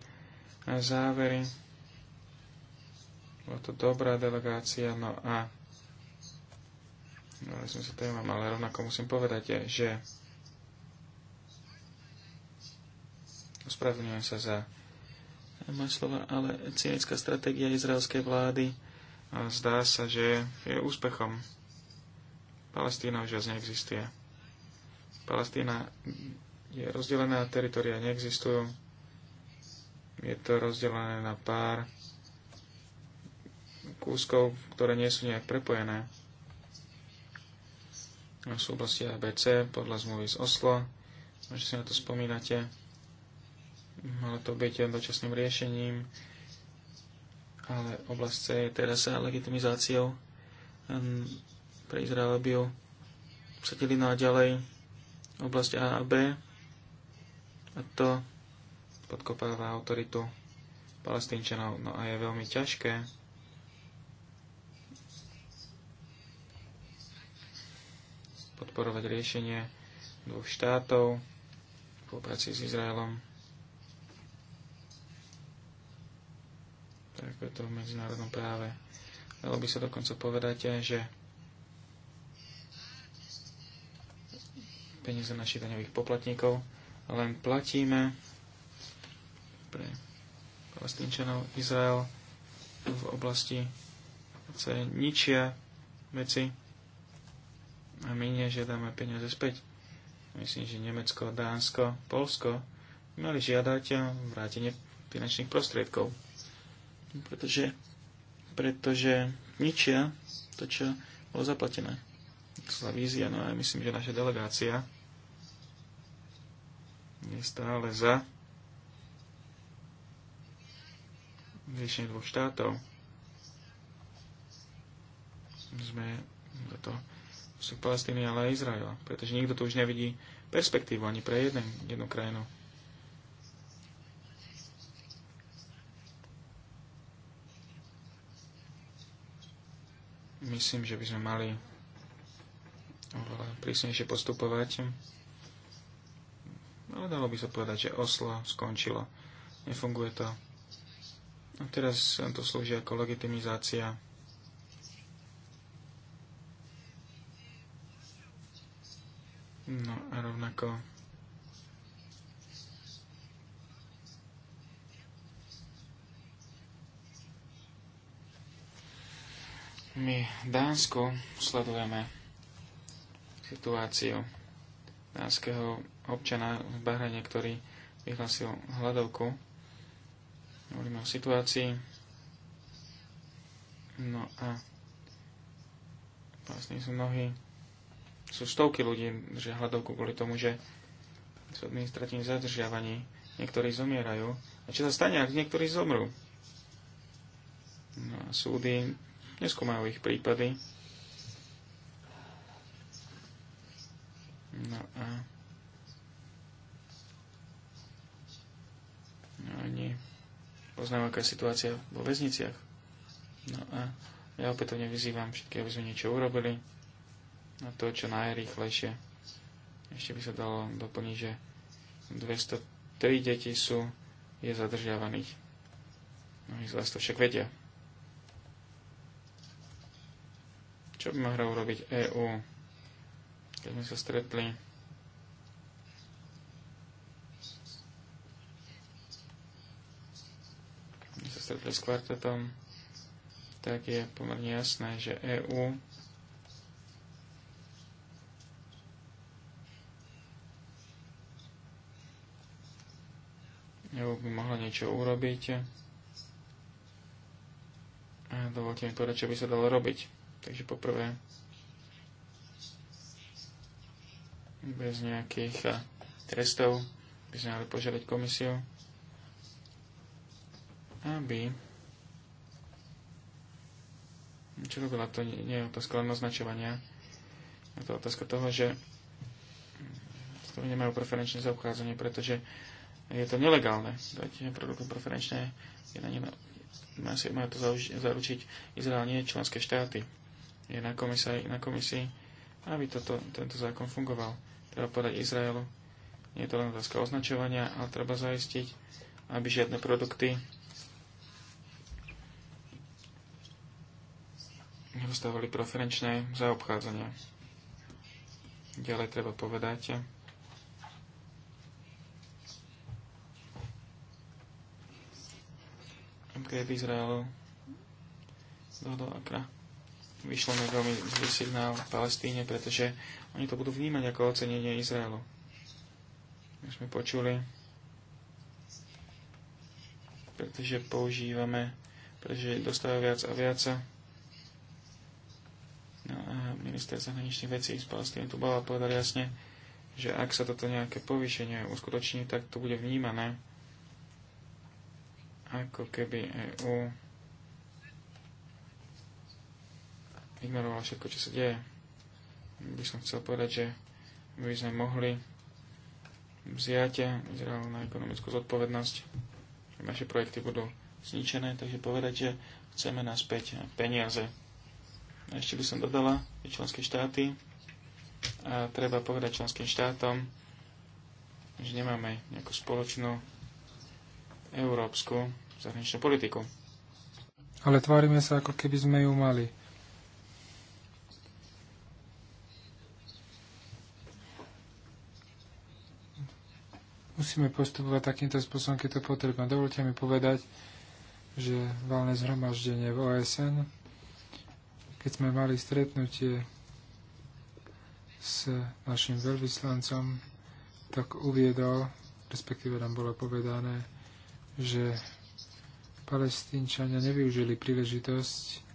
závery. Bola to dobrá delegácia, no a Mali sme sa témam, ale rovnako musím povedať, že ospravedlňujem sa za moje slova, ale cienická stratégia izraelskej vlády zdá sa, že je úspechom. Palestína už viac neexistuje. Palestína je rozdelená, teritoria neexistujú. Je to rozdelené na pár kúskov, ktoré nie sú nejak prepojené. Sú oblasti ABC podľa zmluvy z Oslo, že si na to spomínate. Malo to byť dočasným riešením, ale oblasť C je teraz legitimizáciou ehm, pre Izrael, aby ju na no ďalej oblasť A a B a to podkopáva autoritu palestínčanov. No a je veľmi ťažké podporovať riešenie dvoch štátov v spolupráci s Izraelom. Tak je to v medzinárodnom práve. Dalo by sa dokonca povedať, že peniaze našich daňových poplatníkov len platíme pre palestínčanov Izrael v oblasti sa ničia veci a my nežiadame peniaze späť. Myslím, že Nemecko, Dánsko, Polsko mali žiadať vrátenie finančných prostriedkov. Pretože, pretože ničia to, čo bolo zaplatené. Slavízia, no a myslím, že naša delegácia je stále za riešenie dvoch štátov. Sme za to sú Palestíny, ale aj Izraela, pretože nikto tu už nevidí perspektívu ani pre jeden, jednu krajinu. Myslím, že by sme mali oveľa prísnejšie postupovať ale no, dalo by sa povedať, že Oslo skončilo. Nefunguje to. A teraz to slúži ako legitimizácia No a rovnako my v Dánsku sledujeme situáciu dánskeho občana v Bahrajne, ktorý vyhlásil hľadovku. Hovoríme o situácii. No a vlastne sú mnohí, sú stovky ľudí, že hľadovku kvôli tomu, že sú administratívne zadržiavaní, niektorí zomierajú. A čo sa stane, ak niektorí zomrú? No a súdy neskúmajú ich prípady. No a poznám, aká je situácia vo väzniciach. No a ja opätovne vyzývam všetky, aby sme niečo urobili na to, čo najrýchlejšie. Ešte by sa dalo doplniť, že 203 deti sú je zadržiavaných. Mnohí z vás to však vedia. Čo by mohla urobiť EÚ? Keď sme sa stretli stretli s kvartetom, tak je pomerne jasné, že EU EU by mohla niečo urobiť. A dovolte mi povedať, čo by sa dalo robiť. Takže poprvé, bez nejakých eh, trestov by sme mali požiadať komisiu, aby čo bola to nie je otázka len označovania. Je to otázka toho, že to nemajú preferenčné zaobchádzanie, pretože je to nelegálne dať produktom preferenčné jednanie. to zaručiť Izrael, nie členské štáty. Je na, komisii, na komisii, aby toto, tento zákon fungoval. Treba podať Izraelu, nie je to len otázka označovania, ale treba zaistiť, aby žiadne produkty nedostávali preferenčné zaobchádzania. Ďalej treba povedať, MK v Izraelu do Akra mi veľmi zlý signál v Palestíne, pretože oni to budú vnímať ako ocenenie Izraelu. My sme počuli, pretože používame, pretože dostávajú viac a viac minister zahraničných vecí z Palestíny tu bola povedal jasne, že ak sa toto nejaké povýšenie uskutoční, tak to bude vnímané ako keby EU ignorovala všetko, čo sa deje. By som chcel povedať, že by sme mohli vziať Izrael na ekonomickú zodpovednosť. Naše projekty budú zničené, takže povedať, že chceme naspäť peniaze ešte by som dodala, že členské štáty, a treba povedať členským štátom, že nemáme nejakú spoločnú európsku zahraničnú politiku. Ale tvárime sa, ako keby sme ju mali. musíme postupovať takýmto spôsobom, keď to potrebujem. Dovolte mi povedať, že valné zhromaždenie v OSN keď sme mali stretnutie s našim veľvyslancom, tak uviedol, respektíve nám bolo povedané, že palestínčania nevyužili príležitosť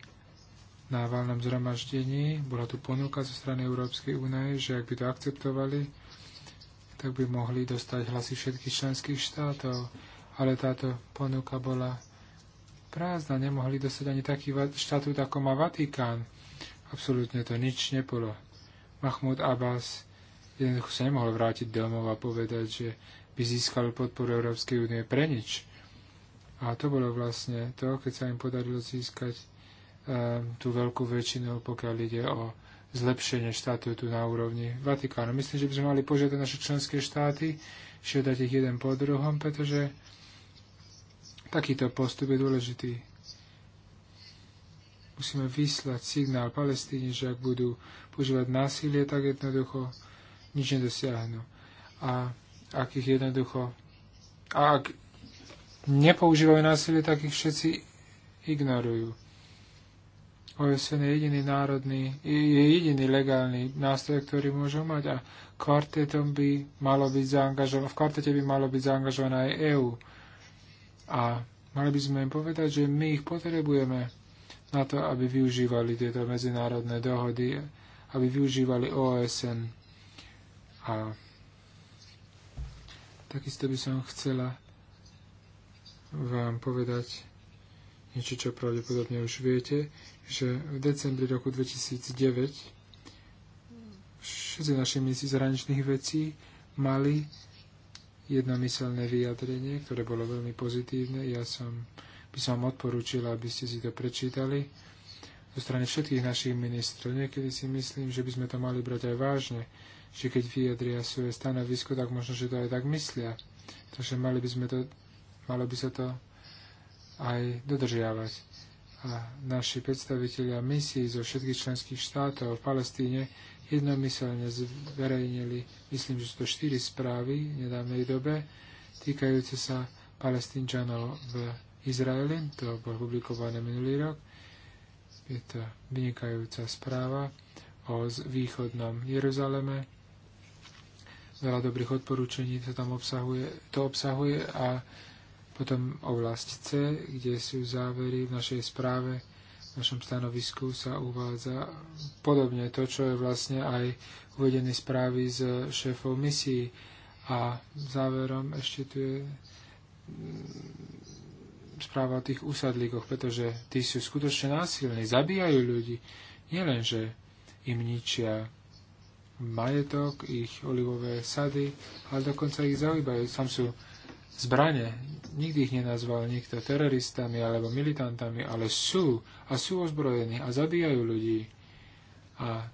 na valnom zhromaždení. Bola tu ponuka zo strany Európskej únie, že ak by to akceptovali, tak by mohli dostať hlasy všetkých členských štátov. Ale táto ponuka bola prázdna, nemohli dostať ani taký štatút, ako má Vatikán. Absolútne to nič nebolo. Mahmud Abbas jednoducho sa nemohol vrátiť domov a povedať, že by získal podporu Európskej únie pre nič. A to bolo vlastne to, keď sa im podarilo získať um, tú veľkú väčšinu, pokiaľ ide o zlepšenie štatútu na úrovni Vatikánu. Myslím, že by sme mali požiadať naše členské štáty, žiadať ich jeden po druhom, pretože Takýto postup je dôležitý. Musíme vyslať signál Palestíne, že ak budú používať násilie, tak jednoducho nič nedosiahnu. A ak ich jednoducho... A ak nepoužívajú násilie, tak ich všetci ignorujú. OSN je jediný národný, je jediný legálny nástroj, ktorý môžu mať a kvartetom by malo byť zaangažované. v kvartete by malo byť zaangažovaná aj EÚ. A mali by sme im povedať, že my ich potrebujeme na to, aby využívali tieto medzinárodné dohody, aby využívali OSN. A takisto by som chcela vám povedať niečo, čo pravdepodobne už viete, že v decembri roku 2009 všetci naši ministri zahraničných vecí mali jednomyselné vyjadrenie, ktoré bolo veľmi pozitívne. Ja som, by som vám odporúčila, aby ste si to prečítali zo strany všetkých našich ministrov. Niekedy si myslím, že by sme to mali brať aj vážne, že keď vyjadria svoje stanovisko, tak možno, že to aj tak myslia. Takže mali by sme to, malo by sa to aj dodržiavať. A naši predstavitelia misií zo všetkých členských štátov v Palestíne jednomyselne zverejnili, myslím, že sú to štyri správy v nedávnej dobe, týkajúce sa palestínčanov v Izraeli. To bolo publikované minulý rok. Je to vynikajúca správa o východnom Jeruzaleme. Veľa dobrých odporúčení to tam obsahuje, to obsahuje a potom oblasť C, kde sú závery v našej správe v našom stanovisku sa uvádza podobne to, čo je vlastne aj uvedené správy z šéfov misií. A záverom ešte tu je mm, správa o tých usadlíkoch, pretože tí sú skutočne násilní, zabíjajú ľudí. Nielen, že im ničia majetok, ich olivové sady, ale dokonca ich zaujíbajú. Tam sú zbranie. Nikdy ich nenazval nikto teroristami alebo militantami, ale sú a sú ozbrojení a zabíjajú ľudí. A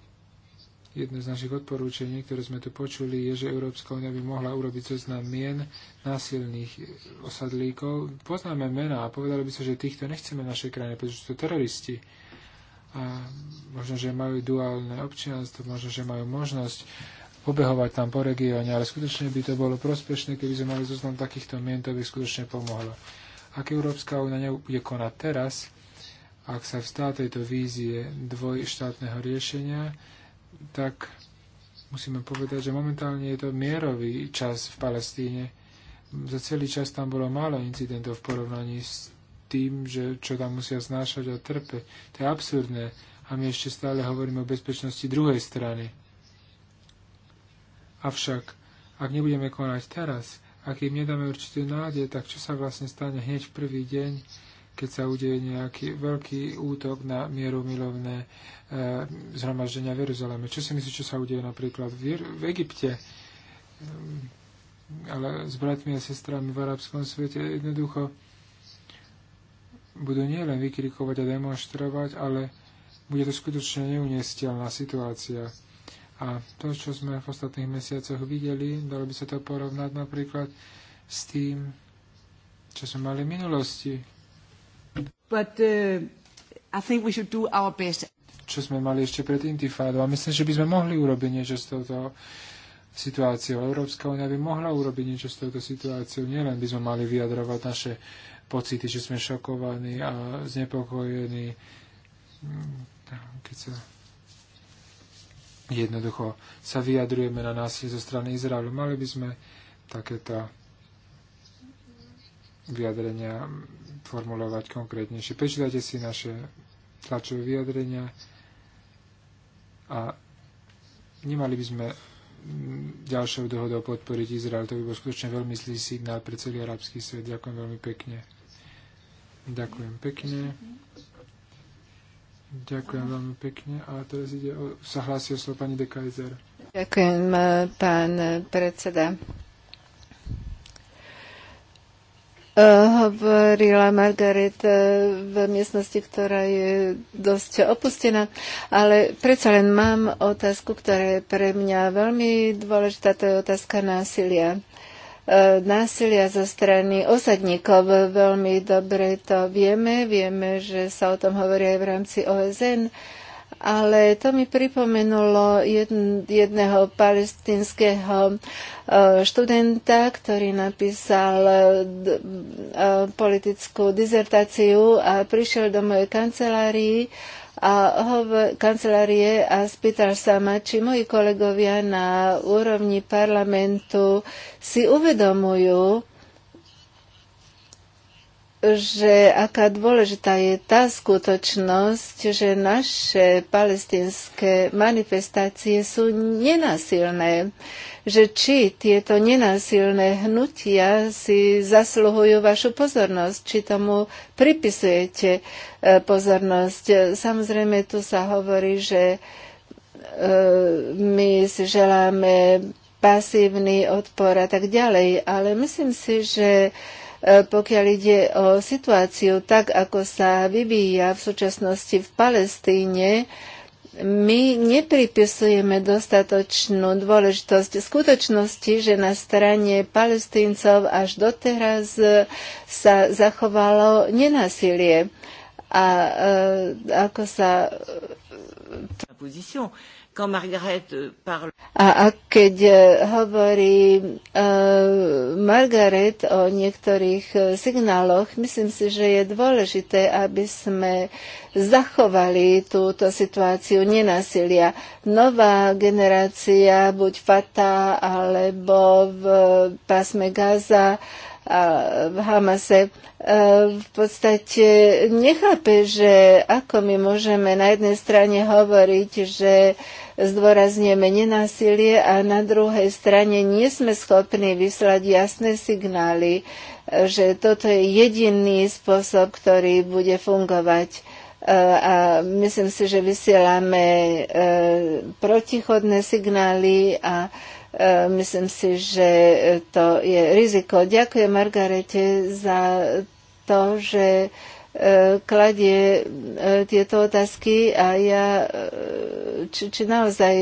jedno z našich odporúčení, ktoré sme tu počuli, je, že Európska únia by mohla urobiť zoznam mien násilných osadlíkov. Poznáme mená a povedali by sa, že týchto nechceme v našej krajine, pretože sú to teroristi. A možno, že majú duálne občianstvo, možno, že majú možnosť obehovať tam po regióne, ale skutočne by to bolo prospešné, keby sme mali zoznam takýchto mien, to by skutočne pomohlo. Ak Európska únia nebude konať teraz, ak sa vstá tejto vízie dvojštátneho riešenia, tak musíme povedať, že momentálne je to mierový čas v Palestíne. Za celý čas tam bolo málo incidentov v porovnaní s tým, že čo tam musia znášať a trpeť. To je absurdné. A my ešte stále hovoríme o bezpečnosti druhej strany Avšak, ak nebudeme konať teraz, ak im nedáme určitú nádej, tak čo sa vlastne stane hneď v prvý deň, keď sa udeje nejaký veľký útok na milovné e, zhromaždenia v Jeruzaleme. Čo si myslíš, čo sa udeje napríklad v, v Egypte? Ehm, ale s bratmi a sestrami v arabskom svete jednoducho budú nielen vykrikovať a demonstrovať, ale bude to skutočne neuniesiteľná situácia. A to, čo sme v ostatných mesiacoch videli, dalo by sa to porovnať napríklad s tým, čo sme mali v minulosti. But, uh, I think we should do our best. Čo sme mali ešte pred intifádou. A myslím, že by sme mohli urobiť niečo z touto situáciou. Európska únia by mohla urobiť niečo z touto situáciou. Nielen by sme mali vyjadrovať naše pocity, že sme šokovaní a znepokojení, mm, keď sa jednoducho sa vyjadrujeme na násilie zo strany Izraelu. Mali by sme takéto vyjadrenia formulovať konkrétnejšie. Prečítajte si naše tlačové vyjadrenia a nemali by sme ďalšou dohodou podporiť Izrael. To by bol skutočne veľmi zlý signál pre celý arabský svet. Ďakujem veľmi pekne. Ďakujem pekne. Ďakujem veľmi pekne. A teraz ide o, sa hlási o slovo pani de Kaiser. Ďakujem, e, pán predseda. E, hovorila Margaret e, v miestnosti, ktorá je dosť opustená, ale predsa len mám otázku, ktorá je pre mňa veľmi dôležitá, to je otázka násilia násilia zo strany osadníkov. Veľmi dobre to vieme. Vieme, že sa o tom hovorí aj v rámci OSN. Ale to mi pripomenulo jedného palestinského e, študenta, ktorý napísal e, e, politickú dizertáciu a prišiel do mojej kancelárii a hov- kancelárie a spýtal sa ma, či moji kolegovia na úrovni parlamentu si uvedomujú, že aká dôležitá je tá skutočnosť, že naše palestinské manifestácie sú nenásilné, že či tieto nenásilné hnutia si zasluhujú vašu pozornosť, či tomu pripisujete e, pozornosť. Samozrejme, tu sa hovorí, že e, my si želáme pasívny odpor a tak ďalej, ale myslím si, že E, pokiaľ ide o situáciu tak, ako sa vyvíja v súčasnosti v Palestíne, my nepripisujeme dostatočnú dôležitosť skutočnosti, že na strane palestíncov až doteraz sa zachovalo nenásilie. A e, ako sa... Euh, a, a keď e, hovorí uh, Margaret o niektorých e, signáloch, myslím si, že je dôležité, aby sme zachovali túto situáciu nenásilia. Nová generácia, buď fata alebo v pásme Gaza, a v Hamase v podstate nechápe, že ako my môžeme na jednej strane hovoriť, že zdôrazňujeme nenásilie a na druhej strane nie sme schopní vyslať jasné signály, že toto je jediný spôsob, ktorý bude fungovať e, a myslím si, že vysielame e, protichodné signály a e, myslím si, že to je riziko. Ďakujem Margarete za to, že E, kladie e, tieto otázky a ja, e, či, či naozaj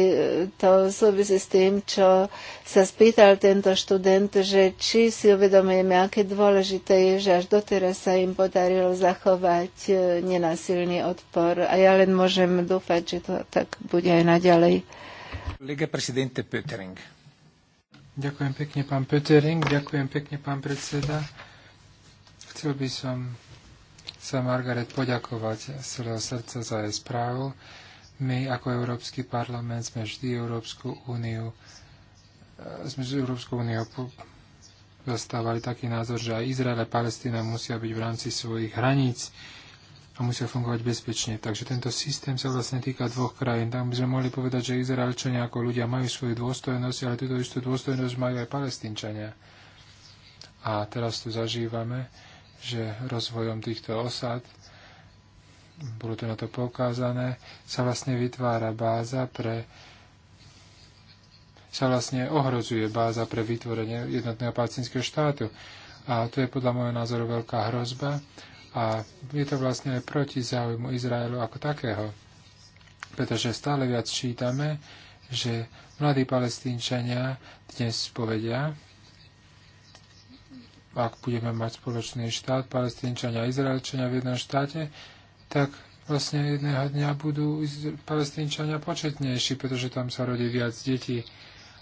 to súvisí s tým, čo sa spýtal tento študent, že či si uvedomujeme, aké dôležité je, že až doteraz sa im podarilo zachovať nenasilný odpor. A ja len môžem dúfať, že to tak bude aj naďalej. Liga prezidente Pötering. Ďakujem pekne, pán Pötering. Ďakujem pekne, pán predseda. Chcel by som sa Margaret poďakovať z celého srdca za jej správu. My ako Európsky parlament sme vždy Európsku úniu e, sme z Európskou úniu zastávali taký názor, že aj Izrael a Palestína musia byť v rámci svojich hraníc a musia fungovať bezpečne. Takže tento systém sa vlastne týka dvoch krajín. Tam by sme mohli povedať, že Izraelčania ako ľudia majú svoju dôstojnosť, ale túto istú dôstojnosť majú aj Palestínčania. A teraz tu zažívame, že rozvojom týchto osad, bolo to na to poukázané, sa vlastne vytvára báza pre sa vlastne ohrozuje báza pre vytvorenie jednotného palestinského štátu. A to je podľa môjho názoru veľká hrozba a je to vlastne aj proti záujmu Izraelu ako takého. Pretože stále viac čítame, že mladí palestínčania dnes povedia, ak budeme mať spoločný štát, palestínčania a izraelčania v jednom štáte, tak vlastne jedného dňa budú palestínčania početnejší, pretože tam sa rodí viac detí.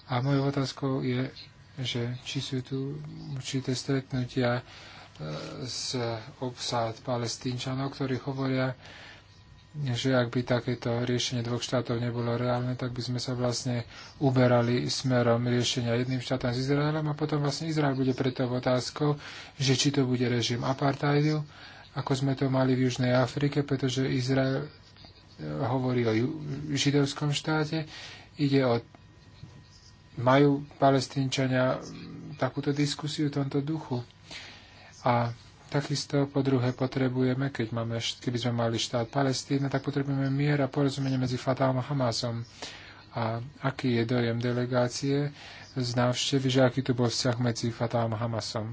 A mojou otázkou je, že či sú tu určité stretnutia e, s obsad palestínčanov, ktorí hovoria, že ak by takéto riešenie dvoch štátov nebolo reálne, tak by sme sa vlastne uberali smerom riešenia jedným štátom s Izraelom a potom vlastne Izrael bude preto otázkou, že či to bude režim apartheidu, ako sme to mali v Južnej Afrike, pretože Izrael eh, hovorí o židovskom štáte, ide o majú palestínčania mm, takúto diskusiu v tomto duchu. A Takisto po druhé potrebujeme, keď máme, keby sme mali štát Palestína, tak potrebujeme mier a porozumenie medzi Fatahom a Hamasom. A aký je dojem delegácie z návštevy, že aký tu bol vzťah medzi Fatahom a Hamasom?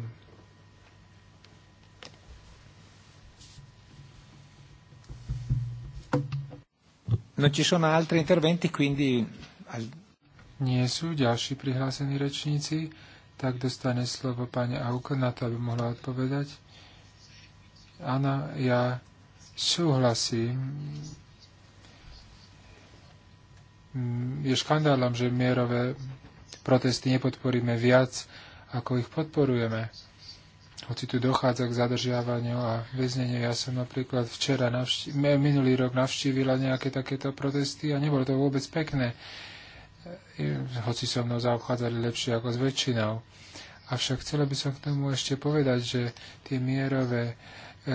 Non ci sono altri interventi, quindi... Nie sú ďalší prihlásení rečníci, tak dostane slovo pani Auka na to, aby mohla odpovedať. Áno, ja súhlasím. Mm, je škandálom, že mierové protesty nepodporíme viac, ako ich podporujeme. Hoci tu dochádza k zadržiavaniu a väzneniu. Ja som napríklad včera, navštív, minulý rok navštívila nejaké takéto protesty a nebolo to vôbec pekné. E, hoci so mnou zaobchádzali lepšie ako s väčšinou. Avšak chcela by som k tomu ešte povedať, že tie mierové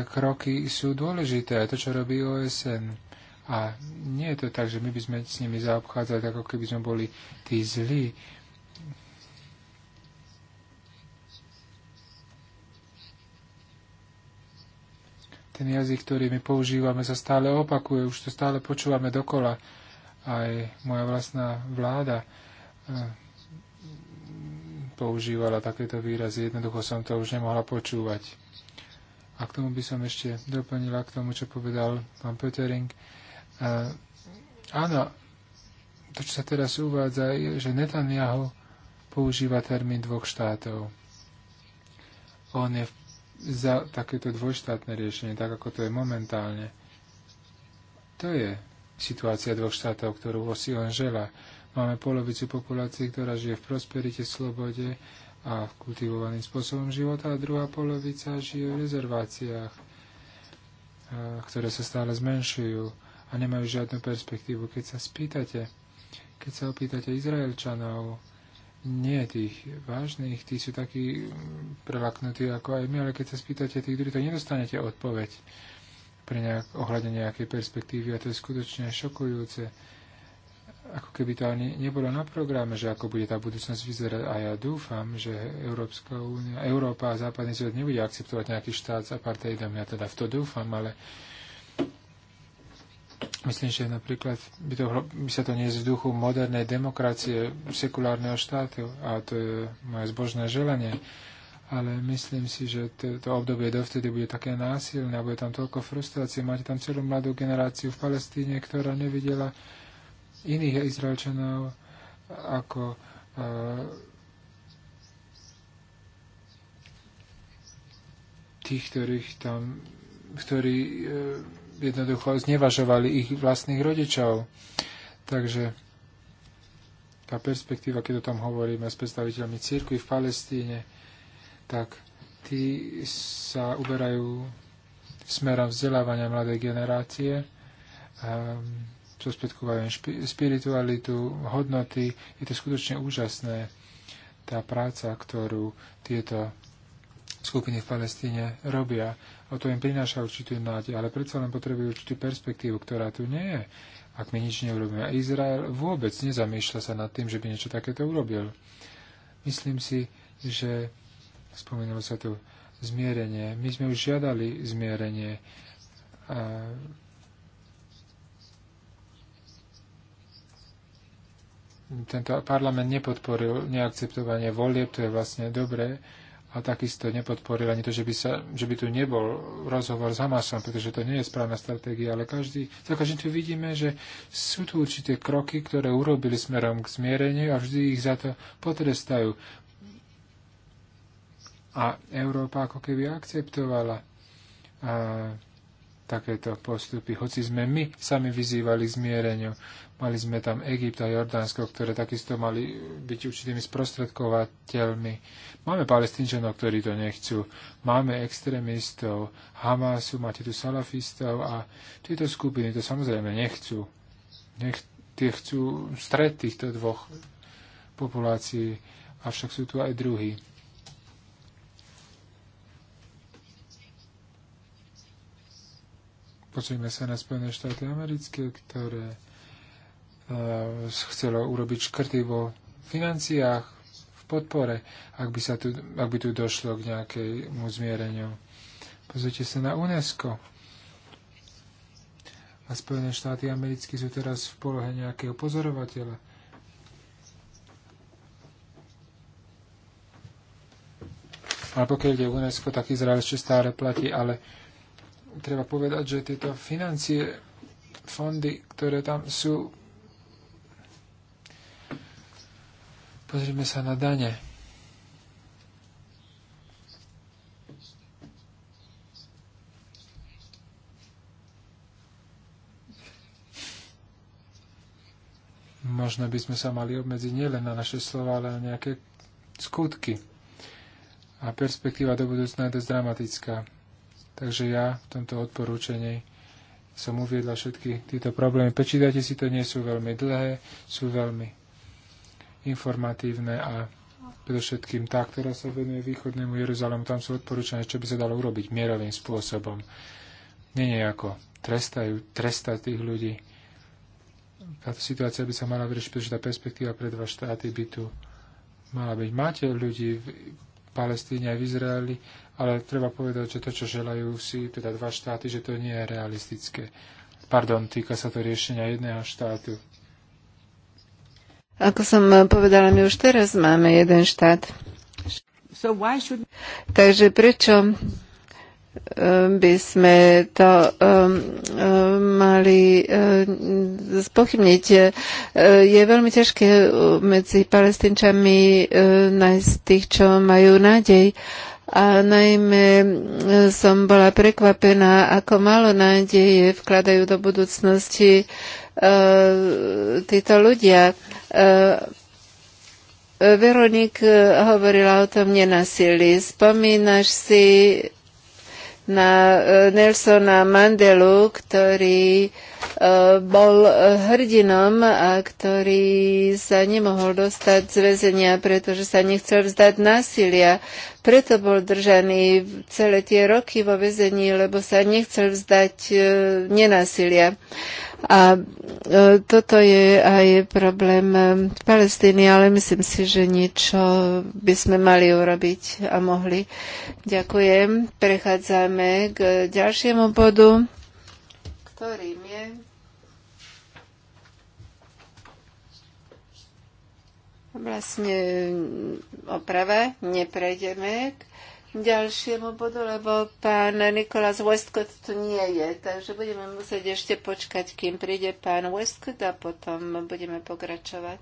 kroky sú dôležité, aj to, čo robí OSN. A nie je to tak, že my by sme s nimi zaobchádzali, ako keby sme boli tí zlí. Ten jazyk, ktorý my používame, sa stále opakuje, už to stále počúvame dokola. Aj moja vlastná vláda eh, používala takéto výrazy, jednoducho som to už nemohla počúvať. A k tomu by som ešte doplnila k tomu, čo povedal pán Petering. áno, to, čo sa teraz uvádza, je, že Netanyahu používa termín dvoch štátov. On je za takéto dvojštátne riešenie, tak ako to je momentálne. To je situácia dvoch štátov, ktorú si on žela. Máme polovicu populácie, ktorá žije v prosperite, slobode, a kultivovaným spôsobom života a druhá polovica žije v rezerváciách, ktoré sa stále zmenšujú a nemajú žiadnu perspektívu. Keď sa spýtate, keď sa opýtate Izraelčanov, nie tých vážnych, tí sú takí mm, prelaknutí ako aj my, ale keď sa spýtate tých druhých, tak nedostanete odpoveď pre nejak, ohľadne nejakej perspektívy a to je skutočne šokujúce ako keby to ani nebolo na programe, že ako bude tá budúcnosť vyzerať. A ja dúfam, že Európska únia, Európa a západný svet nebude akceptovať nejaký štát s apartheidom. Ja teda v to dúfam, ale myslím, že napríklad by, to, by sa to nie z duchu modernej demokracie sekulárneho štátu. A to je moje zbožné želanie. Ale myslím si, že to, to obdobie dovtedy bude také násilné a bude tam toľko frustrácie. Máte tam celú mladú generáciu v Palestíne, ktorá nevidela iných Izraelčanov ako eh, tých, ktorých tam, ktorí eh, jednoducho znevažovali ich vlastných rodičov. Takže tá perspektíva, keď o tom hovoríme s predstaviteľmi cirkvi v Palestíne, tak tí sa uberajú smerom vzdelávania mladej generácie. Um, spätkovajú spiritualitu, hodnoty. Je to skutočne úžasné, tá práca, ktorú tieto skupiny v Palestíne robia. O to im prináša určitú nádej, ale predsa len potrebujú určitú perspektívu, ktorá tu nie je. Ak my nič neurobíme. A Izrael vôbec nezamýšľa sa nad tým, že by niečo takéto urobil. Myslím si, že spomenulo sa tu zmierenie. My sme už žiadali zmierenie. A tento parlament nepodporil neakceptovanie volieb, to je vlastne dobré, a takisto nepodporil ani to, že by, sa, že by tu nebol rozhovor s Hamasom, pretože to nie je správna stratégia, ale každý, za každým tu vidíme, že sú tu určité kroky, ktoré urobili smerom k zmiereniu a vždy ich za to potrestajú. A Európa ako keby akceptovala a takéto postupy. Hoci sme my sami vyzývali k zmiereniu, mali sme tam Egypt a Jordánsko, ktoré takisto mali byť určitými sprostredkovateľmi. Máme palestínčanov, ktorí to nechcú. Máme extrémistov, Hamasu, máte tu salafistov a tieto skupiny to samozrejme nechcú. Nech, tie chcú stred týchto dvoch populácií, avšak sú tu aj druhí. Pozrieme sa na Spojené štáty americké, ktoré e, chcelo urobiť škrty vo financiách, v podpore, ak by, sa tu, ak by tu došlo k nejakému zmiereniu. Pozrite sa na UNESCO. A Spojené štáty americké sú teraz v polohe nejakého pozorovateľa. Ale pokiaľ ide UNESCO, tak Izrael ešte stále platí, ale treba povedať, že tieto financie, fondy, ktoré tam sú, pozrime sa na dane. Možno by sme sa mali obmedziť nielen na naše slova, ale na nejaké skutky. A perspektíva do budúcna je dosť dramatická. Takže ja v tomto odporúčení som uviedla všetky tieto problémy. Prečítajte si to, nie sú veľmi dlhé, sú veľmi informatívne a predovšetkým tá, ktorá sa venuje východnému Jeruzalému, tam sú odporúčané, čo by sa dalo urobiť mierovým spôsobom. Nie nejako trestajú, trestať tých ľudí. Táto situácia by sa mala vyriešiť, pretože tá perspektíva pre dva štáty by tu mala byť. Máte ľudí v Palestíne aj v Izraeli, ale treba povedať, že to, čo želajú si teda dva štáty, že to nie je realistické. Pardon, týka sa to riešenia jedného štátu. Ako som povedala, my už teraz máme jeden štát. So should... Takže prečo Ehm, by sme to ehm, ehm, mali spochybniť. Je veľmi ťažké medzi palestinčami nájsť tých, čo majú nádej. A najmä som bola prekvapená, ako málo nádeje vkladajú do budúcnosti títo ľudia. Veronik hovorila o tom nenasilí. Spomínaš si na eh, Nelsona Mandelu, ktorý eh, bol hrdinom a ktorý sa nemohol dostať z väzenia, pretože sa nechcel vzdať násilia. Preto bol držaný celé tie roky vo väzení, lebo sa nechcel vzdať eh, nenásilia. A e, toto je aj problém v e, Palestíny, ale myslím si, že niečo by sme mali urobiť a mohli. Ďakujem. Prechádzame k ďalšiemu bodu, ktorým je vlastne oprava. Neprejdeme k ďalšiemu bodu, lebo pán Nikolás Westcott tu nie je, takže budeme musieť ešte počkať, kým príde pán Westcott a potom budeme pokračovať.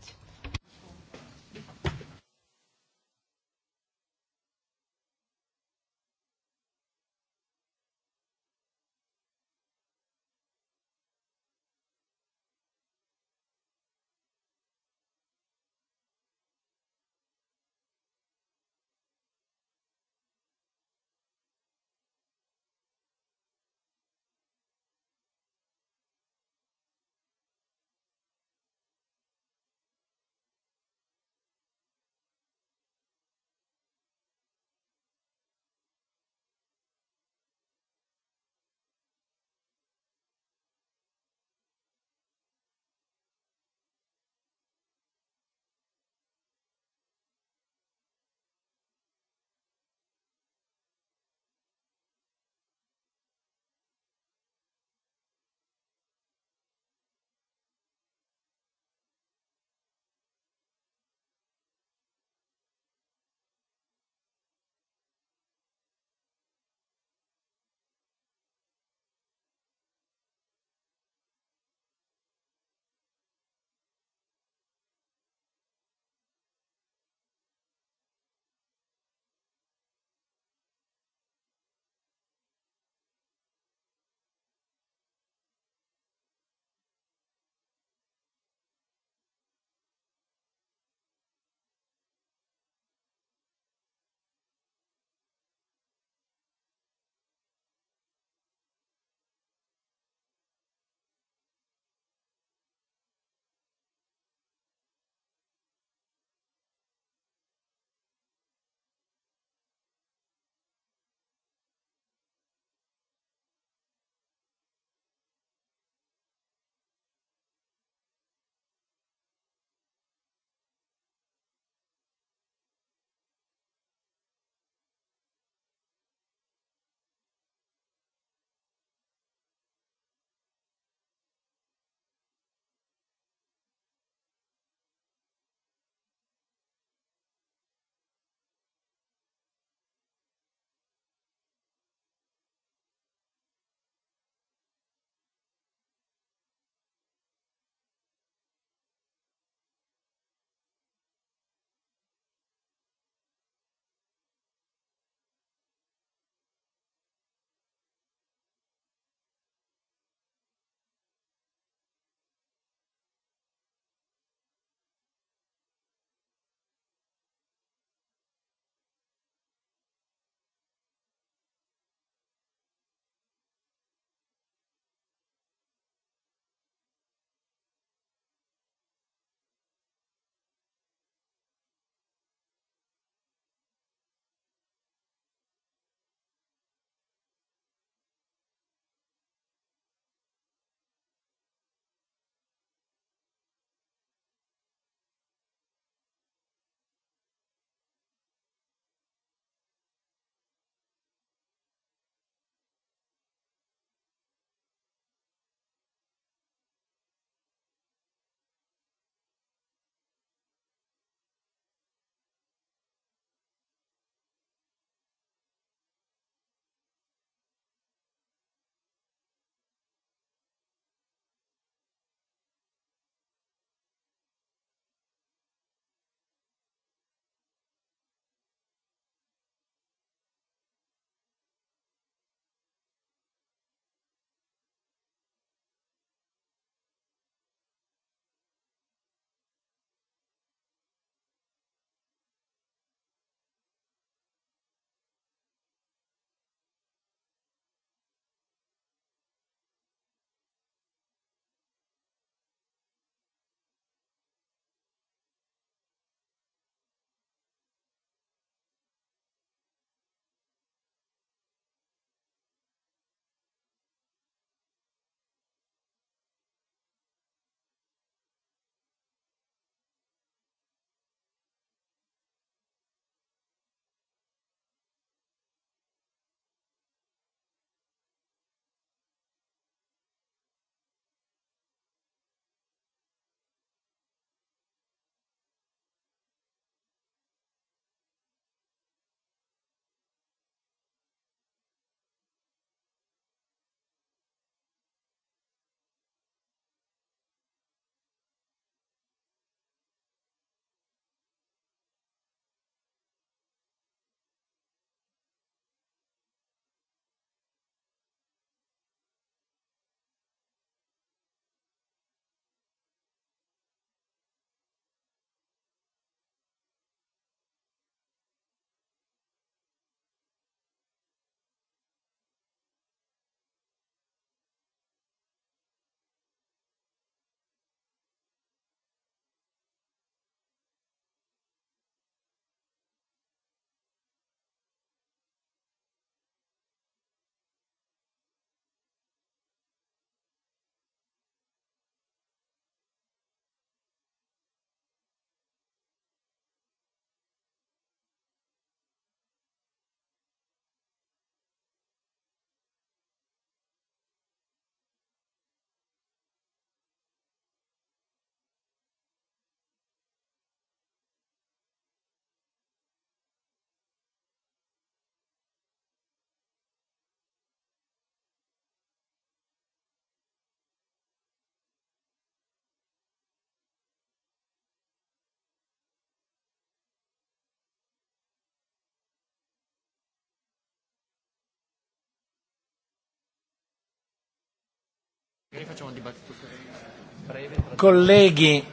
Colleghi,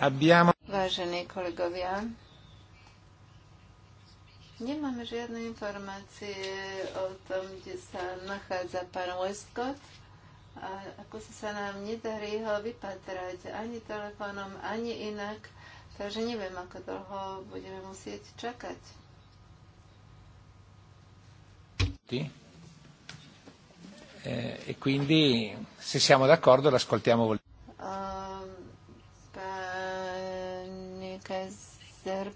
abbiamo... Vážení kolegovia, nemáme žiadne informácie o tom, kde sa nachádza pán Westcott. A ako sa nám nedarí ho vypatrať ani telefónom, ani inak, takže neviem, ako dlho budeme musieť čakať. Ty? eh, e quindi se siamo d'accordo l'ascoltiamo ehm,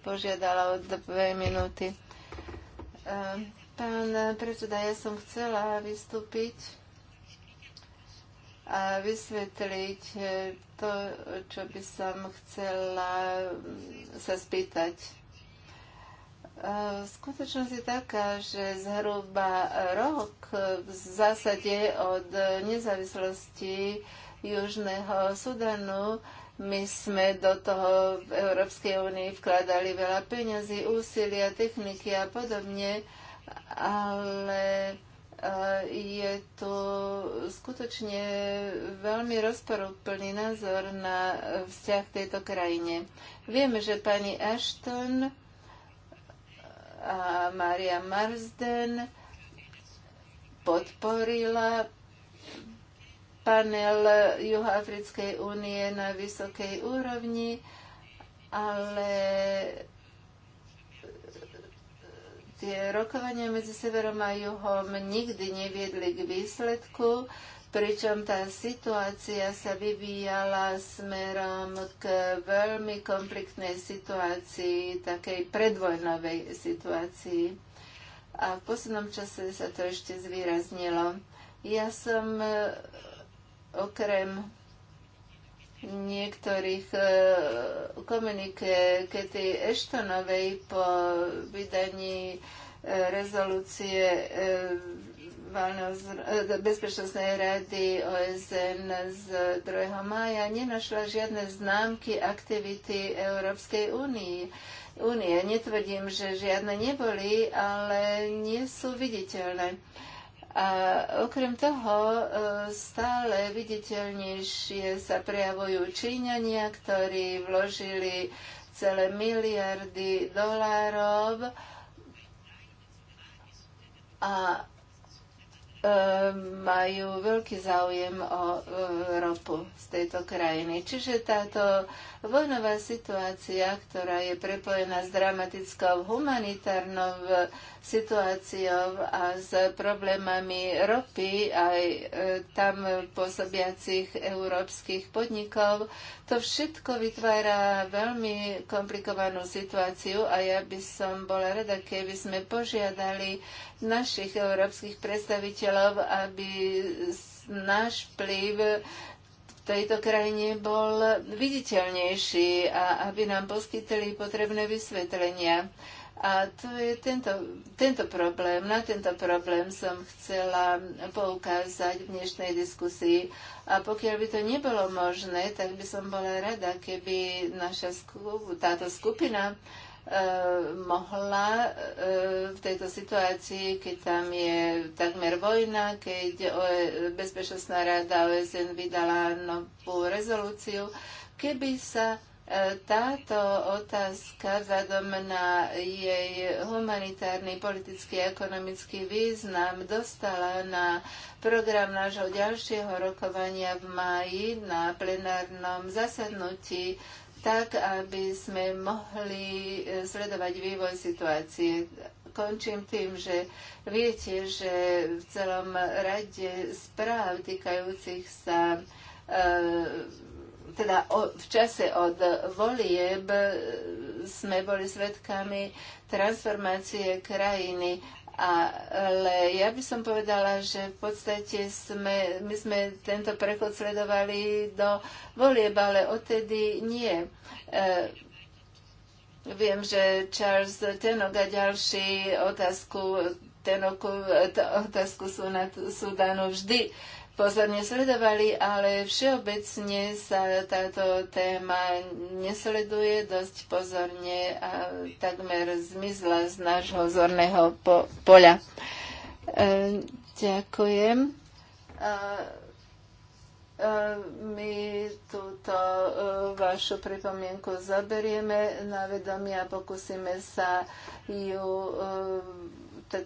požiadala o dve minúty. Ehm, pán predseda, ja som chcela vystúpiť a vysvetliť eh, to, čo by som chcela mm, sa spýtať E, skutočnosť je taká, že zhruba rok v zásade od nezávislosti Južného Sudanu my sme do toho v Európskej únii vkladali veľa peňazí, úsilia, techniky a podobne, ale e, je tu skutočne veľmi rozporúplný názor na vzťah tejto krajine. Vieme, že pani Ashton a Maria Marsden podporila panel Juhoafrickej únie na vysokej úrovni, ale tie rokovania medzi severom a juhom nikdy neviedli k výsledku pričom tá situácia sa vyvíjala smerom k veľmi konfliktnej situácii, takej predvojnovej situácii. A v poslednom čase sa to ešte zvýraznilo. Ja som e, okrem niektorých e, komuniké Kety Eštonovej po vydaní e, rezolúcie E, bezpečnostnej rady OSN z 2. maja nenašla žiadne známky aktivity Európskej únie. Únie. Netvrdím, že žiadne neboli, ale nie sú viditeľné. A okrem toho e, stále viditeľnejšie sa prejavujú Číňania, ktorí vložili celé miliardy dolárov a majú veľký záujem o ropu z tejto krajiny. Čiže táto Vojnová situácia, ktorá je prepojená s dramatickou humanitárnou e, situáciou a s problémami ropy aj e, tam pôsobiacich európskych podnikov, to všetko vytvára veľmi komplikovanú situáciu a ja by som bola rada, keby sme požiadali našich európskych predstaviteľov, aby náš vplyv tejto krajine bol viditeľnejší a aby nám poskytili potrebné vysvetlenia. A to je tento, tento problém, na tento problém som chcela poukázať v dnešnej diskusii. A pokiaľ by to nebolo možné, tak by som bola rada, keby naša skup, táto skupina Eh, mohla eh, v tejto situácii, keď tam je takmer vojna, keď e, Bezpečnostná rada OSN vydala novú rezolúciu, keby sa eh, táto otázka vzhľadom na jej humanitárny, politický a ekonomický význam dostala na program nášho ďalšieho rokovania v máji na plenárnom zasadnutí tak aby sme mohli e, sledovať vývoj situácie. Končím tým, že viete, že v celom rade správ týkajúcich sa e, teda v čase od volieb e, sme boli svedkami transformácie krajiny ale ja by som povedala, že v podstate sme, my sme tento prechod sledovali do volieb, ale odtedy nie. E, viem, že Charles Tenok a ďalší otázku Tenoku, e, otázku sú na Sudánu vždy pozorne sledovali, ale všeobecne sa táto téma nesleduje dosť pozorne a takmer zmizla z nášho zorného po- poľa. E, ďakujem. E, my túto e, vašu pripomienku zoberieme na vedomie a pokúsime sa ju e,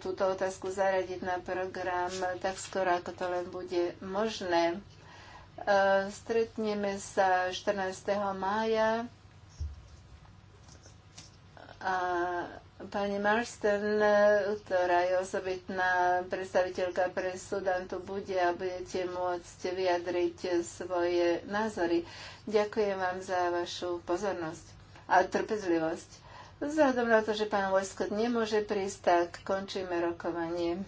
túto otázku zaradiť na program tak skoro, ako to len bude možné. E, stretneme sa 14. mája a pani Marston, ktorá je osobitná predstaviteľka pre Sudan, tu bude a budete môcť vyjadriť svoje názory. Ďakujem vám za vašu pozornosť a trpezlivosť. Vzhľadom na to, že pán Vojskot nemôže prísť, tak končíme rokovanie.